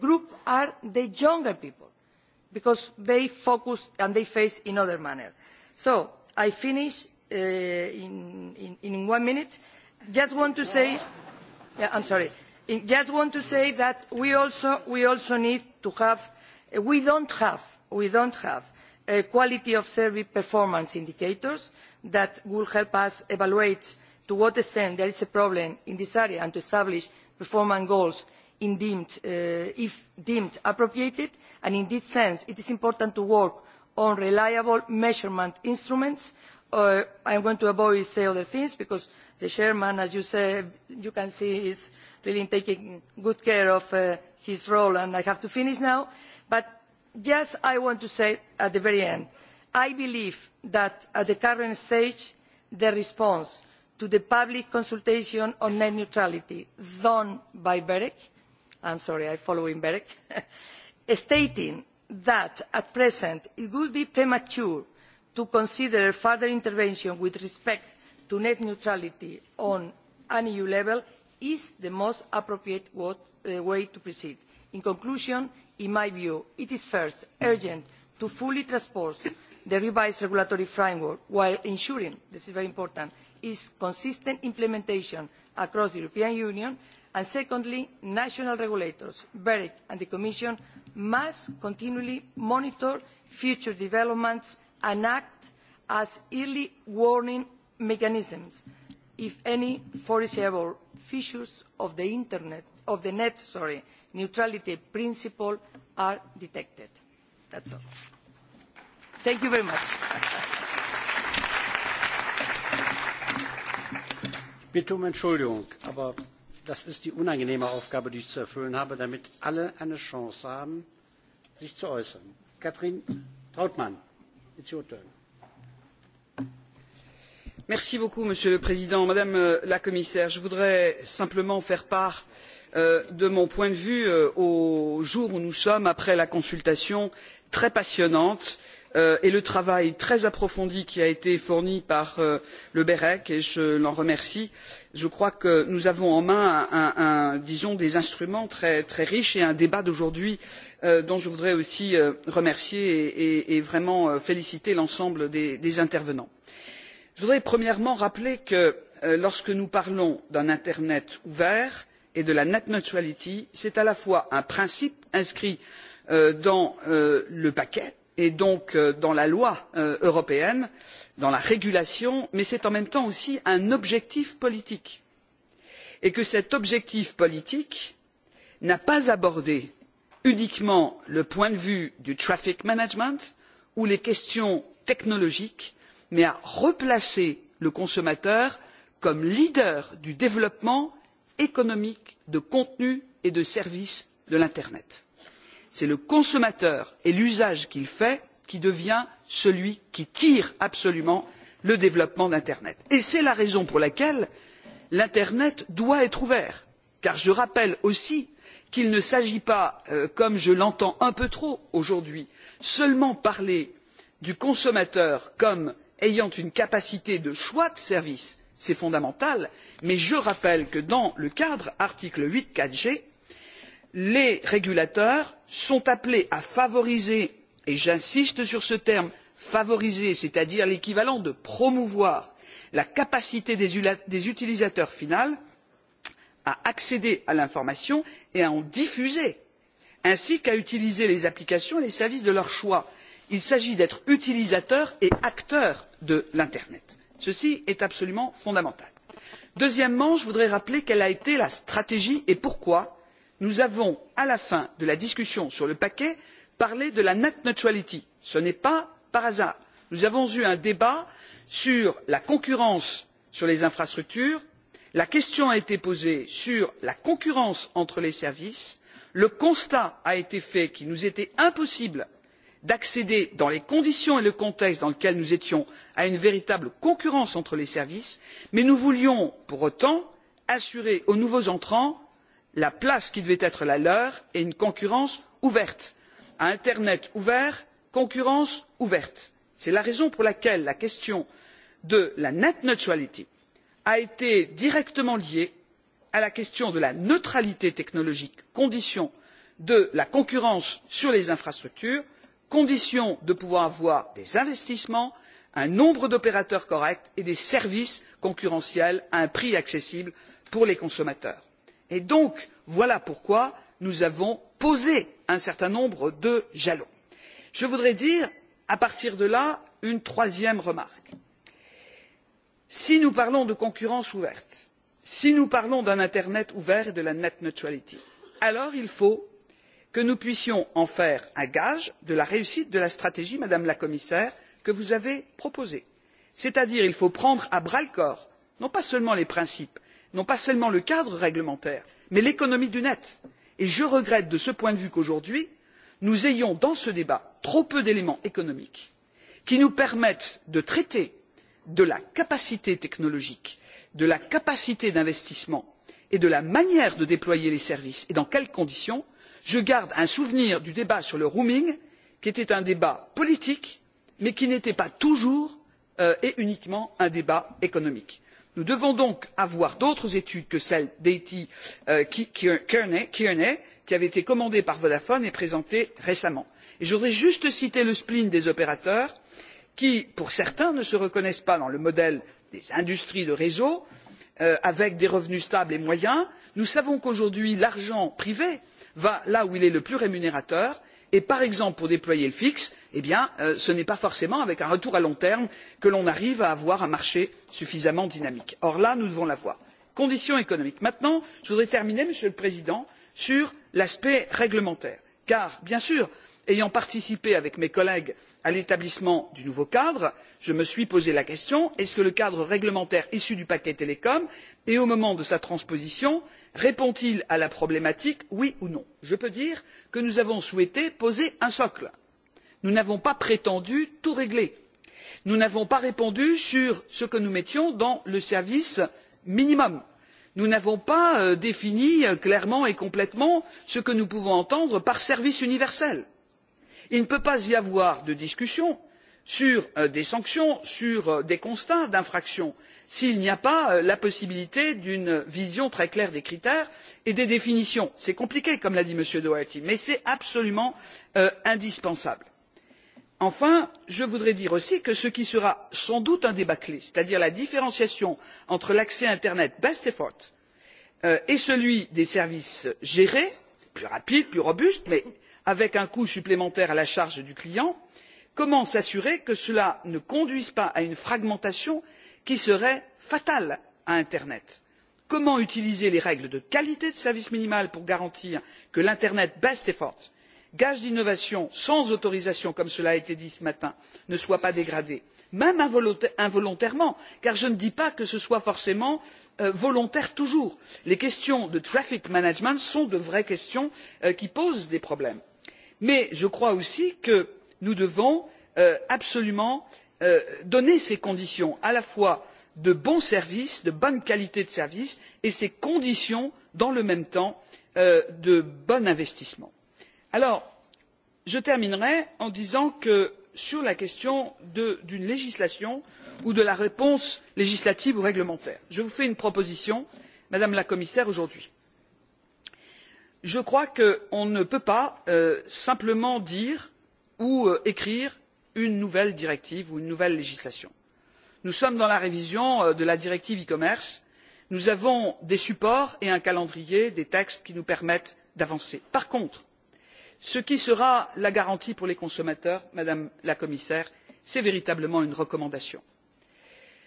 group are the younger people because they focus and they face in other manner. So I finish in, one minute. Just want to say, I'm sorry. Just want to say that we also, we also need to have, we don't have, we don't have a quality of service performance indicators that will help us evaluate to what extent there is a problem in this area and to establish performance goals if deemed appropriate and in this sense it is important to work on reliable measurement instruments. i am going to avoid saying other things because the chairman as you can see is really taking good care of his role and i have to finish now but just i want to say at the very end i believe that at the current stage the response to the public consultation on net neutrality done by berec I'm sorry, I follow in berec stating that at present it would be premature to consider further intervention with respect to net neutrality on an EU level is the most appropriate way to proceed. In conclusion, in my view, it is first urgent to fully transpose the revised regulatory framework while ensuring this is very important its consistent implementation across the European Union and secondly national regulators berec and the commission must continually monitor future developments and act as early warning mechanisms if any foreseeable features of the net neutrality principle are detected. that is all. thank you very much das ist die unangenehme Aufgabe, die ich zu erfüllen habe, damit alle eine Chance haben, sich zu äußern. Katrin Trautmann, it's your turn. monsieur le président madame la commissaire je voudrais simplement faire part de mon point de vue au jour où nous sommes après la consultation très passionnante et le travail très approfondi qui a été fourni par le berec et je l'en remercie je crois que nous avons en main disons des instruments très riches et un débat d'aujourd'hui dont je voudrais aussi remercier et vraiment féliciter l'ensemble des intervenants. je voudrais premièrement rappeler que lorsque nous parlons d'un internet ouvert et de la net neutrality c'est à la fois un principe inscrit dans le paquet et donc dans la loi européenne dans la régulation mais c'est en même temps aussi un objectif politique et que cet objectif politique n'a pas abordé uniquement le point de vue du traffic management ou les questions technologiques mais a replacé le consommateur comme leader du développement économique de contenus et de services de l'internet c'est le consommateur et l'usage qu'il fait qui devient celui qui tire absolument le développement de l'internet. c'est la raison pour laquelle l'internet doit être ouvert car je rappelle aussi qu'il ne s'agit pas comme je l'entends un peu trop aujourd'hui seulement de parler du consommateur comme ayant une capacité de choix de service c'est fondamental mais je rappelle que dans le cadre de l'article huit paragraphe quatre g les régulateurs sont appelés à favoriser et j'insiste sur ce terme favoriser c'est à dire l'équivalent de promouvoir la capacité des utilisateurs finaux à accéder à l'information et à en diffuser ainsi qu'à utiliser les applications et les services de leur choix. il s'agit d'être utilisateurs et acteurs de l'internet. ceci est absolument fondamental. deuxièmement je voudrais rappeler quelle a été la stratégie et pourquoi nous avons à la fin de la discussion sur le paquet parlé de la net neutrality. ce n'est pas par hasard. nous avons eu un débat sur la concurrence sur les infrastructures la question a été posée sur la concurrence entre les services le constat a été fait qu'il nous était impossible d'accéder dans les conditions et le contexte dans lesquels nous étions à une véritable concurrence entre les services mais nous voulions pour autant assurer aux nouveaux entrants la place qui devait être la leur et une concurrence ouverte internet ouvert concurrence ouverte. c'est la raison pour laquelle la question de la net neutrality a été directement liée à la question de la neutralité technologique condition de la concurrence sur les infrastructures condition de pouvoir avoir des investissements un nombre d'opérateurs correct et des services concurrentiels à un prix accessible pour les consommateurs et donc voilà pourquoi nous avons posé un certain nombre de jalons. je voudrais dire à partir de là une troisième remarque si nous parlons de concurrence ouverte si nous parlons d'un internet ouvert et de la net neutrality alors il faut que nous puissions en faire un gage de la réussite de la stratégie madame la commissaire que vous avez proposée c'est à dire qu'il faut prendre à bras le corps non pas seulement les principes non pas seulement le cadre réglementaire mais l'économie du net et je regrette de ce point de vue qu'aujourd'hui nous ayons dans ce débat trop peu d'éléments économiques qui nous permettent de traiter de la capacité technologique de la capacité d'investissement et de la manière de déployer les services et dans quelles conditions je garde un souvenir du débat sur le roaming qui était un débat politique mais qui n'était pas toujours et uniquement un débat économique nous devons donc avoir d'autres études que celle d'eighty kearney qui avait été commandée par vodafone et présentée récemment. je voudrais juste citer le spleen des opérateurs qui pour certains ne se reconnaissent pas dans le modèle des industries de réseau avec des revenus stables et moyens. nous savons qu'aujourd'hui l'argent privé va là où il est le plus rémunérateur et par exemple pour déployer le fixe ce n'est pas forcément avec un retour à long terme que l'on arrive à avoir un marché suffisamment dynamique. or là nous devons l'avoir. conditions économiques. maintenant je voudrais terminer monsieur le président sur l'aspect réglementaire car bien sûr ayant participé avec mes collègues à l'établissement du nouveau cadre je me suis posé la question est ce que le cadre réglementaire issu du paquet télécom et au moment de sa transposition répond il à la problématique oui ou non? je peux dire que nous avons souhaité poser un socle. nous n'avons pas prétendu tout régler. nous n'avons pas répondu sur ce que nous mettions dans le service minimum. nous n'avons pas défini clairement et complètement ce que nous pouvons entendre par service universel. il ne peut pas y avoir de discussion sur des sanctions sur des constats d'infraction s'il n'y a pas la possibilité d'une vision très claire des critères et des définitions. c'est compliqué comme l'a dit m. doherty mais c'est absolument indispensable. enfin je voudrais dire aussi que ce qui sera sans doute un débat clé c'est à dire la différenciation entre l'accès internet best effort et celui des services gérés plus rapide plus robuste mais avec un coût supplémentaire à la charge du client comment s'assurer que cela ne conduise pas à une fragmentation qui serait fatale à internet. comment utiliser les règles de qualité de service minimal pour garantir que l'internet best effort gage d'innovation sans autorisation comme cela a été dit ce matin ne soit pas dégradé même involontairement car je ne dis pas que ce soit forcément volontaire toujours. les questions de traffic management sont de vraies questions qui posent des problèmes. mais je crois aussi que nous devons absolument donner ces conditions à la fois de bons services de bonne qualité de service et ces conditions dans le même temps de bon investissement. je terminerai en disant que sur la question d'une législation ou de la réponse législative ou réglementaire je vous fais une proposition madame la commissaire aujourd'hui. je crois qu'on ne peut pas simplement dire ou écrire une nouvelle directive ou une nouvelle législation. nous sommes dans la révision de la directive e commerce nous avons des supports et un calendrier des textes qui nous permettent d'avancer. par contre ce qui sera la garantie pour les consommateurs madame la commissaire c'est véritablement une recommandation.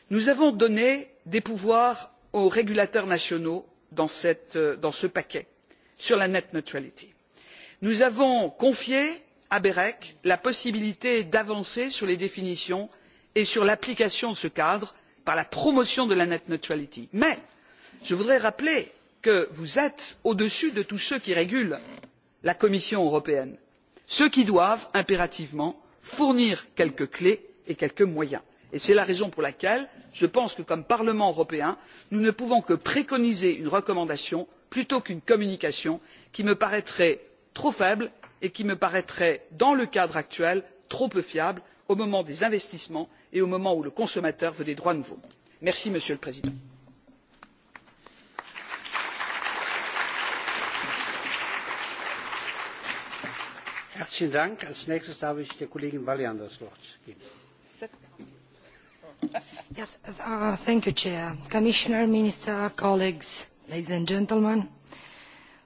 nous avons donné des pouvoirs aux régulateurs nationaux dans ce paquet sur la net neutrality. nous avons confié à berec la possibilité d'avancer sur les définitions et sur l'application de ce cadre par la promotion de la net neutrality. mais je voudrais rappeler que vous êtes au dessus de tous ceux qui régulent la commission européenne ceux qui doivent impérativement fournir quelques clés et quelques moyens et c'est la raison pour laquelle je pense que comme parlement européen nous ne pouvons que préconiser une recommandation plutôt qu'une communication qui me paraîtrait trop faible et qui me paraîtrait dans le cadre actuel trop peu fiable au moment des investissements et au moment où le consommateur veut des droits nouveaux. merci monsieur le président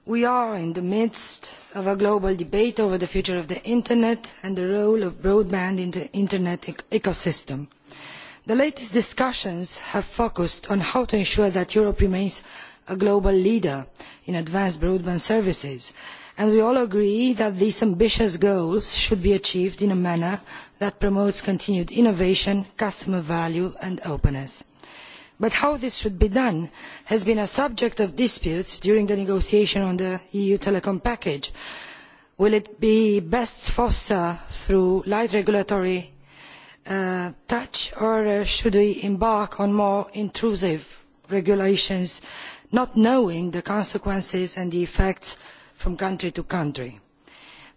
we are in the midst of a global debate over the future of the internet and the role of broadband in the internet ecosystem. the latest discussions have focused on how to ensure that europe remains a global leader in advanced broadband services and we all agree that these ambitious goals should be achieved in a manner that promotes continued innovation customer value and openness but how this should be done has been a subject of disputes during the negotiation on the eu telecom package. will it be best fostered through light regulatory touch or should we embark on more intrusive regulations not knowing the consequences and the effects from country to country?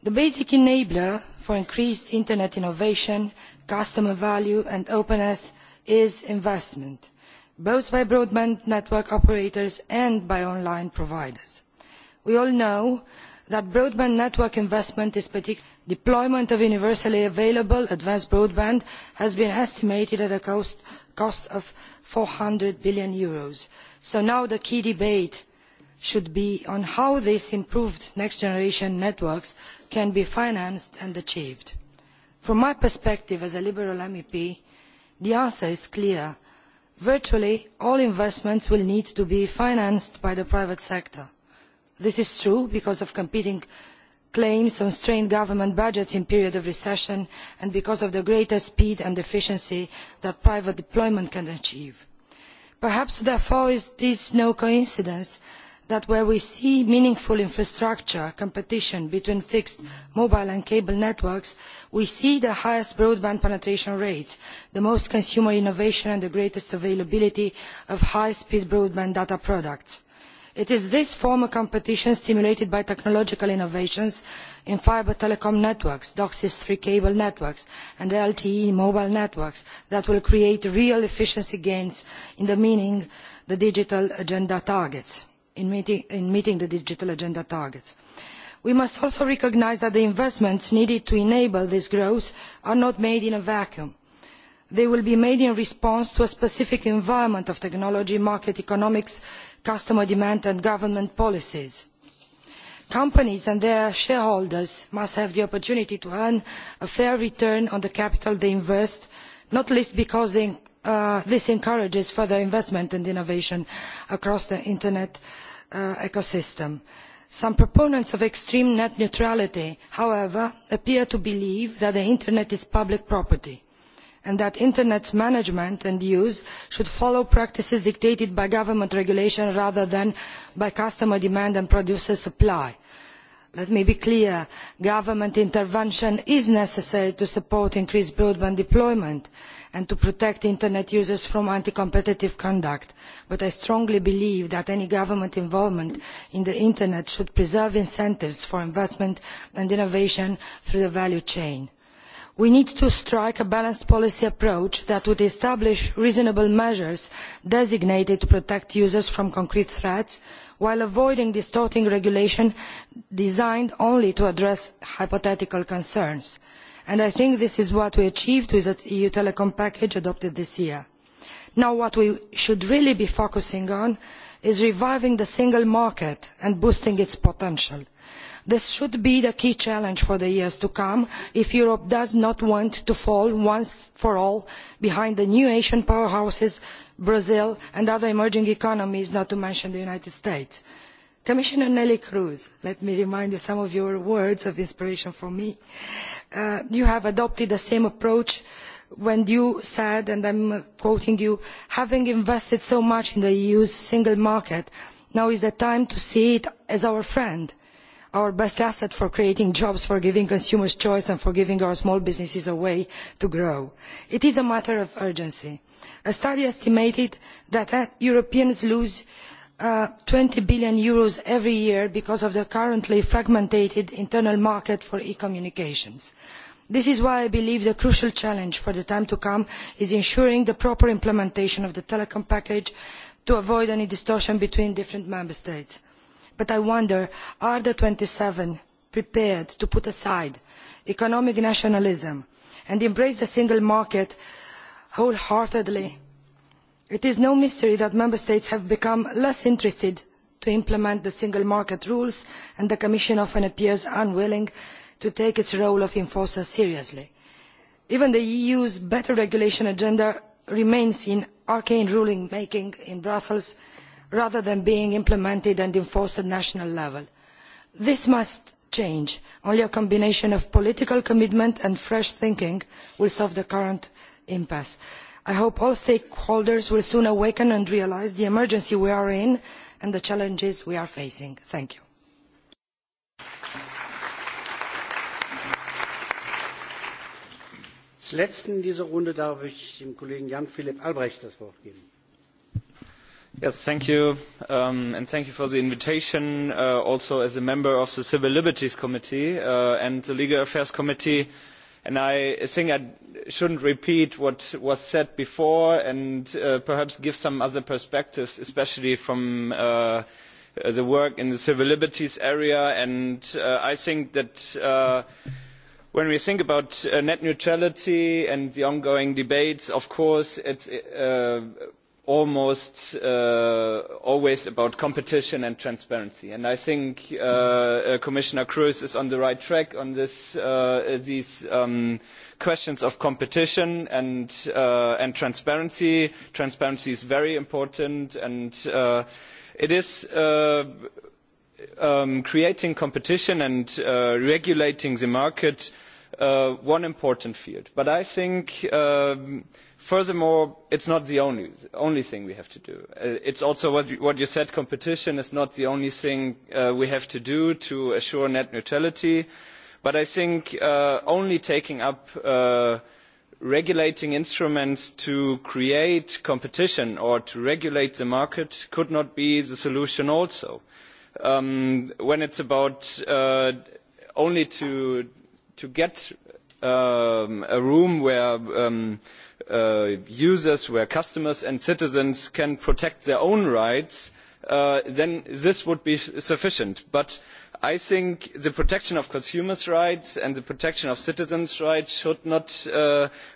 the basic enabler for increased internet innovation customer value and openness is investment both by broadband network operators and by online providers. we all know that broadband network investment is particularly deployment of universally available advanced broadband has been estimated at a cost of eur four hundred billion so now the key debate should be on how these improved next generation networks can be financed and achieved. from my perspective as a liberal mep the answer is clear virtually all investments will need to be financed by the private sector. this is true because of competing claims on strained government budgets in a period of recession and because of the greater speed and efficiency that private deployment can achieve. perhaps therefore it is no coincidence that that where we see meaningful infrastructure competition between fixed mobile and cable networks we see the highest broadband penetration rates the most consumer innovation and the greatest availability of high speed broadband data products. it is this form of competition stimulated by technological innovations in fibre telecom networks DOXIS three cable networks and lte mobile networks that will create real efficiency gains in meeting the digital agenda targets in meeting the digital agenda targets. we must also recognise that the investments needed to enable this growth are not made in a vacuum. they will be made in response to a specific environment of technology market economics customer demand and government policies. companies and their shareholders must have the opportunity to earn a fair return on the capital they invest not least because this encourages further investment and innovation across the internet ecosystem. Some proponents of extreme net neutrality, however, appear to believe that the internet is public property and that internet management and use should follow practices dictated by government regulation rather than by customer demand and producer supply. Let me be clear, government intervention is necessary to support increased broadband deployment, and to protect internet users from anti-competitive conduct. But I strongly believe that any government involvement in the internet should preserve incentives for investment and innovation through the value chain we need to strike a balanced policy approach that would establish reasonable measures designated to protect users from concrete threats while avoiding distorting regulation designed only to address hypothetical concerns i think this is what we achieved with the eu telecom package adopted this year. now what we should really be focusing on is reviving the single market and boosting its potential. this should be the key challenge for the years to come if europe does not want to fall once for all behind the new asian powerhouses brazil and other emerging economies not to mention the united states. Commissioner Nelly Cruz, let me remind you some of your words of inspiration for me. you have adopted the same approach when you said, and I am quoting you, having invested so much in the EU's single market, now is the time to see it as our friend, our best asset for creating jobs, for giving consumers choice and for giving our small businesses a way to grow. It is a matter of urgency. A study estimated that Europeans lose eur twenty billion every year because of the currently fragmented internal market for e communications. this is why i believe the crucial challenge for the time to come is ensuring the proper implementation of the telecom package to avoid any distortion between different member states. but i wonder are the twenty seven prepared to put aside economic nationalism and embrace the single market wholeheartedly it is no mystery that member states have become less interested in implementing the single market rules and the commission often appears unwilling to take its role of enforcer seriously. even the eu's better regulation agenda remains in arcane ruling making in brussels rather than being implemented and enforced at national level. this must change. only a combination of political commitment and fresh thinking will solve the current impasse i hope all stakeholders will soon awaken and realise the emergency we are in and the challenges we are facing. thank you. als letzten in dieser runde darf ich dem kollegen jan philipp albrecht das wort geben. Yes, thank you, and thank you for the invitation. also, as a member of the Civil Liberties Committee and the Legal Affairs Committee, i think i should not repeat what was said before and perhaps give some other perspectives especially from the work in the civil liberties area and i think that when we think about net neutrality and the ongoing debates of course it is almost always about competition and transparency. And I think Commissioner Kroes is on the right track on these questions of competition and, transparency. Transparency is very important, and it is creating competition and regulating the market one important field. But I think furthermore it is not the only thing we have to do. it is also what you said competition is not the only thing we have to do to assure net neutrality but i think only taking up regulating instruments to create competition or to regulate the market could not be the solution also. when it is about only to get a room where users, where customers and citizens can protect their own rights, then this would be sufficient. But I think the protection of consumers' rights and the protection of citizens' rights should not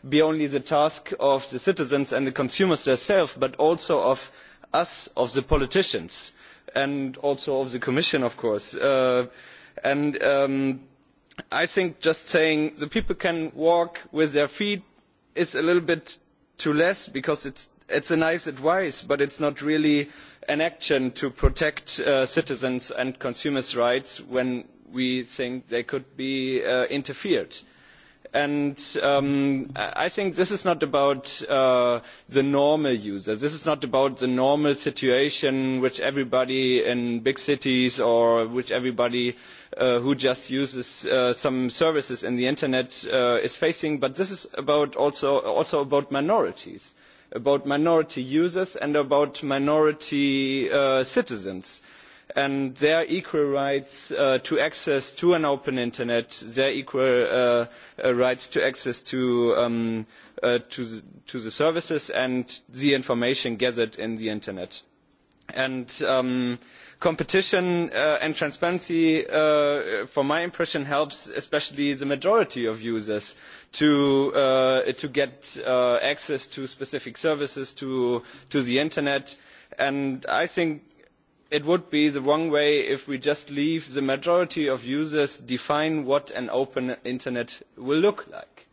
be only the task of the citizens and the consumers themselves, but also of us, of the politicians, and also of the Commission, of course. and I think just saying the people can walk with their feet is a little bit too less because it's it's a nice advice, but it's not really an action to protect citizens' and consumers' rights when we think they could be interfered And I think this is not about the normal user. This is not about the normal situation which everybody in big cities or which everybody who just uses some services in the internet is facing, but this is about also about minorities, about minority users and about minority citizens and their equal rights to access to an open internet, their equal rights to access to, the services and the information gathered in the internet. And competition and transparency, from my impression, helps especially the majority of users to, get access to specific services, to, the internet. And I think it would be the wrong way if we just leave the majority of users define what an open internet will look like.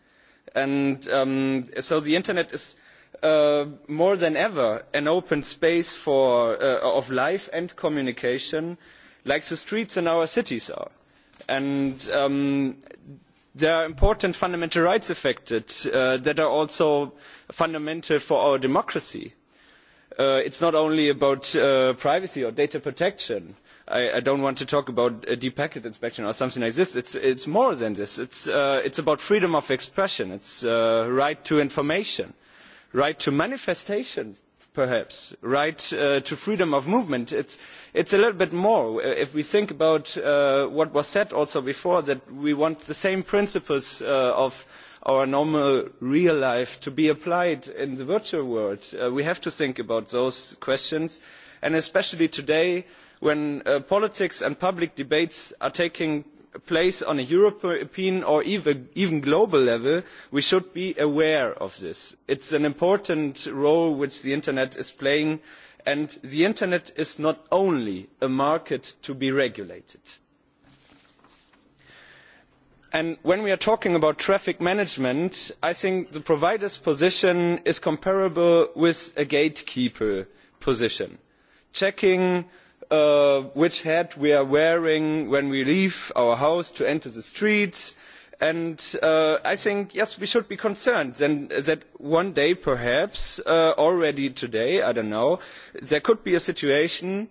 And so the internet is more than ever an open space for, of life and communication like the streets in our cities are. And there are important fundamental rights affected that are also fundamental for our democracy it is not only about privacy or data protection. I, I don't want to talk about a deep packet inspection or something like this. It's, it's more than this. It's, uh, it's about freedom of expression. It's uh, right to information, right to manifestation, perhaps, right uh, to freedom of movement. It's, it's a little bit more. If we think about uh, what was said also before, that we want the same principles uh, of our normal real life to be applied in the virtual world? we have to think about those questions, and especially today when politics and public debates are taking place on a European or even global level, we should be aware of this. It is an important role which the Internet is playing, and the Internet is not only a market to be regulated when we are talking about traffic management i think the provider's position is comparable with a gatekeeper position checking which hat we are wearing when we leave our house to enter the streets and i think yes we should be concerned that one day perhaps already today i do not know there could be a situation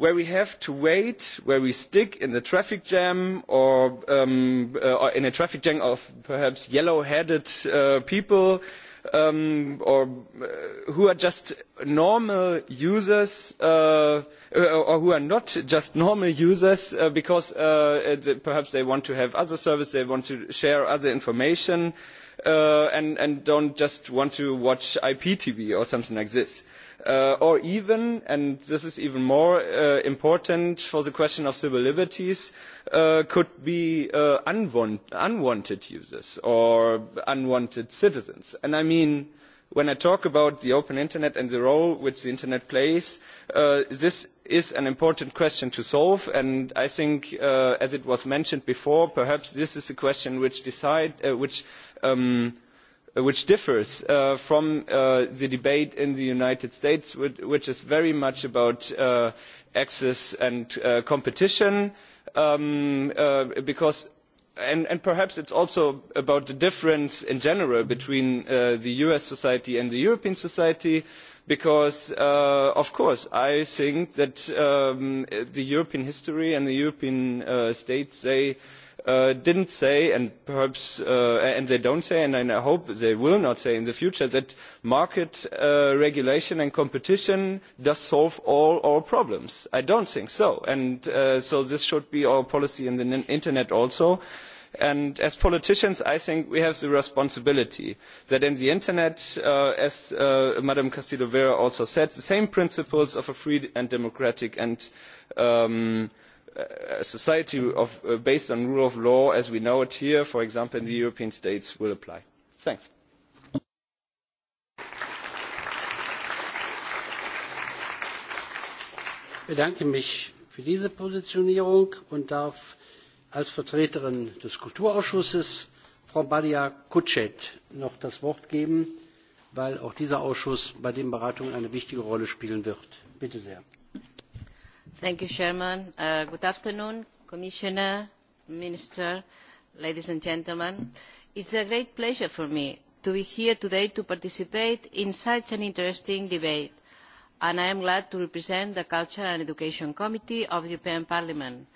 where we have to wait, where we stick in the traffic jam or, in a traffic jam of perhaps yellow-headed people or who are just normal users or who are not just normal users because perhaps they want to have other services, they want to share other information and, and don't just want to watch IPTV or something like this or even, and this is even more important for the question of civil liberties, could be unwanted users or unwanted citizens. And I mean, when I talk about the open internet and the role which the internet plays, this is an important question to solve. And I think, as it was mentioned before, perhaps this is a question which decide, which which differs from the debate in the United States, which is very much about access and competition, because and perhaps it is also about the difference in general between the US society and the European society, because of course I think that the European history and the European states they didn't say and perhaps and they don't say and I hope they will not say in the future that market regulation and competition does solve all our problems. I don't think so. And so this should be our policy in the internet also. And as politicians, I think we have the responsibility that in the internet, as Madam Castillo Vera also said, the same principles of a free and democratic and a society of based on the rule of law as we know it here, for example, in the European states, will apply. Thanks. Ich bedanke mich für diese Positionierung und darf als Vertreterin des Kulturausschusses Frau Badia Kutschet noch das Wort geben, weil auch dieser Ausschuss bei den Beratungen eine wichtige Rolle spielen wird. Bitte sehr. Thank you, Chairman. good afternoon, Commissioner, Minister, ladies and gentlemen. It's a great pleasure for me to be here today to participate in such an interesting debate, and I am glad to represent the Culture and Education Committee of the European Parliament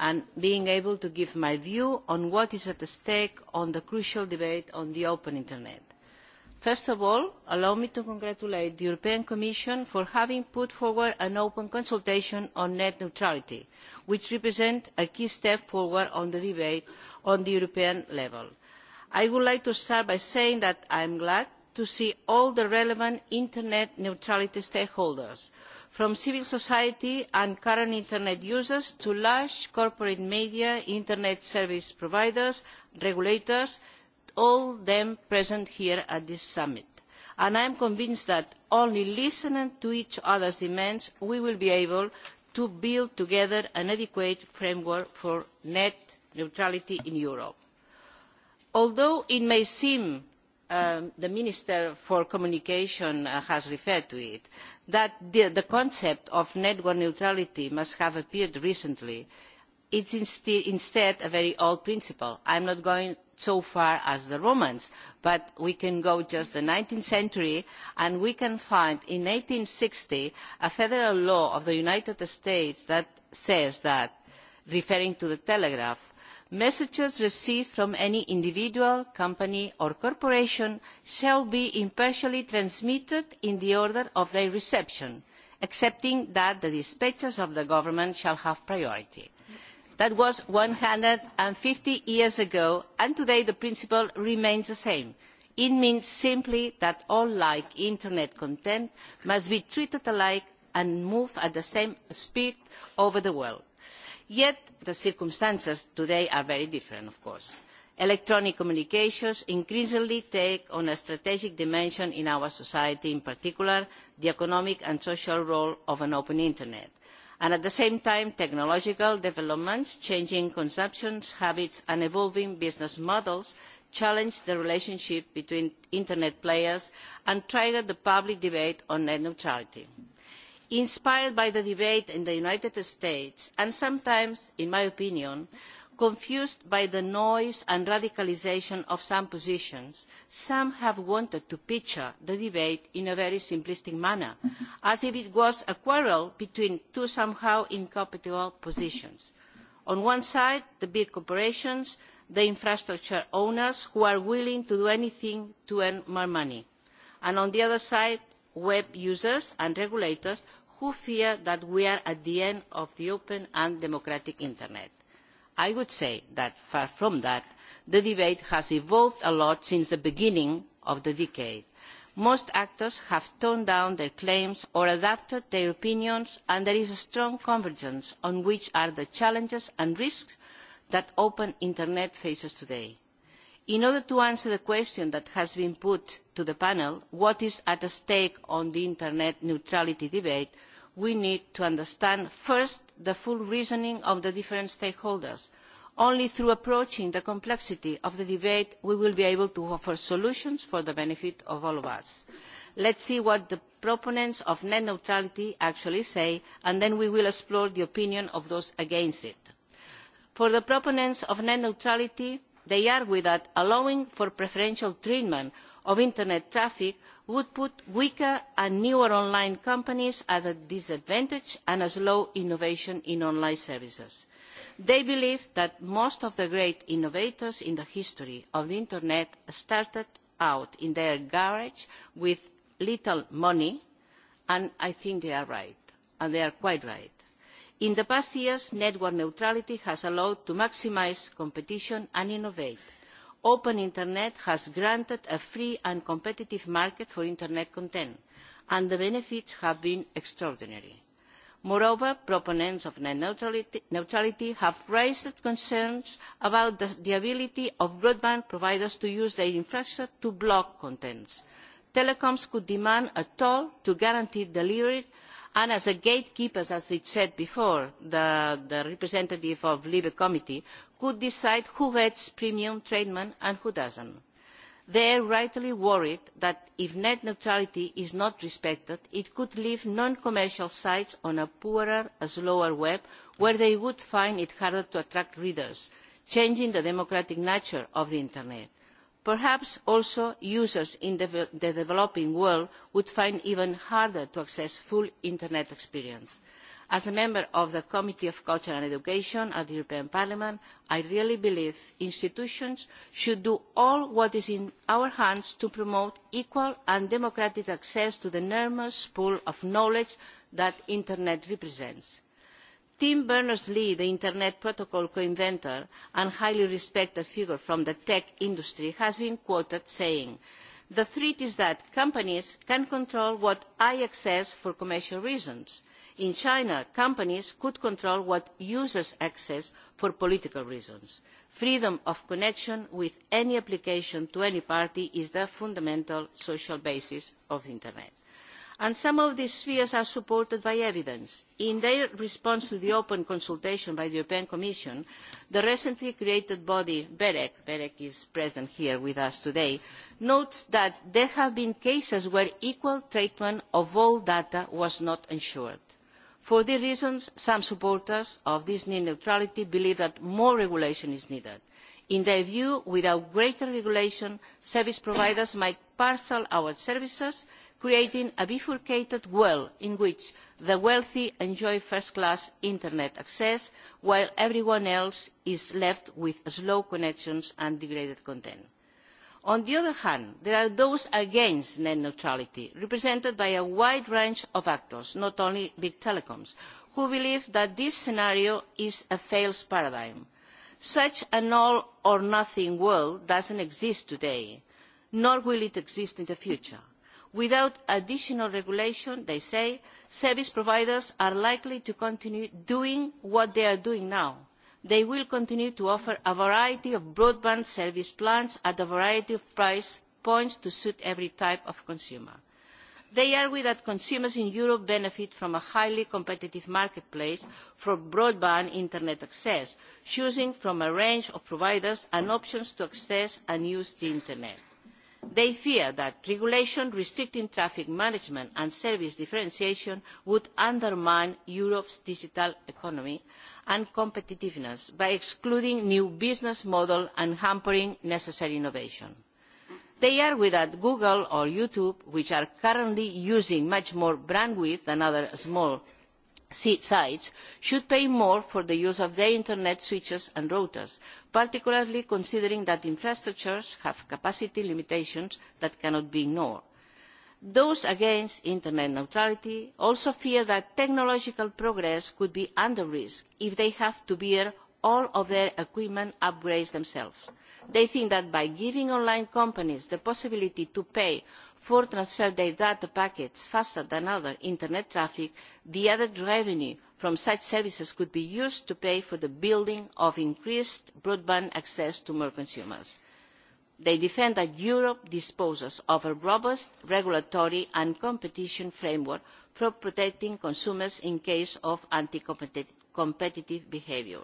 and being able to give my view on what is at stake on the crucial debate on the open internet. First of all, allow me to congratulate the European Commission for having put forward an open consultation on net neutrality, which represents a key step forward on the debate at the European level. I would like to start by saying that I am glad to see all the relevant internet neutrality stakeholders, from civil society and current internet users to large corporate media, internet service providers, regulators, all of them present here at this summit. And I am convinced that only listening to each other's demands we will be able to build together an adequate framework for net neutrality in Europe. Although it may seem the Minister for Communication has referred to it, that the, concept of network neutrality must have appeared recently it is instead a very old principle. i am not going so far as the romans but we can go just to the nineteenth century and we can find in one thousand eight hundred and sixty a federal law of the united states that says that referring to the telegraph messages received from any individual company or corporation shall be impartially transmitted in the order of their reception excepting that the dispatches of the government shall have priority that was one hundred and fifty years ago and today the principle remains the same. it means simply that all like internet content must be treated alike and move at the same speed over the world. yet the circumstances today are very different of course. electronic communications increasingly take on a strategic dimension in our society in particular the economic and social role of an open internet and at the same time technological developments changing consumption habits and evolving business models challenge the relationship between internet players and trigger the public debate on net neutrality. Inspired by the debate in the United States, and sometimes, in my opinion, confused by the noise and radicalisation of some positions. Some have wanted to picture the debate in a very simplistic manner, as if it was a quarrel between two somehow incompatible positions. On one side, the big corporations, the infrastructure owners who are willing to do anything to earn more money. And on the other side, web users and regulators who fear that we are at the end of the open and democratic internet. I would say that far from that, the debate has evolved a lot since the beginning of the decade. Most actors have toned down their claims or adapted their opinions, and there is a strong convergence on which are the challenges and risks that the open internet faces today. In order to answer the question that has been put to the panel, what is at stake on the internet neutrality debate, we need to understand first the full reasoning of the different stakeholders. Only through approaching the complexity of the debate we will be able to offer solutions for the benefit of all of us. Let us see what the proponents of net neutrality actually say, and then we will explore the opinion of those against it. For the proponents of net neutrality, they argue that allowing for preferential treatment of internet traffic would put weaker and newer online companies at a disadvantage and a slow innovation in online services. They believe that most of the great innovators in the history of the Internet started out in their garage with little money, and I think they are right, and they are quite right. In the past years, network neutrality has allowed to maximise competition and innovate open internet has granted a free and competitive market for internet content and the benefits have been extraordinary. moreover proponents of net neutrality have raised concerns about the ability of broadband providers to use their infrastructure to block content. telecoms could demand a toll to guarantee delivery and as gatekeepers as was said before by the representative of the libe committee could decide who gets premium treatment and who does not. They are rightly worried that if net neutrality is not respected, it could leave non-commercial sites on a poorer, a slower web, where they would find it harder to attract readers, changing the democratic nature of the Internet. Perhaps also users in the developing world would find it even harder to access full Internet experience As a member of the Committee on Culture and Education at the European Parliament, I really believe institutions should do all what is in our hands to promote equal and democratic access to the enormous pool of knowledge that the Internet represents. Tim Berners-Lee, the Internet Protocol co-inventor and highly respected figure from the tech industry, has been quoted saying, the threat is that companies can control what I access for commercial reasons – in china companies could control what users access for political reasons. freedom of connection with any application to any party is the fundamental social basis of the internet and some of these fears are supported by evidence. In their response to the open consultation by the European Commission, the recently created body BEREC, BEREC is present here with us today, notes that there have been cases where equal treatment of all data was not ensured For these reasons, some supporters of this net neutrality believe that more regulation is needed. In their view, without greater regulation, service providers might parcel our services, creating a bifurcated world in which the wealthy enjoy first-class internet access, while everyone else is left with slow connections and degraded content On the other hand, there are those against net neutrality, represented by a wide range of actors, not only big telecoms, who believe that this scenario is a failed paradigm. Such an all-or-nothing world does not exist today, nor will it exist in the future. Without additional regulation, they say, service providers are likely to continue doing what they are doing now, they will continue to offer a variety of broadband service plans at a variety of price points to suit every type of consumer. They argue that consumers in Europe benefit from a highly competitive marketplace for broadband internet access, choosing from a range of providers and options to access and use the internet They fear that regulation restricting traffic management and service differentiation would undermine Europe's digital economy and competitiveness by excluding new business models and hampering necessary innovation. They argue that Google or YouTube, which are currently using much more bandwidth than other small sites should pay more for the use of their internet switches and routers, particularly considering that infrastructures have capacity limitations that cannot be ignored. Those against internet neutrality also fear that technological progress could be under risk if they have to bear all of their equipment upgrades themselves. They think that by giving online companies the possibility to pay for transfer their data packets faster than other internet traffic, the added revenue from such services could be used to pay for the building of increased broadband access to more consumers. They defend that Europe disposes of a robust regulatory and competition framework for protecting consumers in case of anti-competitive behaviour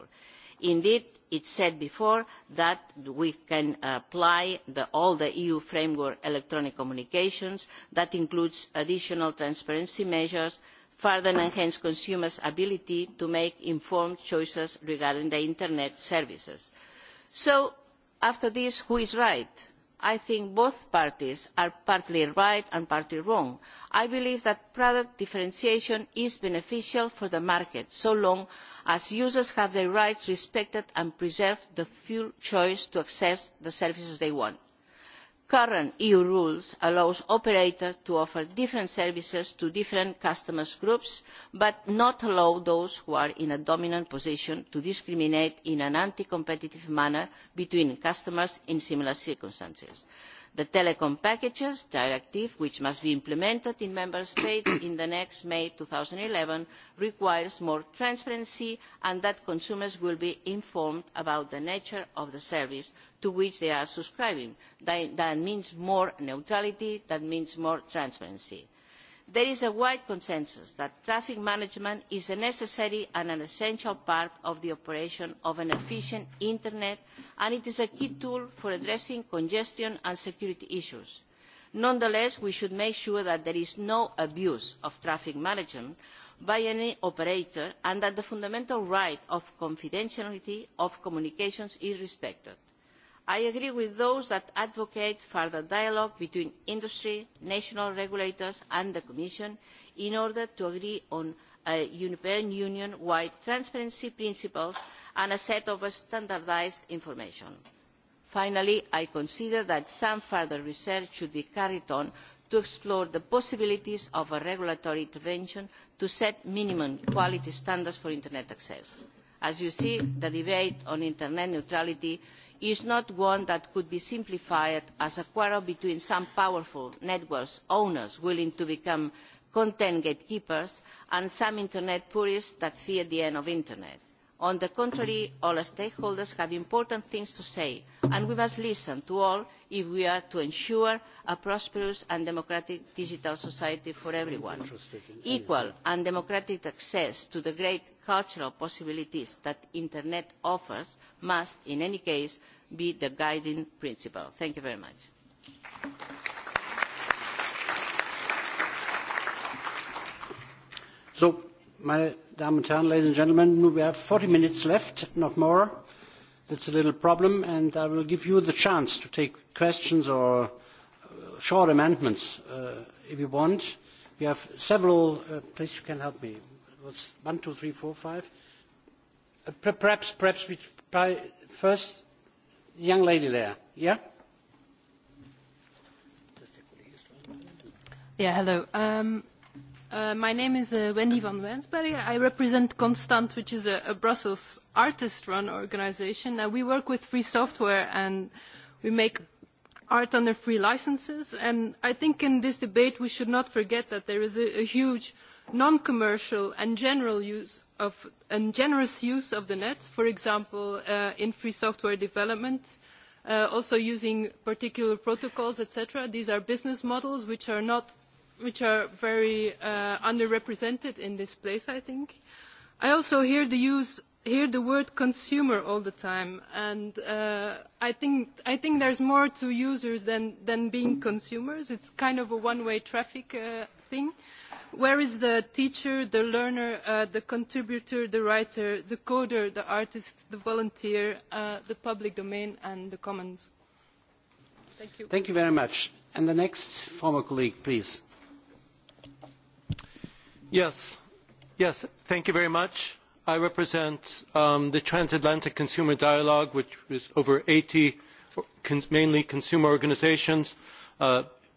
Indeed, it said before that we can apply all the EU framework electronic communications. That includes additional transparency measures, further enhance consumers' ability to make informed choices regarding their Internet services. So after this, who is right? I think both parties are partly right and partly wrong. I believe that product differentiation is beneficial for the market so long as users have their rights respected and preserve the full choice to access the services they want current eu rules allow operators to offer different services to different customer groups but do not allow those who are in a dominant position to discriminate in an anti competitive manner between customers in similar circumstances the telecom packages directive which must be implemented in member states in the next may two thousand and eleven requires more transparency and that consumers will be informed about the nature of the service to which they are subscribing. that means more neutrality that means more transparency there is a wide consensus that traffic management is a necessary and an essential part of the operation of an efficient internet and it is a key tool for addressing congestion and security issues. Nonetheless, we should make sure that there is no abuse of traffic management by any operator and that the fundamental right of confidentiality of communications is respected. I agree with those that advocate further dialogue between industry, national regulators and the Commission in order to agree on European Union-wide transparency principles and a set of standardised information. Finally, I consider that some further research should be carried on to explore the possibilities of a regulatory intervention to set minimum quality standards for Internet access. As you see, the debate on Internet neutrality is not one that could be simplified as a quarrel between some powerful network owners willing to become content gatekeepers and some internet purists that fear the end of the internet. On the contrary, all stakeholders have important things to say, and we must listen to all if we are to ensure a prosperous and democratic digital society for everyone. Equal and democratic access to the great cultural possibilities that the Internet offers must, in any case, be the guiding principle. Thank you very much. So Meine Damen und Herren, ladies and gentlemen, we have 40 minutes left, not more. That's a little problem, and I will give you the chance to take questions or short amendments if you want. We have several. please, you can help me. What's one, two, three, four, five? perhaps, perhaps we try first. the Young lady there. Yeah. Yeah. Hello. Um, my name is uh, Wendy van Wensberg. I represent Constant, which is a, a Brussels artist-run organization. Uh, we work with free software and we make art under free licenses. And I think in this debate we should not forget that there is a, a huge non-commercial and general use of and generous use of the net, for example, uh, in free software development, uh, also using particular protocols, etc. These are business models which are not – which are very uh, underrepresented in this place, I think. I also hear the use hear the word consumer all the time, and uh, I think I think there's more to users than than being consumers. It's kind of a one-way traffic uh, thing. Where is the teacher, the learner, uh, the contributor, the writer, the coder, the artist, the volunteer, uh, the public domain, and the commons? Thank you. Thank you very much. And the next former colleague, please thank you very much. I represent the Transatlantic Consumer Dialogue, which is over eighty mainly consumer organisations,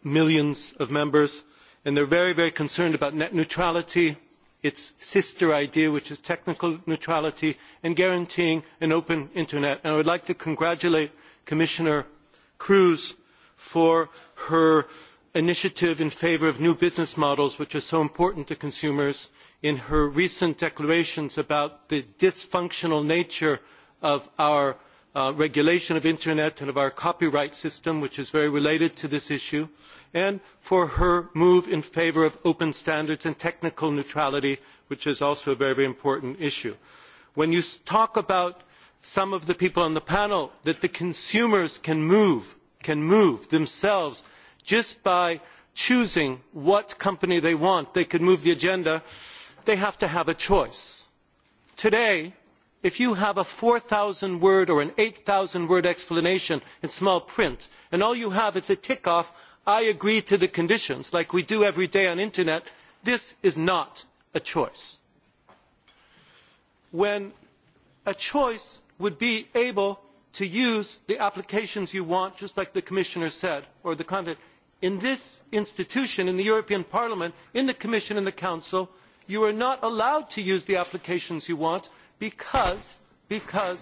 millions of members, and they are very, very concerned about net neutrality, its sister idea, which is technical neutrality, and guaranteeing an open internet. I would like to congratulate Commissioner Kroes for her initiative in favour of new business models which is so important to consumers in her recent declarations about the dysfunctional nature of our regulation of the internet and of our copyright system which is very related to this issue and for her move in favour of open standards and technical neutrality which is also a very important issue. when you talk about some of the people on the panel that the consumers can move themselves just by choosing what company they want, they could move the agenda. They have to have a choice. Today, if you have a four thousand word or an eight thousand word explanation in small print, and all you have is a tick off, I agree to the conditions, like we do every day on the internet, this is not a choice. When a choice would be able to use the applications you want, just like the Commissioner said, or the content, in this institution, in the European Parliament, in the Commission and the Council, you are not allowed to use the applications you want because, the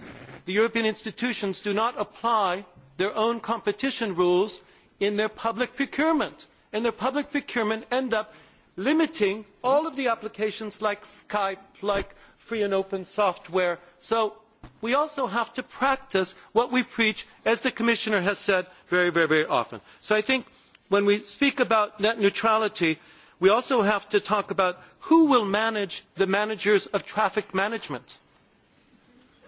European institutions do not apply their own competition rules in their public procurement. And their public procurement end up limiting all of the applications like Skype, like free and open software. So we also have to practice what we preach, as the Commissioner has said very, very, very often. So I think when we speak about net neutrality, we also have to talk about who will manage the managers of traffic management.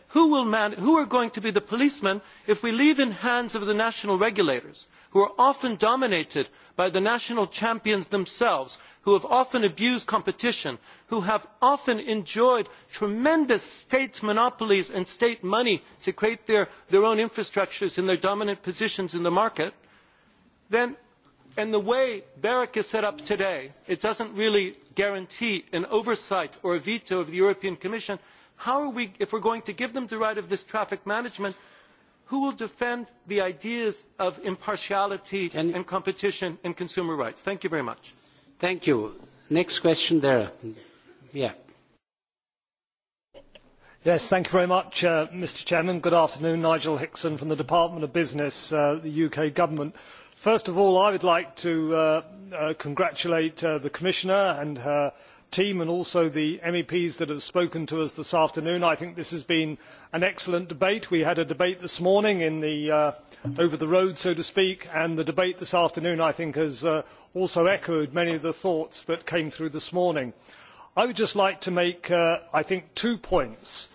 Who, will man- who are going to be the policemen if we leave in hands of the national regulators, who are often dominated by the national champions themselves, who have often abused competition, who have often enjoyed tremendous state monopolies and state money to create their, their own infrastructures in their dominant positions in the market, then and the way berec is set up today it does not really guarantee an oversight or a veto of the european commission how are we if we are going to give them the right of this traffic management who will defend the ideas of impartiality and competition and consumer rights? thank you very much. thank you. next question there. yeah. Yes, thank you very much, uh, Mr. Chairman. Good afternoon, Nigel Hickson from the Department of Business, uh, the UK Government First of all, I would like to congratulate the Commissioner and her team and also the MEPs that have spoken to us this afternoon. I think this has been an excellent debate. We had a debate this morning over the road, so to speak, and the debate this afternoon, I think, has also echoed many of the thoughts that came through this morning. I would just like to make, two points.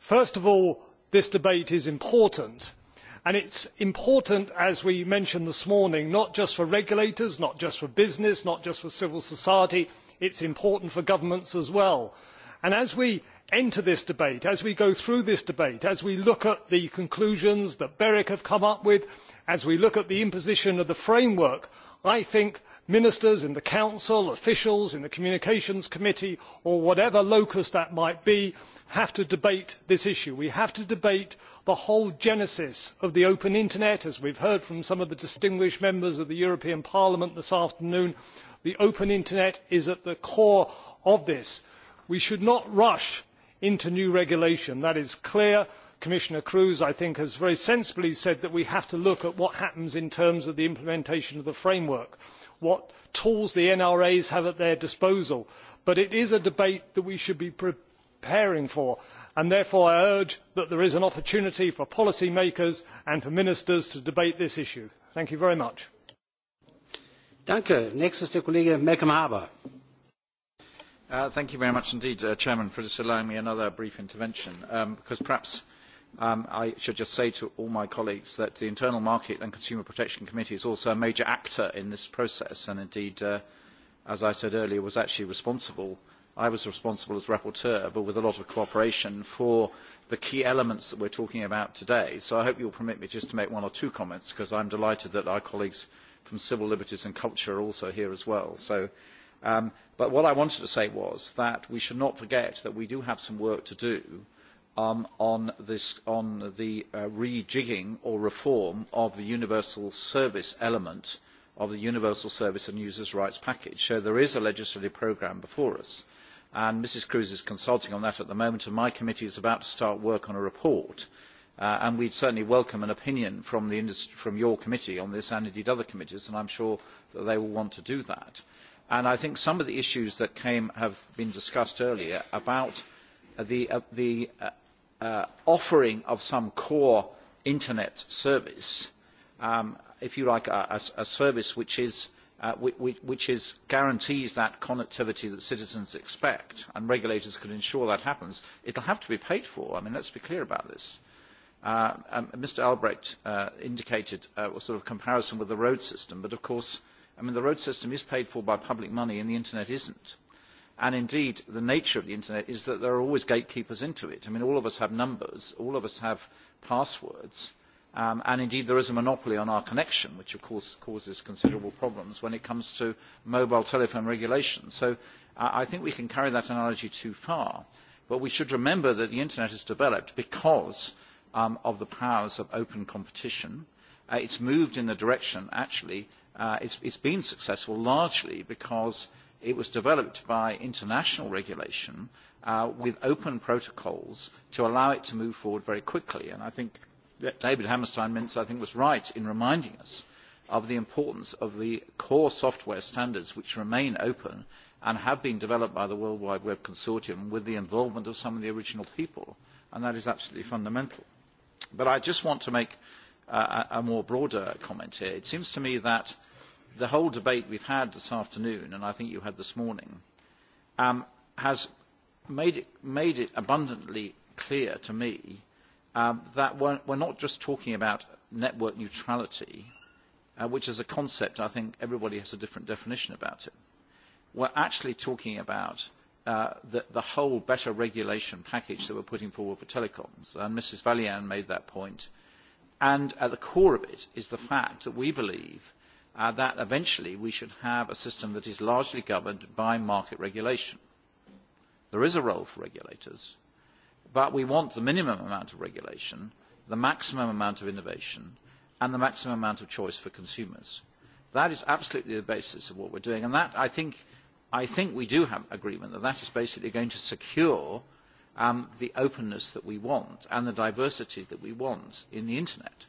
First of all, this debate is important It is important, as we mentioned this morning, not just for regulators, not just for business, not just for civil society, it is important for governments as well. As we enter this debate, as we go through this debate, as we look at the conclusions that BEREC have come up with, as we look at the imposition of the framework, I think ministers in the council officials in the communications committee or whatever locus that might be have to debate this issue. we have to debate the whole genesis of the open internet as we have heard from some of the distinguished members of the european parliament this afternoon. the open internet is at the core of this. we should not rush into new regulation that is clear. commissioner kroes i think has very sensibly said that we have to look at what happens in terms of the implementation of the framework what tools the NRAs have at their disposal. But it is a debate that we should be preparing for, and therefore I urge that there is an opportunity for policy makers and for ministers to debate this issue. Thank you very much. Thank you very much indeed, Chairman, for just allowing me another brief intervention, because perhaps I should just say to all my colleagues that the Internal Market and Consumer Protection Committee is also a major actor in this process and indeed, as I said earlier, was actually responsible. I was responsible as rapporteur, but with a lot of cooperation for the key elements that we are talking about today. So I hope you will permit me just to make one or two comments because I am delighted that our colleagues from Civil Liberties and Culture are also here as well. but what I wanted to say was that we should not forget that we do have some work to do on, the rejigging or reform of the universal service element of the universal service and users' rights package. So there is a legislative programme before us, and Mrs Cruz is consulting on that at the moment, and my committee is about to start work on a report. and we would certainly welcome an opinion from, your committee on this and indeed other committees, and I am sure that they will want to do that. I think some of the issues that have been discussed earlier about the offering of some core internet service, if you like, a, service which guarantees that connectivity that citizens expect, and regulators can ensure that happens, it will have to be paid for. I mean, let's be clear about this. Mr. Albrecht indicated a sort of comparison with the road system, but of course, I mean, the road system is paid for by public money and the internet isn't And indeed, the nature of the internet is that there are always gatekeepers into it. I mean, all of us have numbers, all of us have passwords, and indeed there is a monopoly on our connection, which of course causes considerable problems when it comes to mobile telephone regulation. So I think we can carry that analogy too far. But we should remember that the internet has developed because of the powers of open competition. It has moved in the direction, actually, it has been successful largely because It was developed by international regulation with open protocols to allow it to move forward very quickly. And I think that David Hammerstein Mintz, I think, was right in reminding us of the importance of the core software standards which remain open and have been developed by the World Wide Web Consortium with the involvement of some of the original people. And that is absolutely fundamental. But I just want to make a, more broader comment here. It seems to me that the whole debate we have had this afternoon, and I think you had this morning, has made it, abundantly clear to me that we are not just talking about network neutrality, which is a concept I think everybody has a different definition about it. We are actually talking about the, the whole better regulation package that we are putting forward for telecoms. And Mrs. Valian made that point. And at the core of it is the fact that we believe that eventually we should have a system that is largely governed by market regulation. There is a role for regulators, but we want the minimum amount of regulation, the maximum amount of innovation, and the maximum amount of choice for consumers. That is absolutely the basis of what we are doing, and that, I think, I think we do have agreement that that is basically going to secure the openness that we want and the diversity that we want in the internet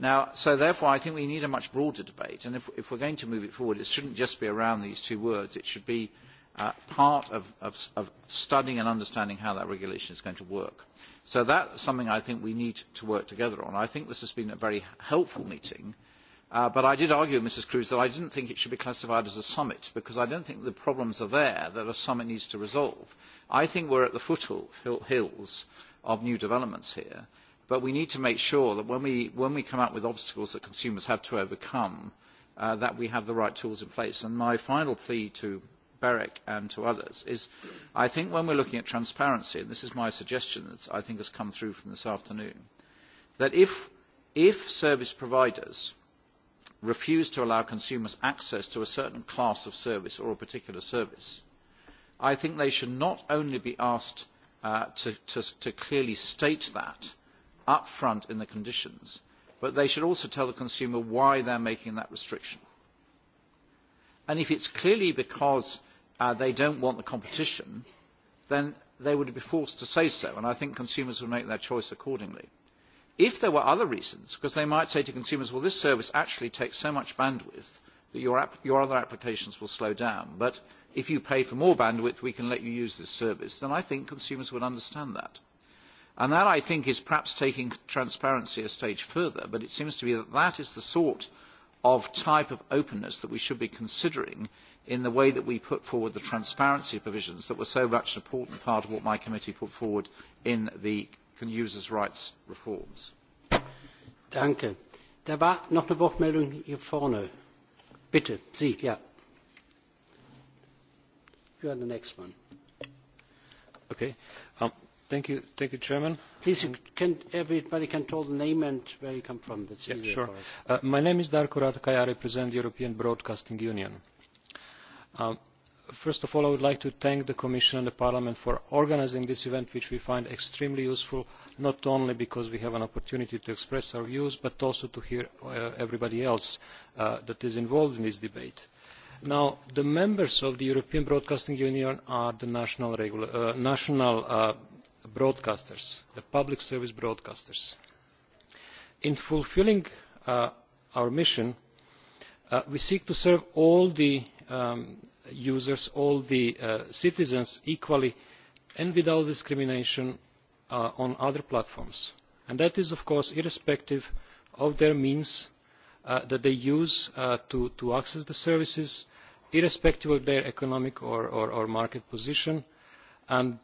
Now, so therefore, I think we need a much broader debate. And if, if we're going to move it forward, it shouldn't just be around these two words. It should be uh, part of, of, of studying and understanding how that regulation is going to work. So that's something I think we need to work together on. I think this has been a very helpful meeting. Uh, but I did argue, Mrs. Cruz, that I didn't think it should be classified as a summit because I don't think the problems are there that a summit needs to resolve. I think we're at the foothills of new developments here But we need to make sure that when we, when we come up with obstacles that consumers have to overcome, uh, that we have the right tools in place. And my final plea to Berec and to others is I think when we're looking at transparency, and this is my suggestion that I think has come through from this afternoon, that if, if service providers refuse to allow consumers access to a certain class of service or a particular service, I think they should not only be asked to, clearly state that, up front in the conditions, but they should also tell the consumer why they are making that restriction. And if it is clearly because they do not want the competition, then they would be forced to say so, and I think consumers would make their choice accordingly. If there were other reasons, because they might say to consumers, well, this service actually takes so much bandwidth that your, other applications will slow down, but if you pay for more bandwidth, we can let you use this service, then I think consumers would understand that. And that, I think, is perhaps taking transparency a stage further, but it seems to me that that is the sort of type of openness that we should be considering in the way that we put forward the transparency provisions that were so much an important part of what my committee put forward in the users' rights reforms. Wortmeldung vorne. Bitte, Sie, ja. You are the next one. Okay. Um, Thank you, thank you, Chairman. Please, you can, everybody can tell the name and where you come from. That's easier for us. Uh, my name is Darko Ratkai. I represent the European Broadcasting Union. first of all, I would like to thank the Commission and the Parliament for organising this event, which we find extremely useful, not only because we have an opportunity to express our views, but also to hear everybody else that is involved in this debate. Now, the members of the European Broadcasting Union are the national, regular, uh, national uh, broadcasters, the public service broadcasters. In fulfilling our mission, we seek to serve all the users, all the citizens equally and without discrimination on other platforms. And that is, of course, irrespective of their means that they use to access the services, irrespective of their economic or market position, and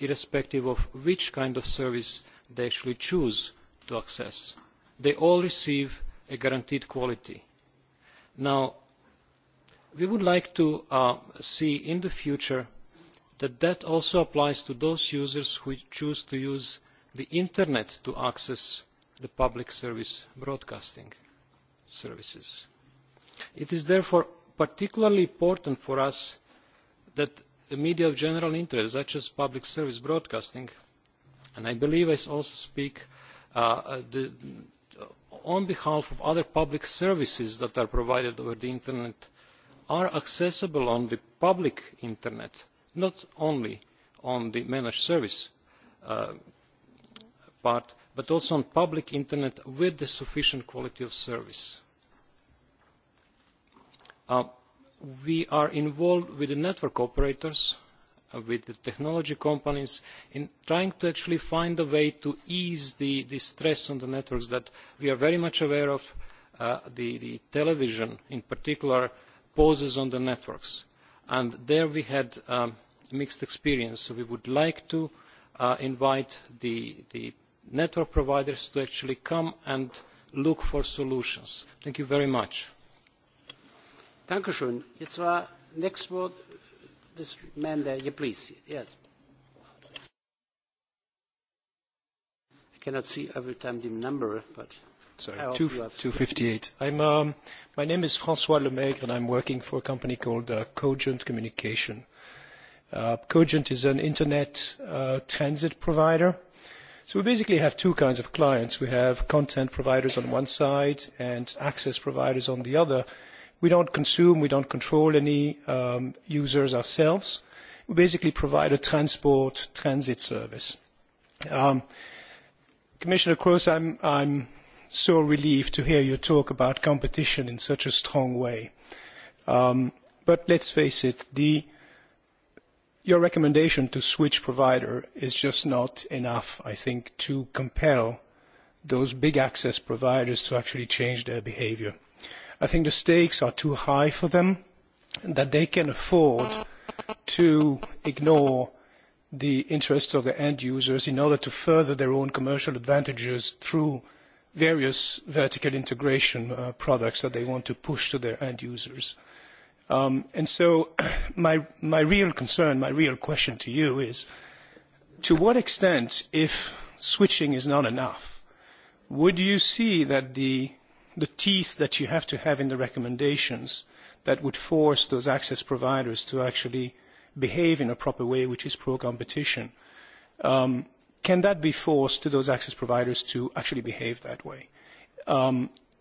irrespective of which kind of service they actually choose to access. They all receive a guaranteed quality. Now, we would like to see in the future that that also applies to those users who choose to use the internet to access the public service broadcasting services. It is therefore particularly important for us that the media of general interest, such as public service broadcasting. And I believe I also speak on behalf of other public services that are provided over the Internet are accessible on the public Internet, not only on the managed service part, but also on public Internet with the sufficient quality of service we are involved with the network operators, with the technology companies, in trying to actually find a way to ease the, stress on the networks that we are very much aware of. the, television, in particular, poses on the networks. And there we had mixed experience. So we would like to invite the, the network providers to actually come and look for solutions. Thank you very much. Dankeschön. Jetzt war next word this man there. Yeah, please. Yes. I cannot see every time the number, but. Sorry, 258. I'm, um, my name is François Lemaigre, and I'm working for a company called uh, Cogent Communication. Uh, Cogent is an internet uh, transit provider. So we basically have two kinds of clients. We have content providers on one side and access providers on the other We don't consume, we don't control any um, users ourselves. We basically provide a transport transit service. Um, Commissioner Kroes, I'm, I'm so relieved to hear you talk about competition in such a strong way. Um, but let's face it, the, your recommendation to switch provider is just not enough, I think, to compel those big access providers to actually change their behavior I think the stakes are too high for them, and that they can afford to ignore the interests of the end users in order to further their own commercial advantages through various vertical integration products that they want to push to their end users. and so my, my real concern, my real question to you is, to what extent, if switching is not enough, would you see that the the teeth that you have to have in the recommendations that would force those access providers to actually behave in a proper way, which is pro-competition. can that be forced to those access providers to actually behave that way?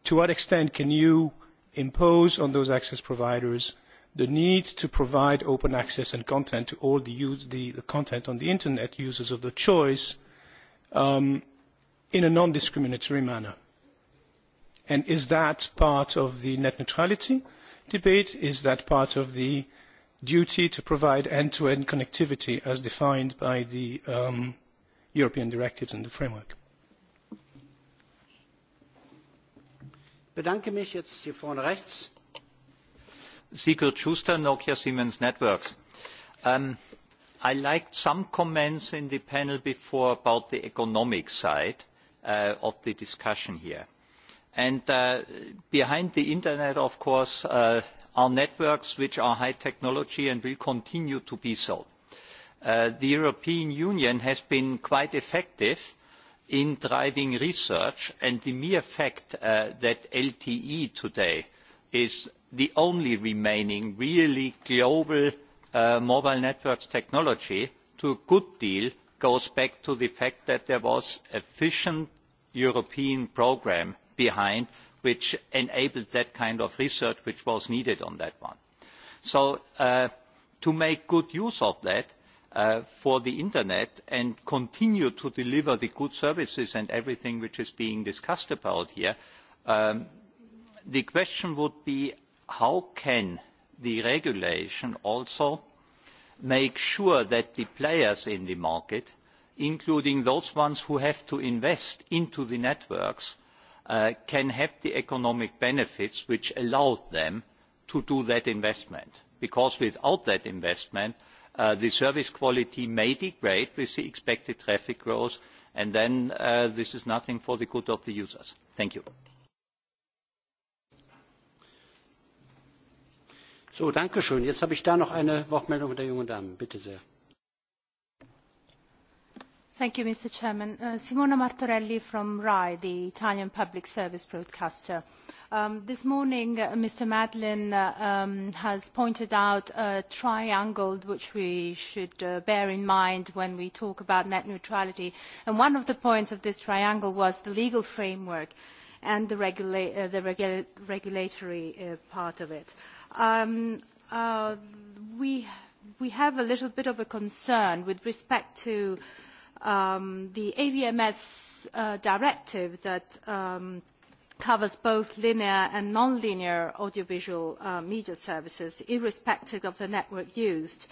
to what extent can you impose on those access providers the need to provide open access and content to all the, use, the, the content on the internet users of the choice in a non-discriminatory manner? And is that part of the net neutrality debate? Is that part of the duty to provide end-to-end connectivity as defined by the European directives and the framework? Bedanke mich jetzt hier vorne rechts. Sigurd Schuster, Nokia Siemens Networks. I liked some comments in the panel before about the economic side of the discussion here And behind the internet, of course, are networks which are high technology and will continue to be so. the European Union has been quite effective in driving research, and the mere fact that LTE today is the only remaining really global mobile networks technology to a good deal goes back to the fact that there was an efficient European programme behind which enabled that kind of research which was needed on that one. So to make good use of that for the internet and continue to deliver the good services and everything which is being discussed about here, the question would be how can the regulation also make sure that the players in the market, including those ones who have to invest into the networks, can have the economic benefits which allow them to do that investment. Because without that investment, the service quality may degrade with the expected traffic growth, and then this is nothing for the good of the users. Thank you. So, danke schön. Jetzt habe ich da noch eine Wortmeldung der jungen Bitte sehr mr president simona martorelli from rai the italian public service broadcaster. this morning mr madlen has pointed out a triangle which we should bear in mind when we talk about net neutrality and one of the points of this triangle was the legal framework and the regulatory part of it. we have a little bit of a concern with respect to the AVMS directive that covers both linear and nonlinear audiovisual media services, irrespective of the network used.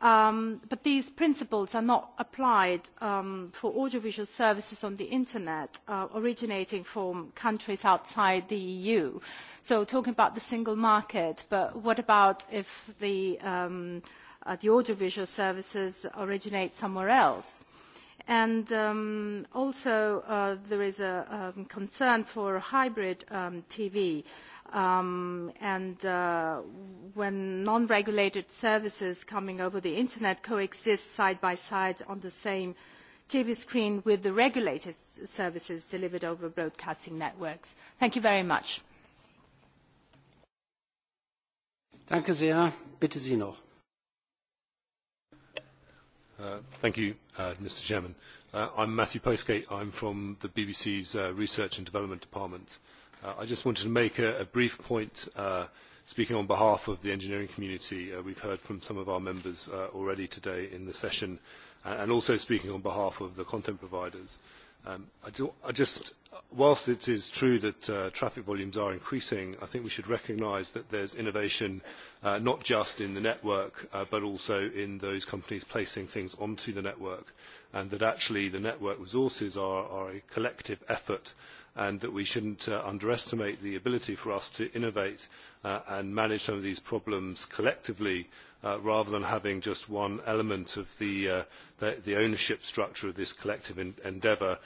But these principles are not applied for audiovisual services on the internet originating from countries outside the EU. So talking about the single market, but what about if the audiovisual services originate somewhere else? And also there is a concern for hybrid TV and when non-regulated services coming over the internet coexist side by side on the same TV screen with the regulated services delivered over broadcasting networks. Thank you very much. Danke sehr. Bitte Sie noch. thank you, Mr. Chairman. Uh, I'm Matthew Postgate. I'm from the BBC's uh, Research and Development Department. Uh, I just wanted to make a, a brief point, uh, speaking on behalf of the engineering community. Uh, we've heard from some of our members uh, already today in the session, and also speaking on behalf of the content providers. Um, I, do, I just whilst it is true that traffic volumes are increasing, I think we should recognise that there is innovation not just in the network, but also in those companies placing things onto the network, and that actually the network resources are, a collective effort, and that we should not underestimate the ability for us to innovate and manage some of these problems collectively rather than having just one element of the, ownership structure of this collective endeavour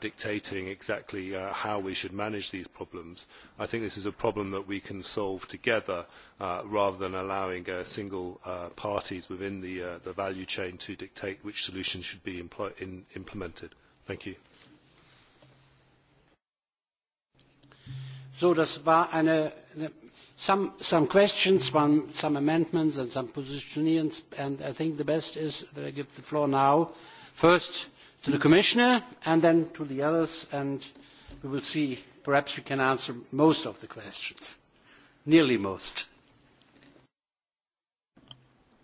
dictating exactly how we should manage these problems. I think this is a problem that we can solve together rather than allowing single parties within the, value chain to dictate which solutions should be implemented. Thank you. So, das war eine, some, some questions, one, some amendments and some positionings, and I think the best is that I give the floor now. First, to the Commissioner and then to the others, and we will see. Perhaps we can answer most of the questions, nearly most.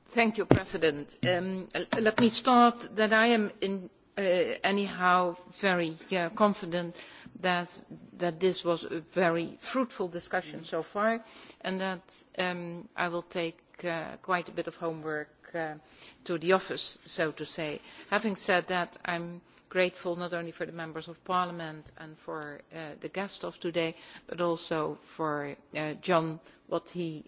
Thank you, President. let me start that I am in, anyhow very confident that, that this was a very fruitful discussion so far and that I will take quite a bit of homework to the office, so to say. Having said that, I am grateful not only for the members of parliament and for the guest of today, but also for John, what he,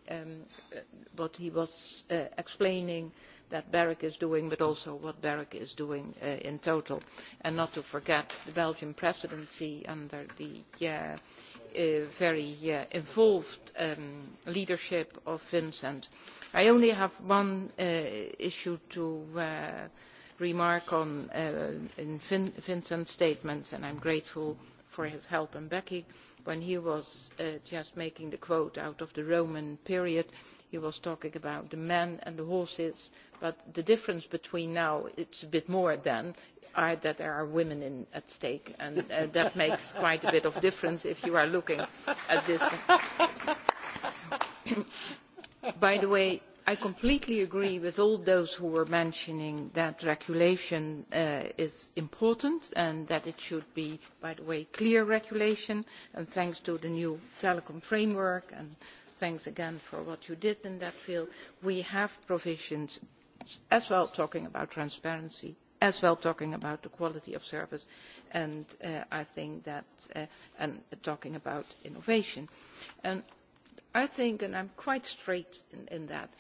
was explaining that BEREC is doing, but also what BEREC is doing in total. And not to forget the Belgian presidency under the very involved leadership of Vincent. I only have one issue to remark on in Vincent's statements, and I am grateful for his help and backing. When he was just making the quote out of the Roman period, he was talking about the men and the horses, but the difference between now, it's a bit more than, are that there are women in, at stake, and uh, that makes quite a bit of difference if you are looking at this. By the way, I completely agree with all those who were mentioning that regulation is important and that it should be, by the way, clear regulation. And thanks to the new telecom framework, and thanks again for what you did in that field, we have provisions as well talking about transparency as well talking about the quality of service and I think that and talking about innovation. And I think, and I'm quite straight in, in that,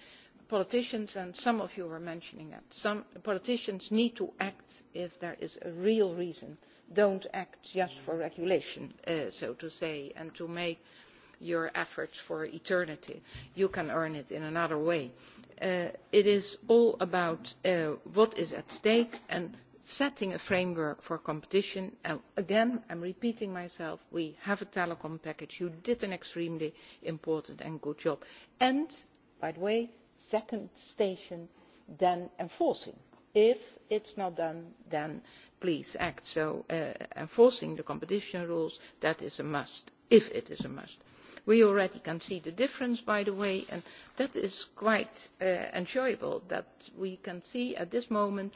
politicians, and some of you were mentioning that, some politicians need to act if there is a real reason. Don't act just for regulation, so to say, and to make uh, your efforts for eternity. You can earn it in another way. it is all about what is at stake and setting a framework for competition. And again, I am repeating myself, we have a telecom package. You did an extremely important and good job. And, by the way, second station, then enforcing. If it is not done, then please act. So enforcing the competition rules, that is a must, if it is a must We already can see the difference, by the way, and that is quite enjoyable that we can see at this moment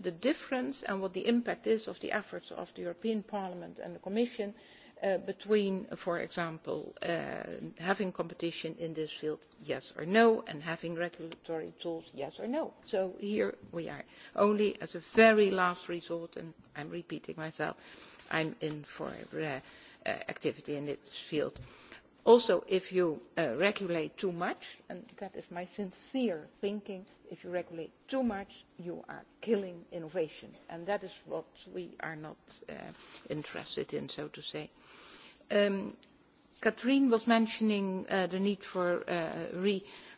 the difference and what the impact is of the efforts of the European Parliament and the Commission between, for example, having competition in this field, yes or no, and having regulatory tools, yes or no. So here we are, only as a very last resort, and I'm repeating myself, I'm in for activity in this field also if you regulate too much and that is my sincere thinking if you regulate too much you are killing innovation and that is what we are not interested in so to say. Catherine was mentioning the need for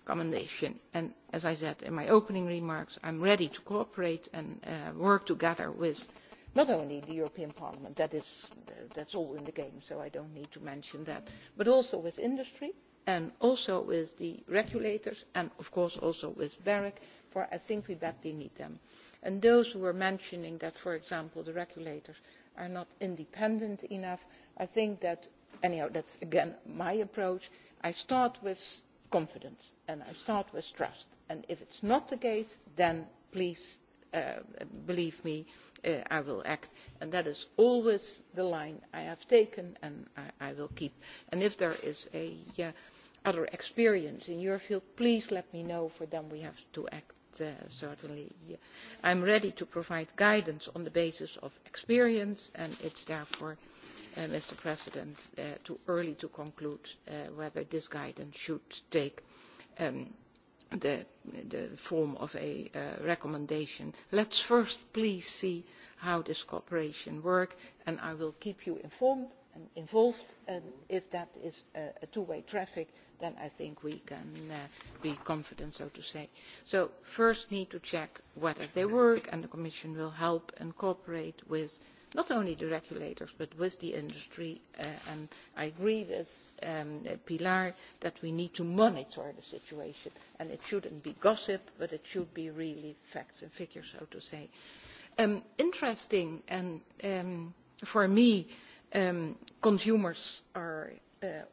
recommendation and as I said in my opening remarks I am ready to cooperate and work together with not only the European Parliament, that is, that's all in the game, so I don't need to mention that, but also with industry and also with the regulators and, of course, also with BEREC, for I think we badly need them. And those who were mentioning that, for example, the regulators are not independent enough, I think that, anyhow, that's again my approach. I start with confidence and I start with trust. And if it's not the case, then please believe me i will act and that is always the line i have taken and i will keep and if there is another experience in your field please let me know for then we have to act certainly. i am ready to provide guidance on the basis of experience and it is therefore too early to conclude whether this guidance should take the, the form of a uh, recommendation. Let's first please see how this cooperation works, and I will keep you informed and involved, and if that is a, a two-way traffic, then I think we can uh, be confident, so to say. So first need to check whether they work, and the Commission will help and cooperate with uh, not only the regulators but with the industry and I agree with Pilar that we need to monitor the situation and it shouldn't be gossip but it should be really facts and figures so to say. interesting and for me consumers are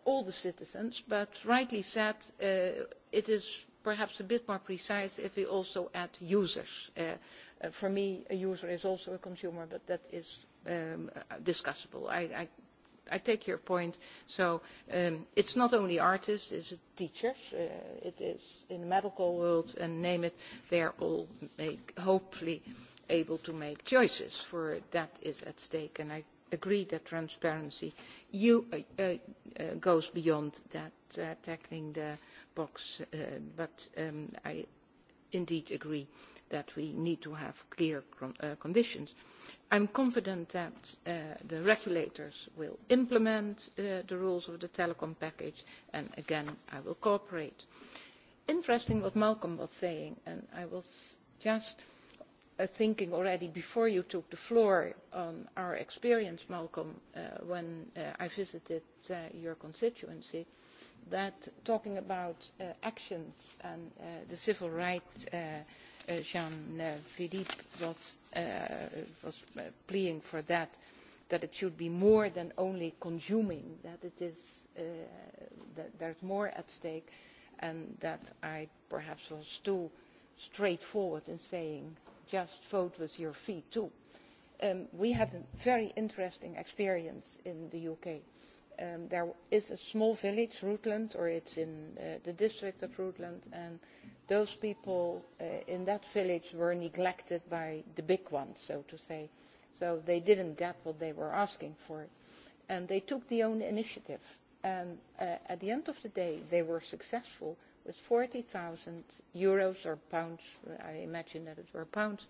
all the citizens but rightly said it is perhaps a bit more precise if we also add users. for me, a user is also a consumer, but that is um, discussable. I, I, I take your point. So um, it's not only artists, it's teachers, uh, it is in the medical world, and name it, they are all make, hopefully able to make choices for that is at stake. And I agree that transparency you, uh, uh, goes beyond that uh, tackling the box, uh, but um, I indeed agree uh, that we need to have clear conditions. I am confident that the regulators will implement the rules of the telecom package, and again, I will cooperate. Interesting what Malcolm was saying, and I was just thinking already before you took the floor on our experience, Malcolm, when I visited your constituency, that talking about actions and the civil rights Jean-Philippe was, pleading for that, that it should be more than only consuming, that it is, that more at stake, and that I perhaps was too straightforward in saying just vote with your feet too. we had a very interesting experience in the UK there is a small village, Rutland, or it's in uh, the district of Rutland, and those people uh, in that village were neglected by the big ones, so to say. So they didn't get what they were asking for. And they took the own initiative. And uh, at the end of the day, they were successful with 40,000 euros or pounds. I imagine that it were pounds.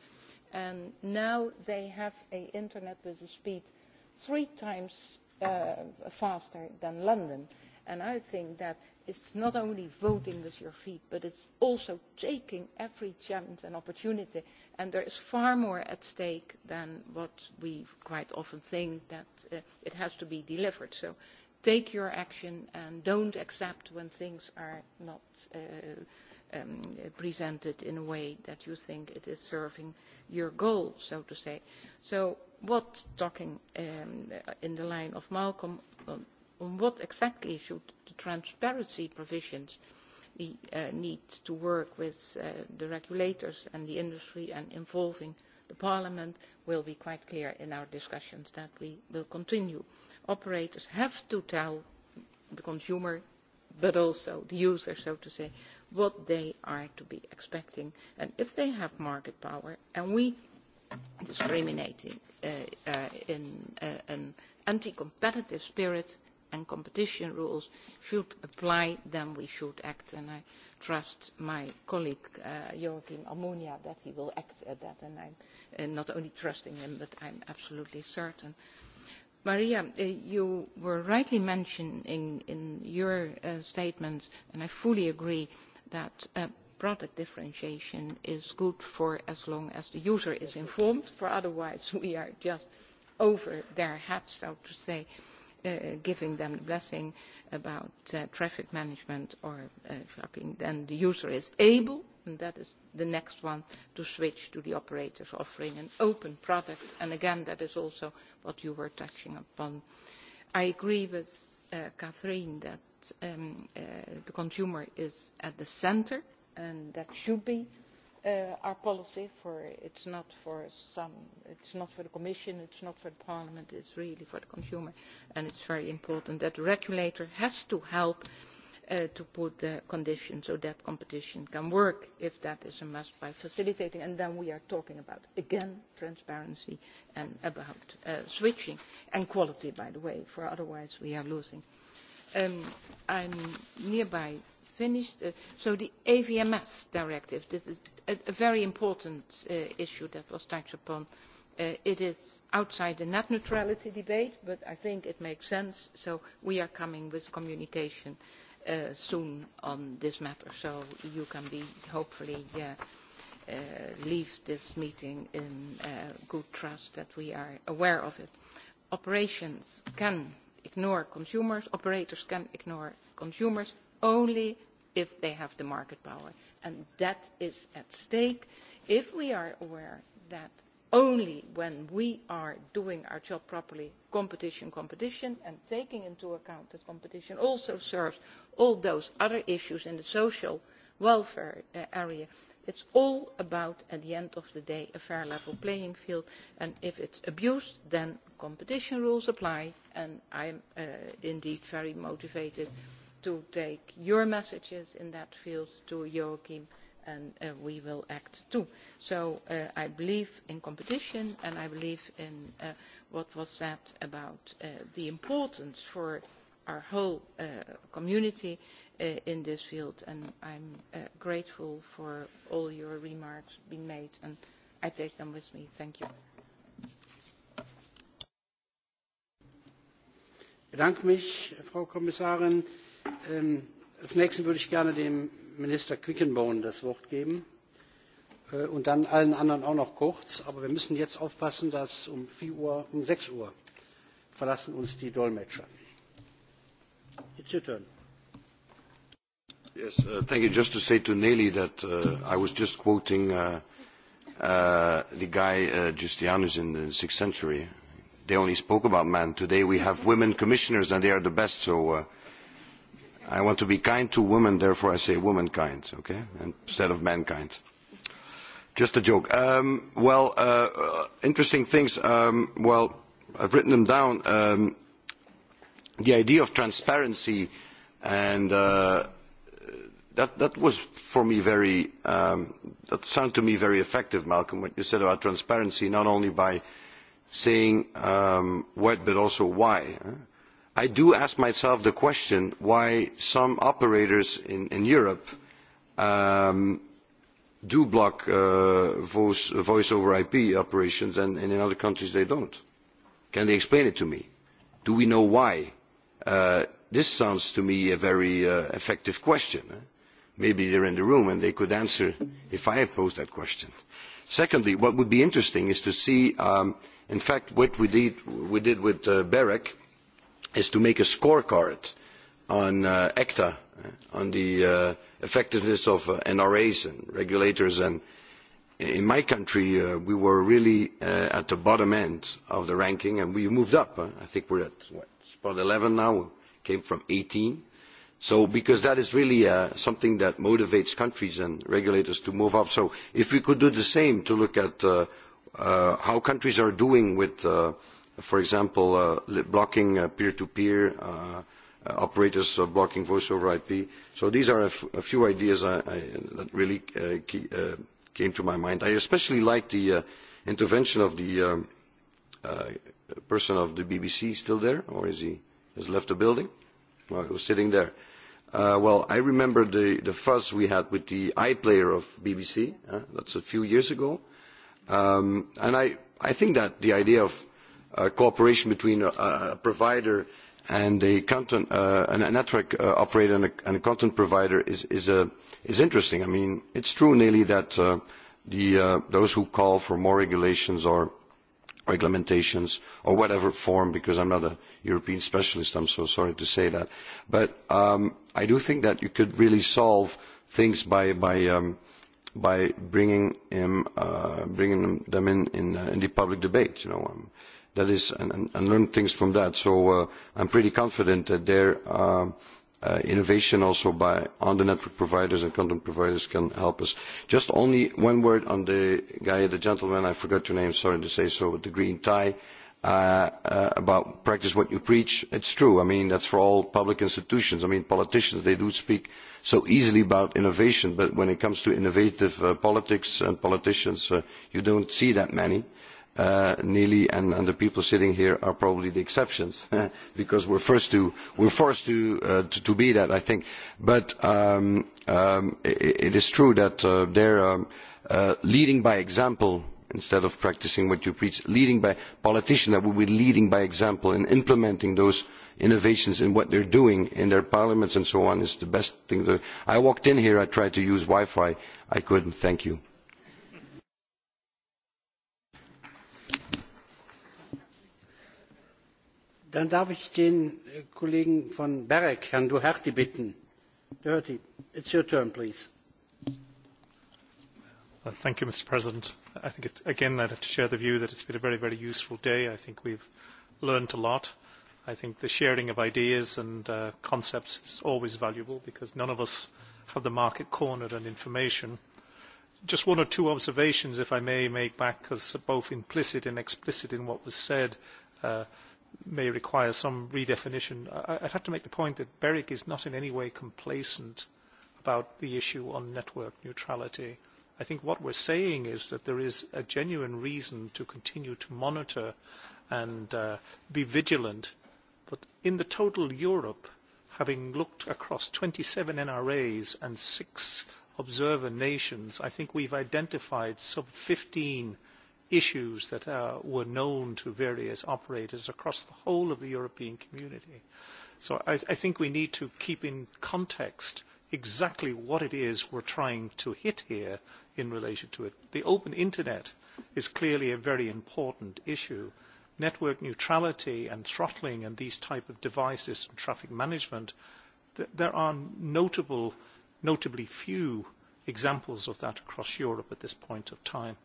And now they have an internet with a speed three times faster than London. And I think that it's not only voting with your feet, but it's also taking every chance and opportunity. And there is far more at stake than what we quite often think that it has to be delivered. So take your action and don't accept when things are not presented in a way that you think it is serving your goal, so to say. So what talking in the line of Malcolm on what exactly should the transparency provisions we need to work with the regulators and the industry and involving parliament will be quite clear in our discussions that we will continue. Operators have to tell the consumer, but also the user, so to say, what they are to be expecting. And if they have market power, and we discriminating in an anti-competitive spirit and competition rules should apply, then we should act. And I trust my colleague joaqun Joachim Almunia that he will act at that. And I am not only trusting him, but I am absolutely certain. Maria, you were rightly mentioning in your statement, and I fully agree, that product differentiation is good for as long as the user is informed, for otherwise we are just over their heads, so to say, giving them the blessing about traffic management or shopping. Then the user is able, and that is the next one, to switch to the operators offering an open product. And again, that is also what you were touching upon. I agree with Catherine that the consumer is at the centre and that should be our policy for it's not for some it's not for the commission it's not for the parliament it's really for the consumer and it's very important that the regulator has to help to put the conditions so that competition can work if that is a must by facilitating and then we are talking about again transparency and about switching and quality by the way for otherwise we are losing. i am nearby finished. so the avms directive this is a very important issue that was touched upon. it is outside the net neutrality debate but i think it makes sense so we are coming with communication soon on this matter so you can hopefully leave this meeting in good trust that we are aware of it. Operations can ignore consumers, operators can ignore consumers only if they have the market power. And that is at stake if we are aware that only when we are doing our job properly, competition, competition, and taking into account that competition also serves all those other issues in the social welfare area. It's all about, at the end of the day, a fair level playing field. And if it's abused, then competition rules apply. And I'm uh, indeed very motivated uh, to take your messages in that field to Joachim and we will act too. So I believe in competition and I believe in what was said about the importance for our whole community in this field and I'm grateful for all your remarks being made and I take them with me. Thank you. mich, Frau Kommissarin als nächsten würde ich gerne dem Minister Quickenborn das Wort geben und dann allen anderen auch noch kurz. Aber wir müssen jetzt aufpassen, dass um vier Uhr, um sechs Uhr verlassen uns die Dolmetscher. It's your turn. Yes, uh, thank you. Just to say to Nelly that uh, I was just quoting uh, uh, the guy uh, Justianus in the sixth century. They only spoke about men. Today we have women commissioners and they are the best. So. Uh, I want to be kind to women, therefore I say womankind, okay, instead of mankind. Just a joke. Um, well, uh, interesting things. Um, well, I've written them down. Um, the idea of transparency and uh, that that was for me very um, that sounded to me very effective, Malcolm, what you said about transparency, not only by saying um, what but also why. Huh? I do ask myself the question why some operators in, Europe do block voice, over IP operations and, in other countries they don't. Can they explain it to me? Do we know why? this sounds to me a very effective question. Maybe they are in the room and they could answer if I had posed that question. Secondly, what would be interesting is to see, in fact, what we did, with BEREC is to make a scorecard on ECTA, on the effectiveness of NRAs and regulators. And in my country, we were really at the bottom end of the ranking, and we moved up. I think we're at what, spot 11 now. We came from 18. So because that is really something that motivates countries and regulators to move up. So if we could do the same to look at how countries are doing with for example, uh, blocking peer-to-peer uh, operators, uh, blocking voice over IP. So these are a, f a few ideas I, I, that really uh, key, uh, came to my mind. I especially like the uh, intervention of the um, uh, person of the BBC still there, or is he has left the building? Well, he was sitting there. Uh, well, I remember the, the fuss we had with the iPlayer of BBC. Uh, that's a few years ago. Um, and I, I think that the idea of cooperation between a, provider and a content, a network operator and a, content provider is, is, a, is interesting. I mean, it's true nearly that the, those who call for more regulations or reglementations or whatever form, because I'm not a European specialist, I'm so sorry to say that. But I do think that you could really solve things by, by, by bringing, him, bringing them in, in, in the public debate. You know, that is, and, and learn things from that. So uh, I'm pretty confident that their uh, uh, innovation also by on the network providers and content providers can help us. Just only one word on the guy, the gentleman, I forgot your name, sorry to say so, with the green tie. Uh, uh, about practice what you preach, it's true. I mean, that's for all public institutions. I mean, politicians, they do speak so easily about innovation, but when it comes to innovative uh, politics and politicians, uh, you don't see that many. Neelie and, the people sitting here are probably the exceptions because we're first to we're forced to uh, to, to be that I think. But um, um, it, it is true that uh, they're um, uh, leading by example instead of practicing what you preach. Leading by politicians that will be leading by example and implementing those innovations in what they're doing in their parliaments and so on is the best thing. To, I walked in here. I tried to use Wi-Fi. I couldn't. Thank you. Dann darf ich den Kollegen von Berek, Herrn Duherty, bitten. Duherty, it's your turn, please. Thank you, Mr. President. I think, it, again, I'd have to share the view that it's been a very, very useful day. I think we've learned a lot. I think the sharing of ideas and uh, concepts is always valuable because none of us have the market cornered on information. Just one or two observations, if I may, make back, because both implicit and explicit in what was said. Uh, may require some redefinition. I, would have to make the point that BEREC is not in any way complacent about the issue on network neutrality. I think what we're saying is that there is a genuine reason to continue to monitor and uh, be vigilant. But in the total Europe, having looked across 27 NRAs and six observer nations, I think we've identified sub 15 issues that were known to various operators across the whole of the European community. So I, I think we need to keep in context exactly what it is we're trying to hit here in relation to it. The open internet is clearly a very important issue. Network neutrality and throttling and these type of devices and traffic management, th there are notable, notably few examples of that across Europe at this point of time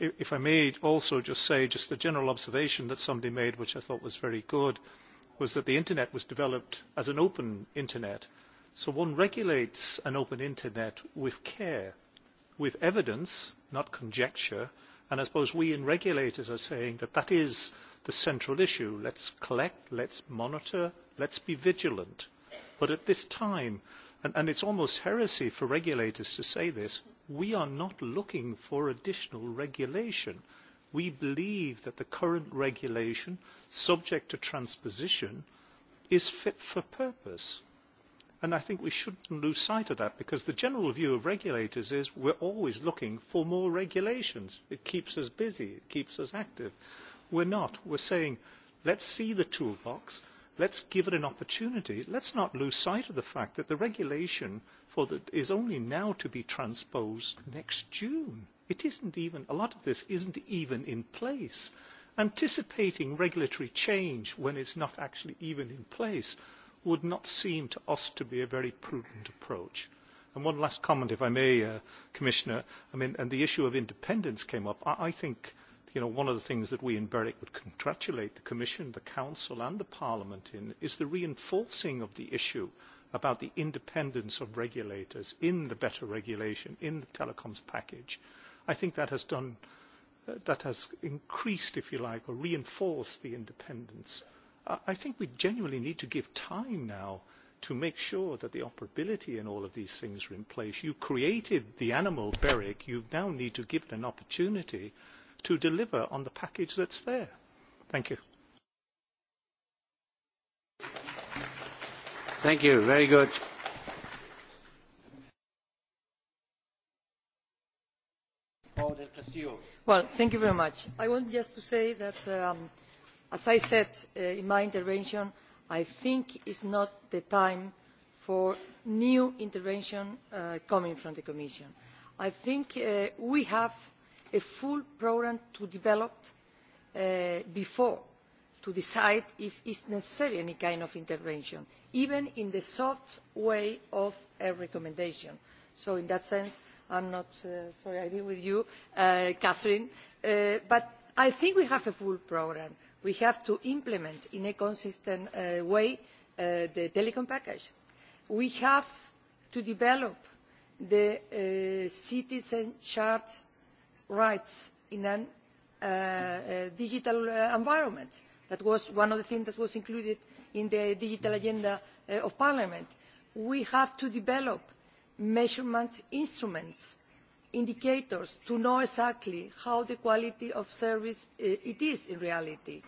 if I may also just say, just a general observation that somebody made, which I thought was very good, was that the internet was developed as an open internet. So one regulates an open internet with care, with evidence, not conjecture. And I suppose we in regulators are saying that that is the central issue. Let's collect, let's monitor, let's be vigilant. But at this time, and, and it's almost heresy for regulators to say this, we are not looking for additional regulation. We believe that the current regulation, subject to transposition, is fit for purpose. And I think we shouldn't lose sight of that because the general view of regulators is we're always looking for more regulations. It keeps us busy. It keeps us active. We're not. We're saying, let's see the toolbox. Let's give it an opportunity. Let's not lose sight of the fact that the regulation – for that is only now to be transposed next June. It isn't even, a lot of this isn't even in place. Anticipating regulatory change when it's not actually even in place would not seem to us to be a very prudent approach. And one last comment, if I may, uh, Commissioner. I mean, and the issue of independence came up. I, I think you know, one of the things that we in BEREC would congratulate the Commission, the Council and the Parliament in is the reinforcing of the issue about the independence of regulators in the better regulation, in the telecoms package, I think that has done that has increased, if you like, or reinforced the independence. I think we genuinely need to give time now to make sure that the operability and all of these things are in place. You created the animal, Beric, You now need to give it an opportunity to deliver on the package that's there. Thank you. Thank you. Very good. Well, thank you very much. I want just to say that, as I said in my intervention, I think it's not the time for new intervention coming from the Commission. I think we have a full programme to develop before to decide if it is necessary any kind of intervention, even in the soft way of a recommendation. So in that sense, I'm not sorry I agree with you, Catherine, but I think we have a full programme. We have to implement in a consistent way the telecom package. We have to develop the citizen chart rights in a digital environment That was one of the things that was included in the digital agenda of Parliament. We have to develop measurement instruments, indicators, to know exactly how the quality of service it is in reality.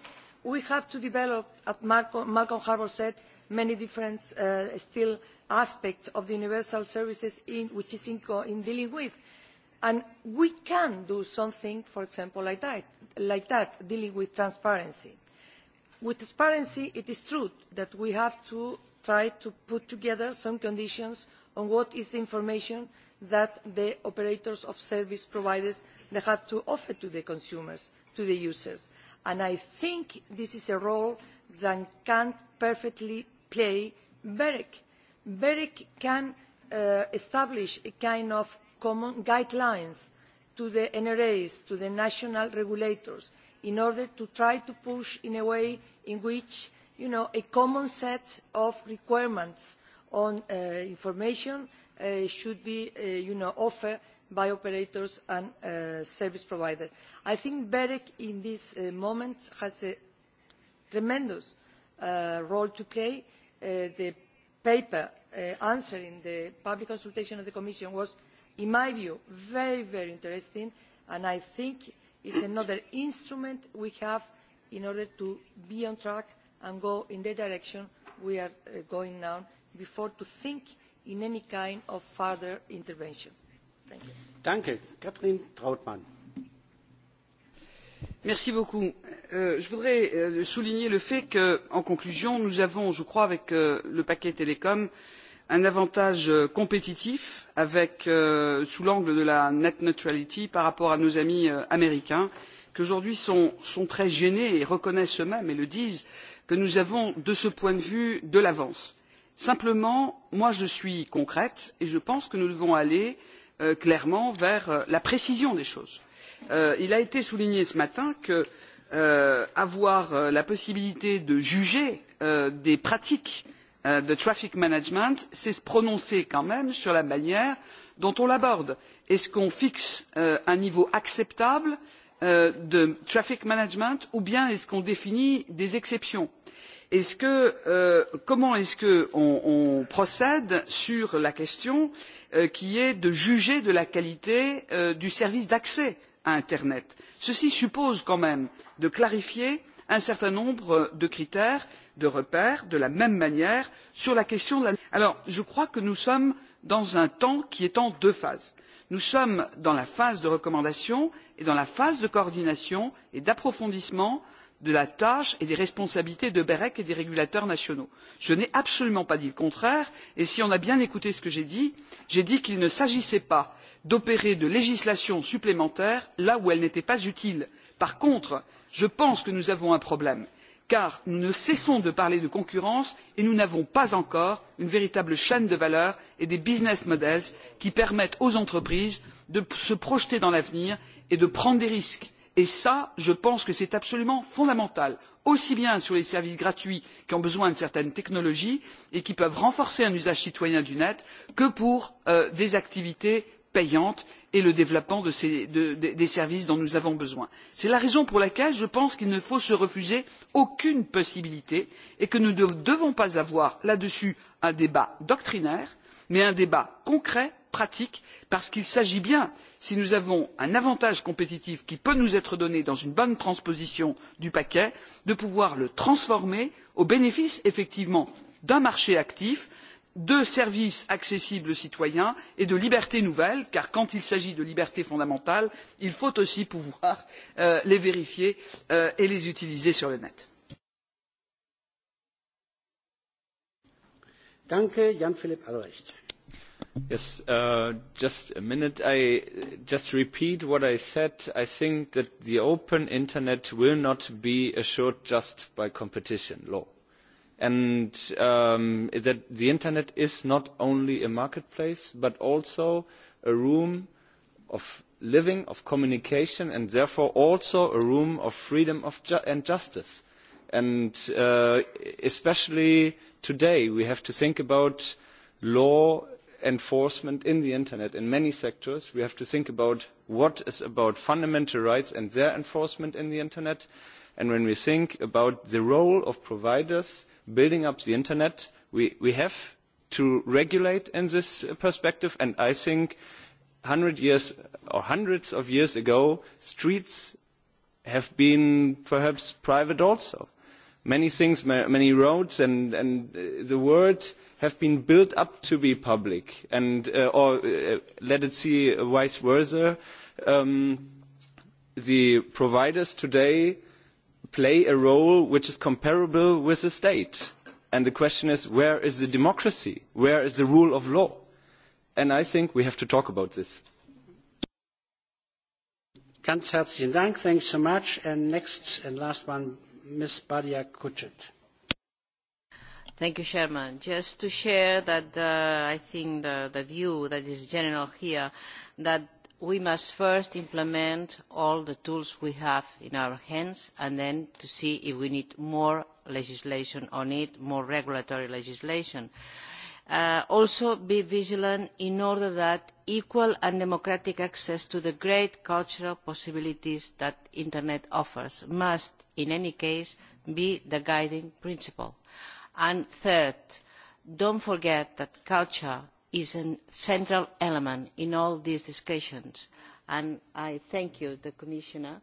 We have to develop, as Malcolm Harbour said, many different still aspects of the universal services which is in dealing with. And we can do something, for example, like that, dealing with transparency with transparency it is true that we have to try to put together some conditions on what is the information that the operators of service providers have to offer to the consumers to the users and i think this is a role that can perfectly play berec. berec can establish a kind of common guidelines to the nras to the national regulators in order to try to push in a way in which a common set of requirements on information should be offered by operators and service providers. I think BEREC in this moment has a tremendous role to play. the paper answering the public consultation of the Commission was, in my view, very, very interesting, and I think is another instrument we have in order to be on track and go in the direction we are going now before to think in any kind of further intervention. Thank you. Danke. Katrin Trautmann. Merci beaucoup. je voudrais souligner le fait qu'en conclusion, nous avons, je crois, avec le paquet télécom, euh, un avantage compétitif sous l'angle de la net neutrality par rapport à nos amis américains qui aujourd'hui sont très gênés et reconnaissent eux mêmes et le disent que nous avons de ce point de vue de l'avance. simplement moi je suis concrète et je pense que nous devons aller clairement vers la précision des choses. il a été souligné ce matin qu'avoir la possibilité de juger des pratiques de traffic management c'est se prononcer quand même sur la manière dont on l'aborde. est ce qu'on fixe un niveau acceptable de traffic management ou bien est ce qu'on définit des exceptions? comment est ce qu'on procède sur la question qui est de juger de la qualité du service d'accès à internet? ceci suppose quand même de clarifier un certain nombre de critères de repères, de la même manière sur la question de la. alors je crois que nous sommes dans un temps qui est en deux phases. nous sommes dans la phase de recommandation et dans la phase de coordination et d'approfondissement de la tâche et des responsabilités de berec et des régulateurs nationaux. je n'ai absolument pas dit le contraire et si on a bien écouté ce que j'ai dit j'ai dit qu'il ne s'agissait pas d'opérer de législation supplémentaire là où elle n'était pas utile. par contre je pense que nous avons un problème car nous ne cessons de parler de concurrence et nous n'avons pas encore une véritable chaîne de valeur et des business models qui permettent aux entreprises de se projeter dans l'avenir et de prendre des risques et cela je pense que c'est absolument fondamental aussi bien sur les services gratuits qui ont besoin de certaines technologies et qui peuvent renforcer un usage citoyen du net que pour des activités payante et le développement des services dont nous avons besoin. c'est la raison pour laquelle je pense qu'il ne faut se refuser aucune possibilité et que nous ne devons pas avoir là dessus un débat doctrinaire mais un débat concret pratique parce qu'il s'agit bien si nous avons un avantage compétitif qui peut nous être donné dans une bonne transposition du paquet de pouvoir le transformer au bénéfice effectivement d'un marché actif de services accessibles aux citoyens et de libertés nouvelles car quand il s'agit de libertés fondamentales il faut aussi pouvoir les vérifier et les utiliser sur le net. Yes, just a minute. I just repeat what I said. I think that the open internet will not be assured just by competition law and that the internet is not only a marketplace but also a room of living of communication and therefore also a room of freedom and justice and especially today we have to think about law enforcement in the internet in many sectors we have to think about what is about fundamental rights and their enforcement in the internet and when we think about the role of providers building up the internet. We, we have to regulate in this perspective, and I think hundred years or hundreds of years ago, streets have been perhaps private also. Many things, many roads and, and the world have been built up to be public, and or let it see vice versa. the providers today play a role which is comparable with the state. And the question is, where is the democracy? Where is the rule of law? And I think we have to talk about this. Ganz herzlichen Dank. Thanks so much. And next and last one, Ms. Badia Kuchet. Thank you, Chairman. Just to share that I think the, the view that is general here, that we must first implement all the tools we have in our hands and then to see if we need more legislation on it, more regulatory legislation. also be vigilant in order that equal and democratic access to the great cultural possibilities that the internet offers must in any case be the guiding principle. And third, don't forget that culture is a central element in all these discussions. And I thank you, the Commissioner,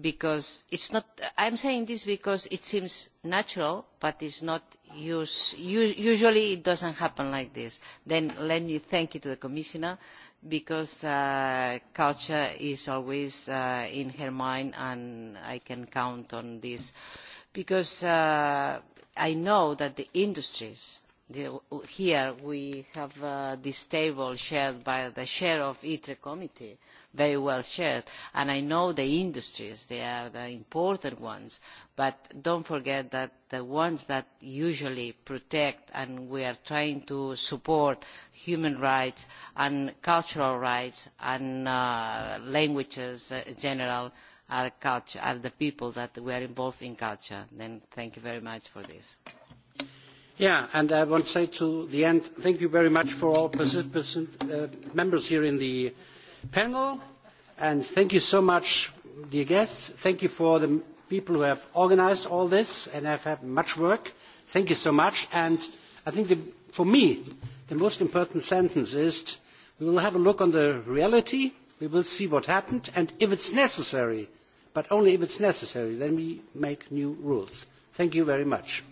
because it's not, am saying this because it seems natural, but it's not use, usually it doesn't happen like this. Then let me thank you to the Commissioner because culture is always in her mind and I can count on this because I know that the industries here we have uh, this table shared by the chair of ITRE committee, very well shared, and I know the industries, they are the important ones, but don't forget that the ones that usually protect and we are trying to support human rights and cultural rights and uh, languages in general are, culture, are the people that we are involved in culture. Then thank you very much for this. Yeah, and I want to say to the end, thank you very much for all participants, uh, members here in the panel, and thank you so much, dear guests. Thank you for the people who have organised all this and have had much work. Thank you so much. And I think, the, for me, the most important sentence is we will have a look on the reality, we will see what happened, and if it's necessary, but only if it's necessary, then we make new rules. Thank you very much.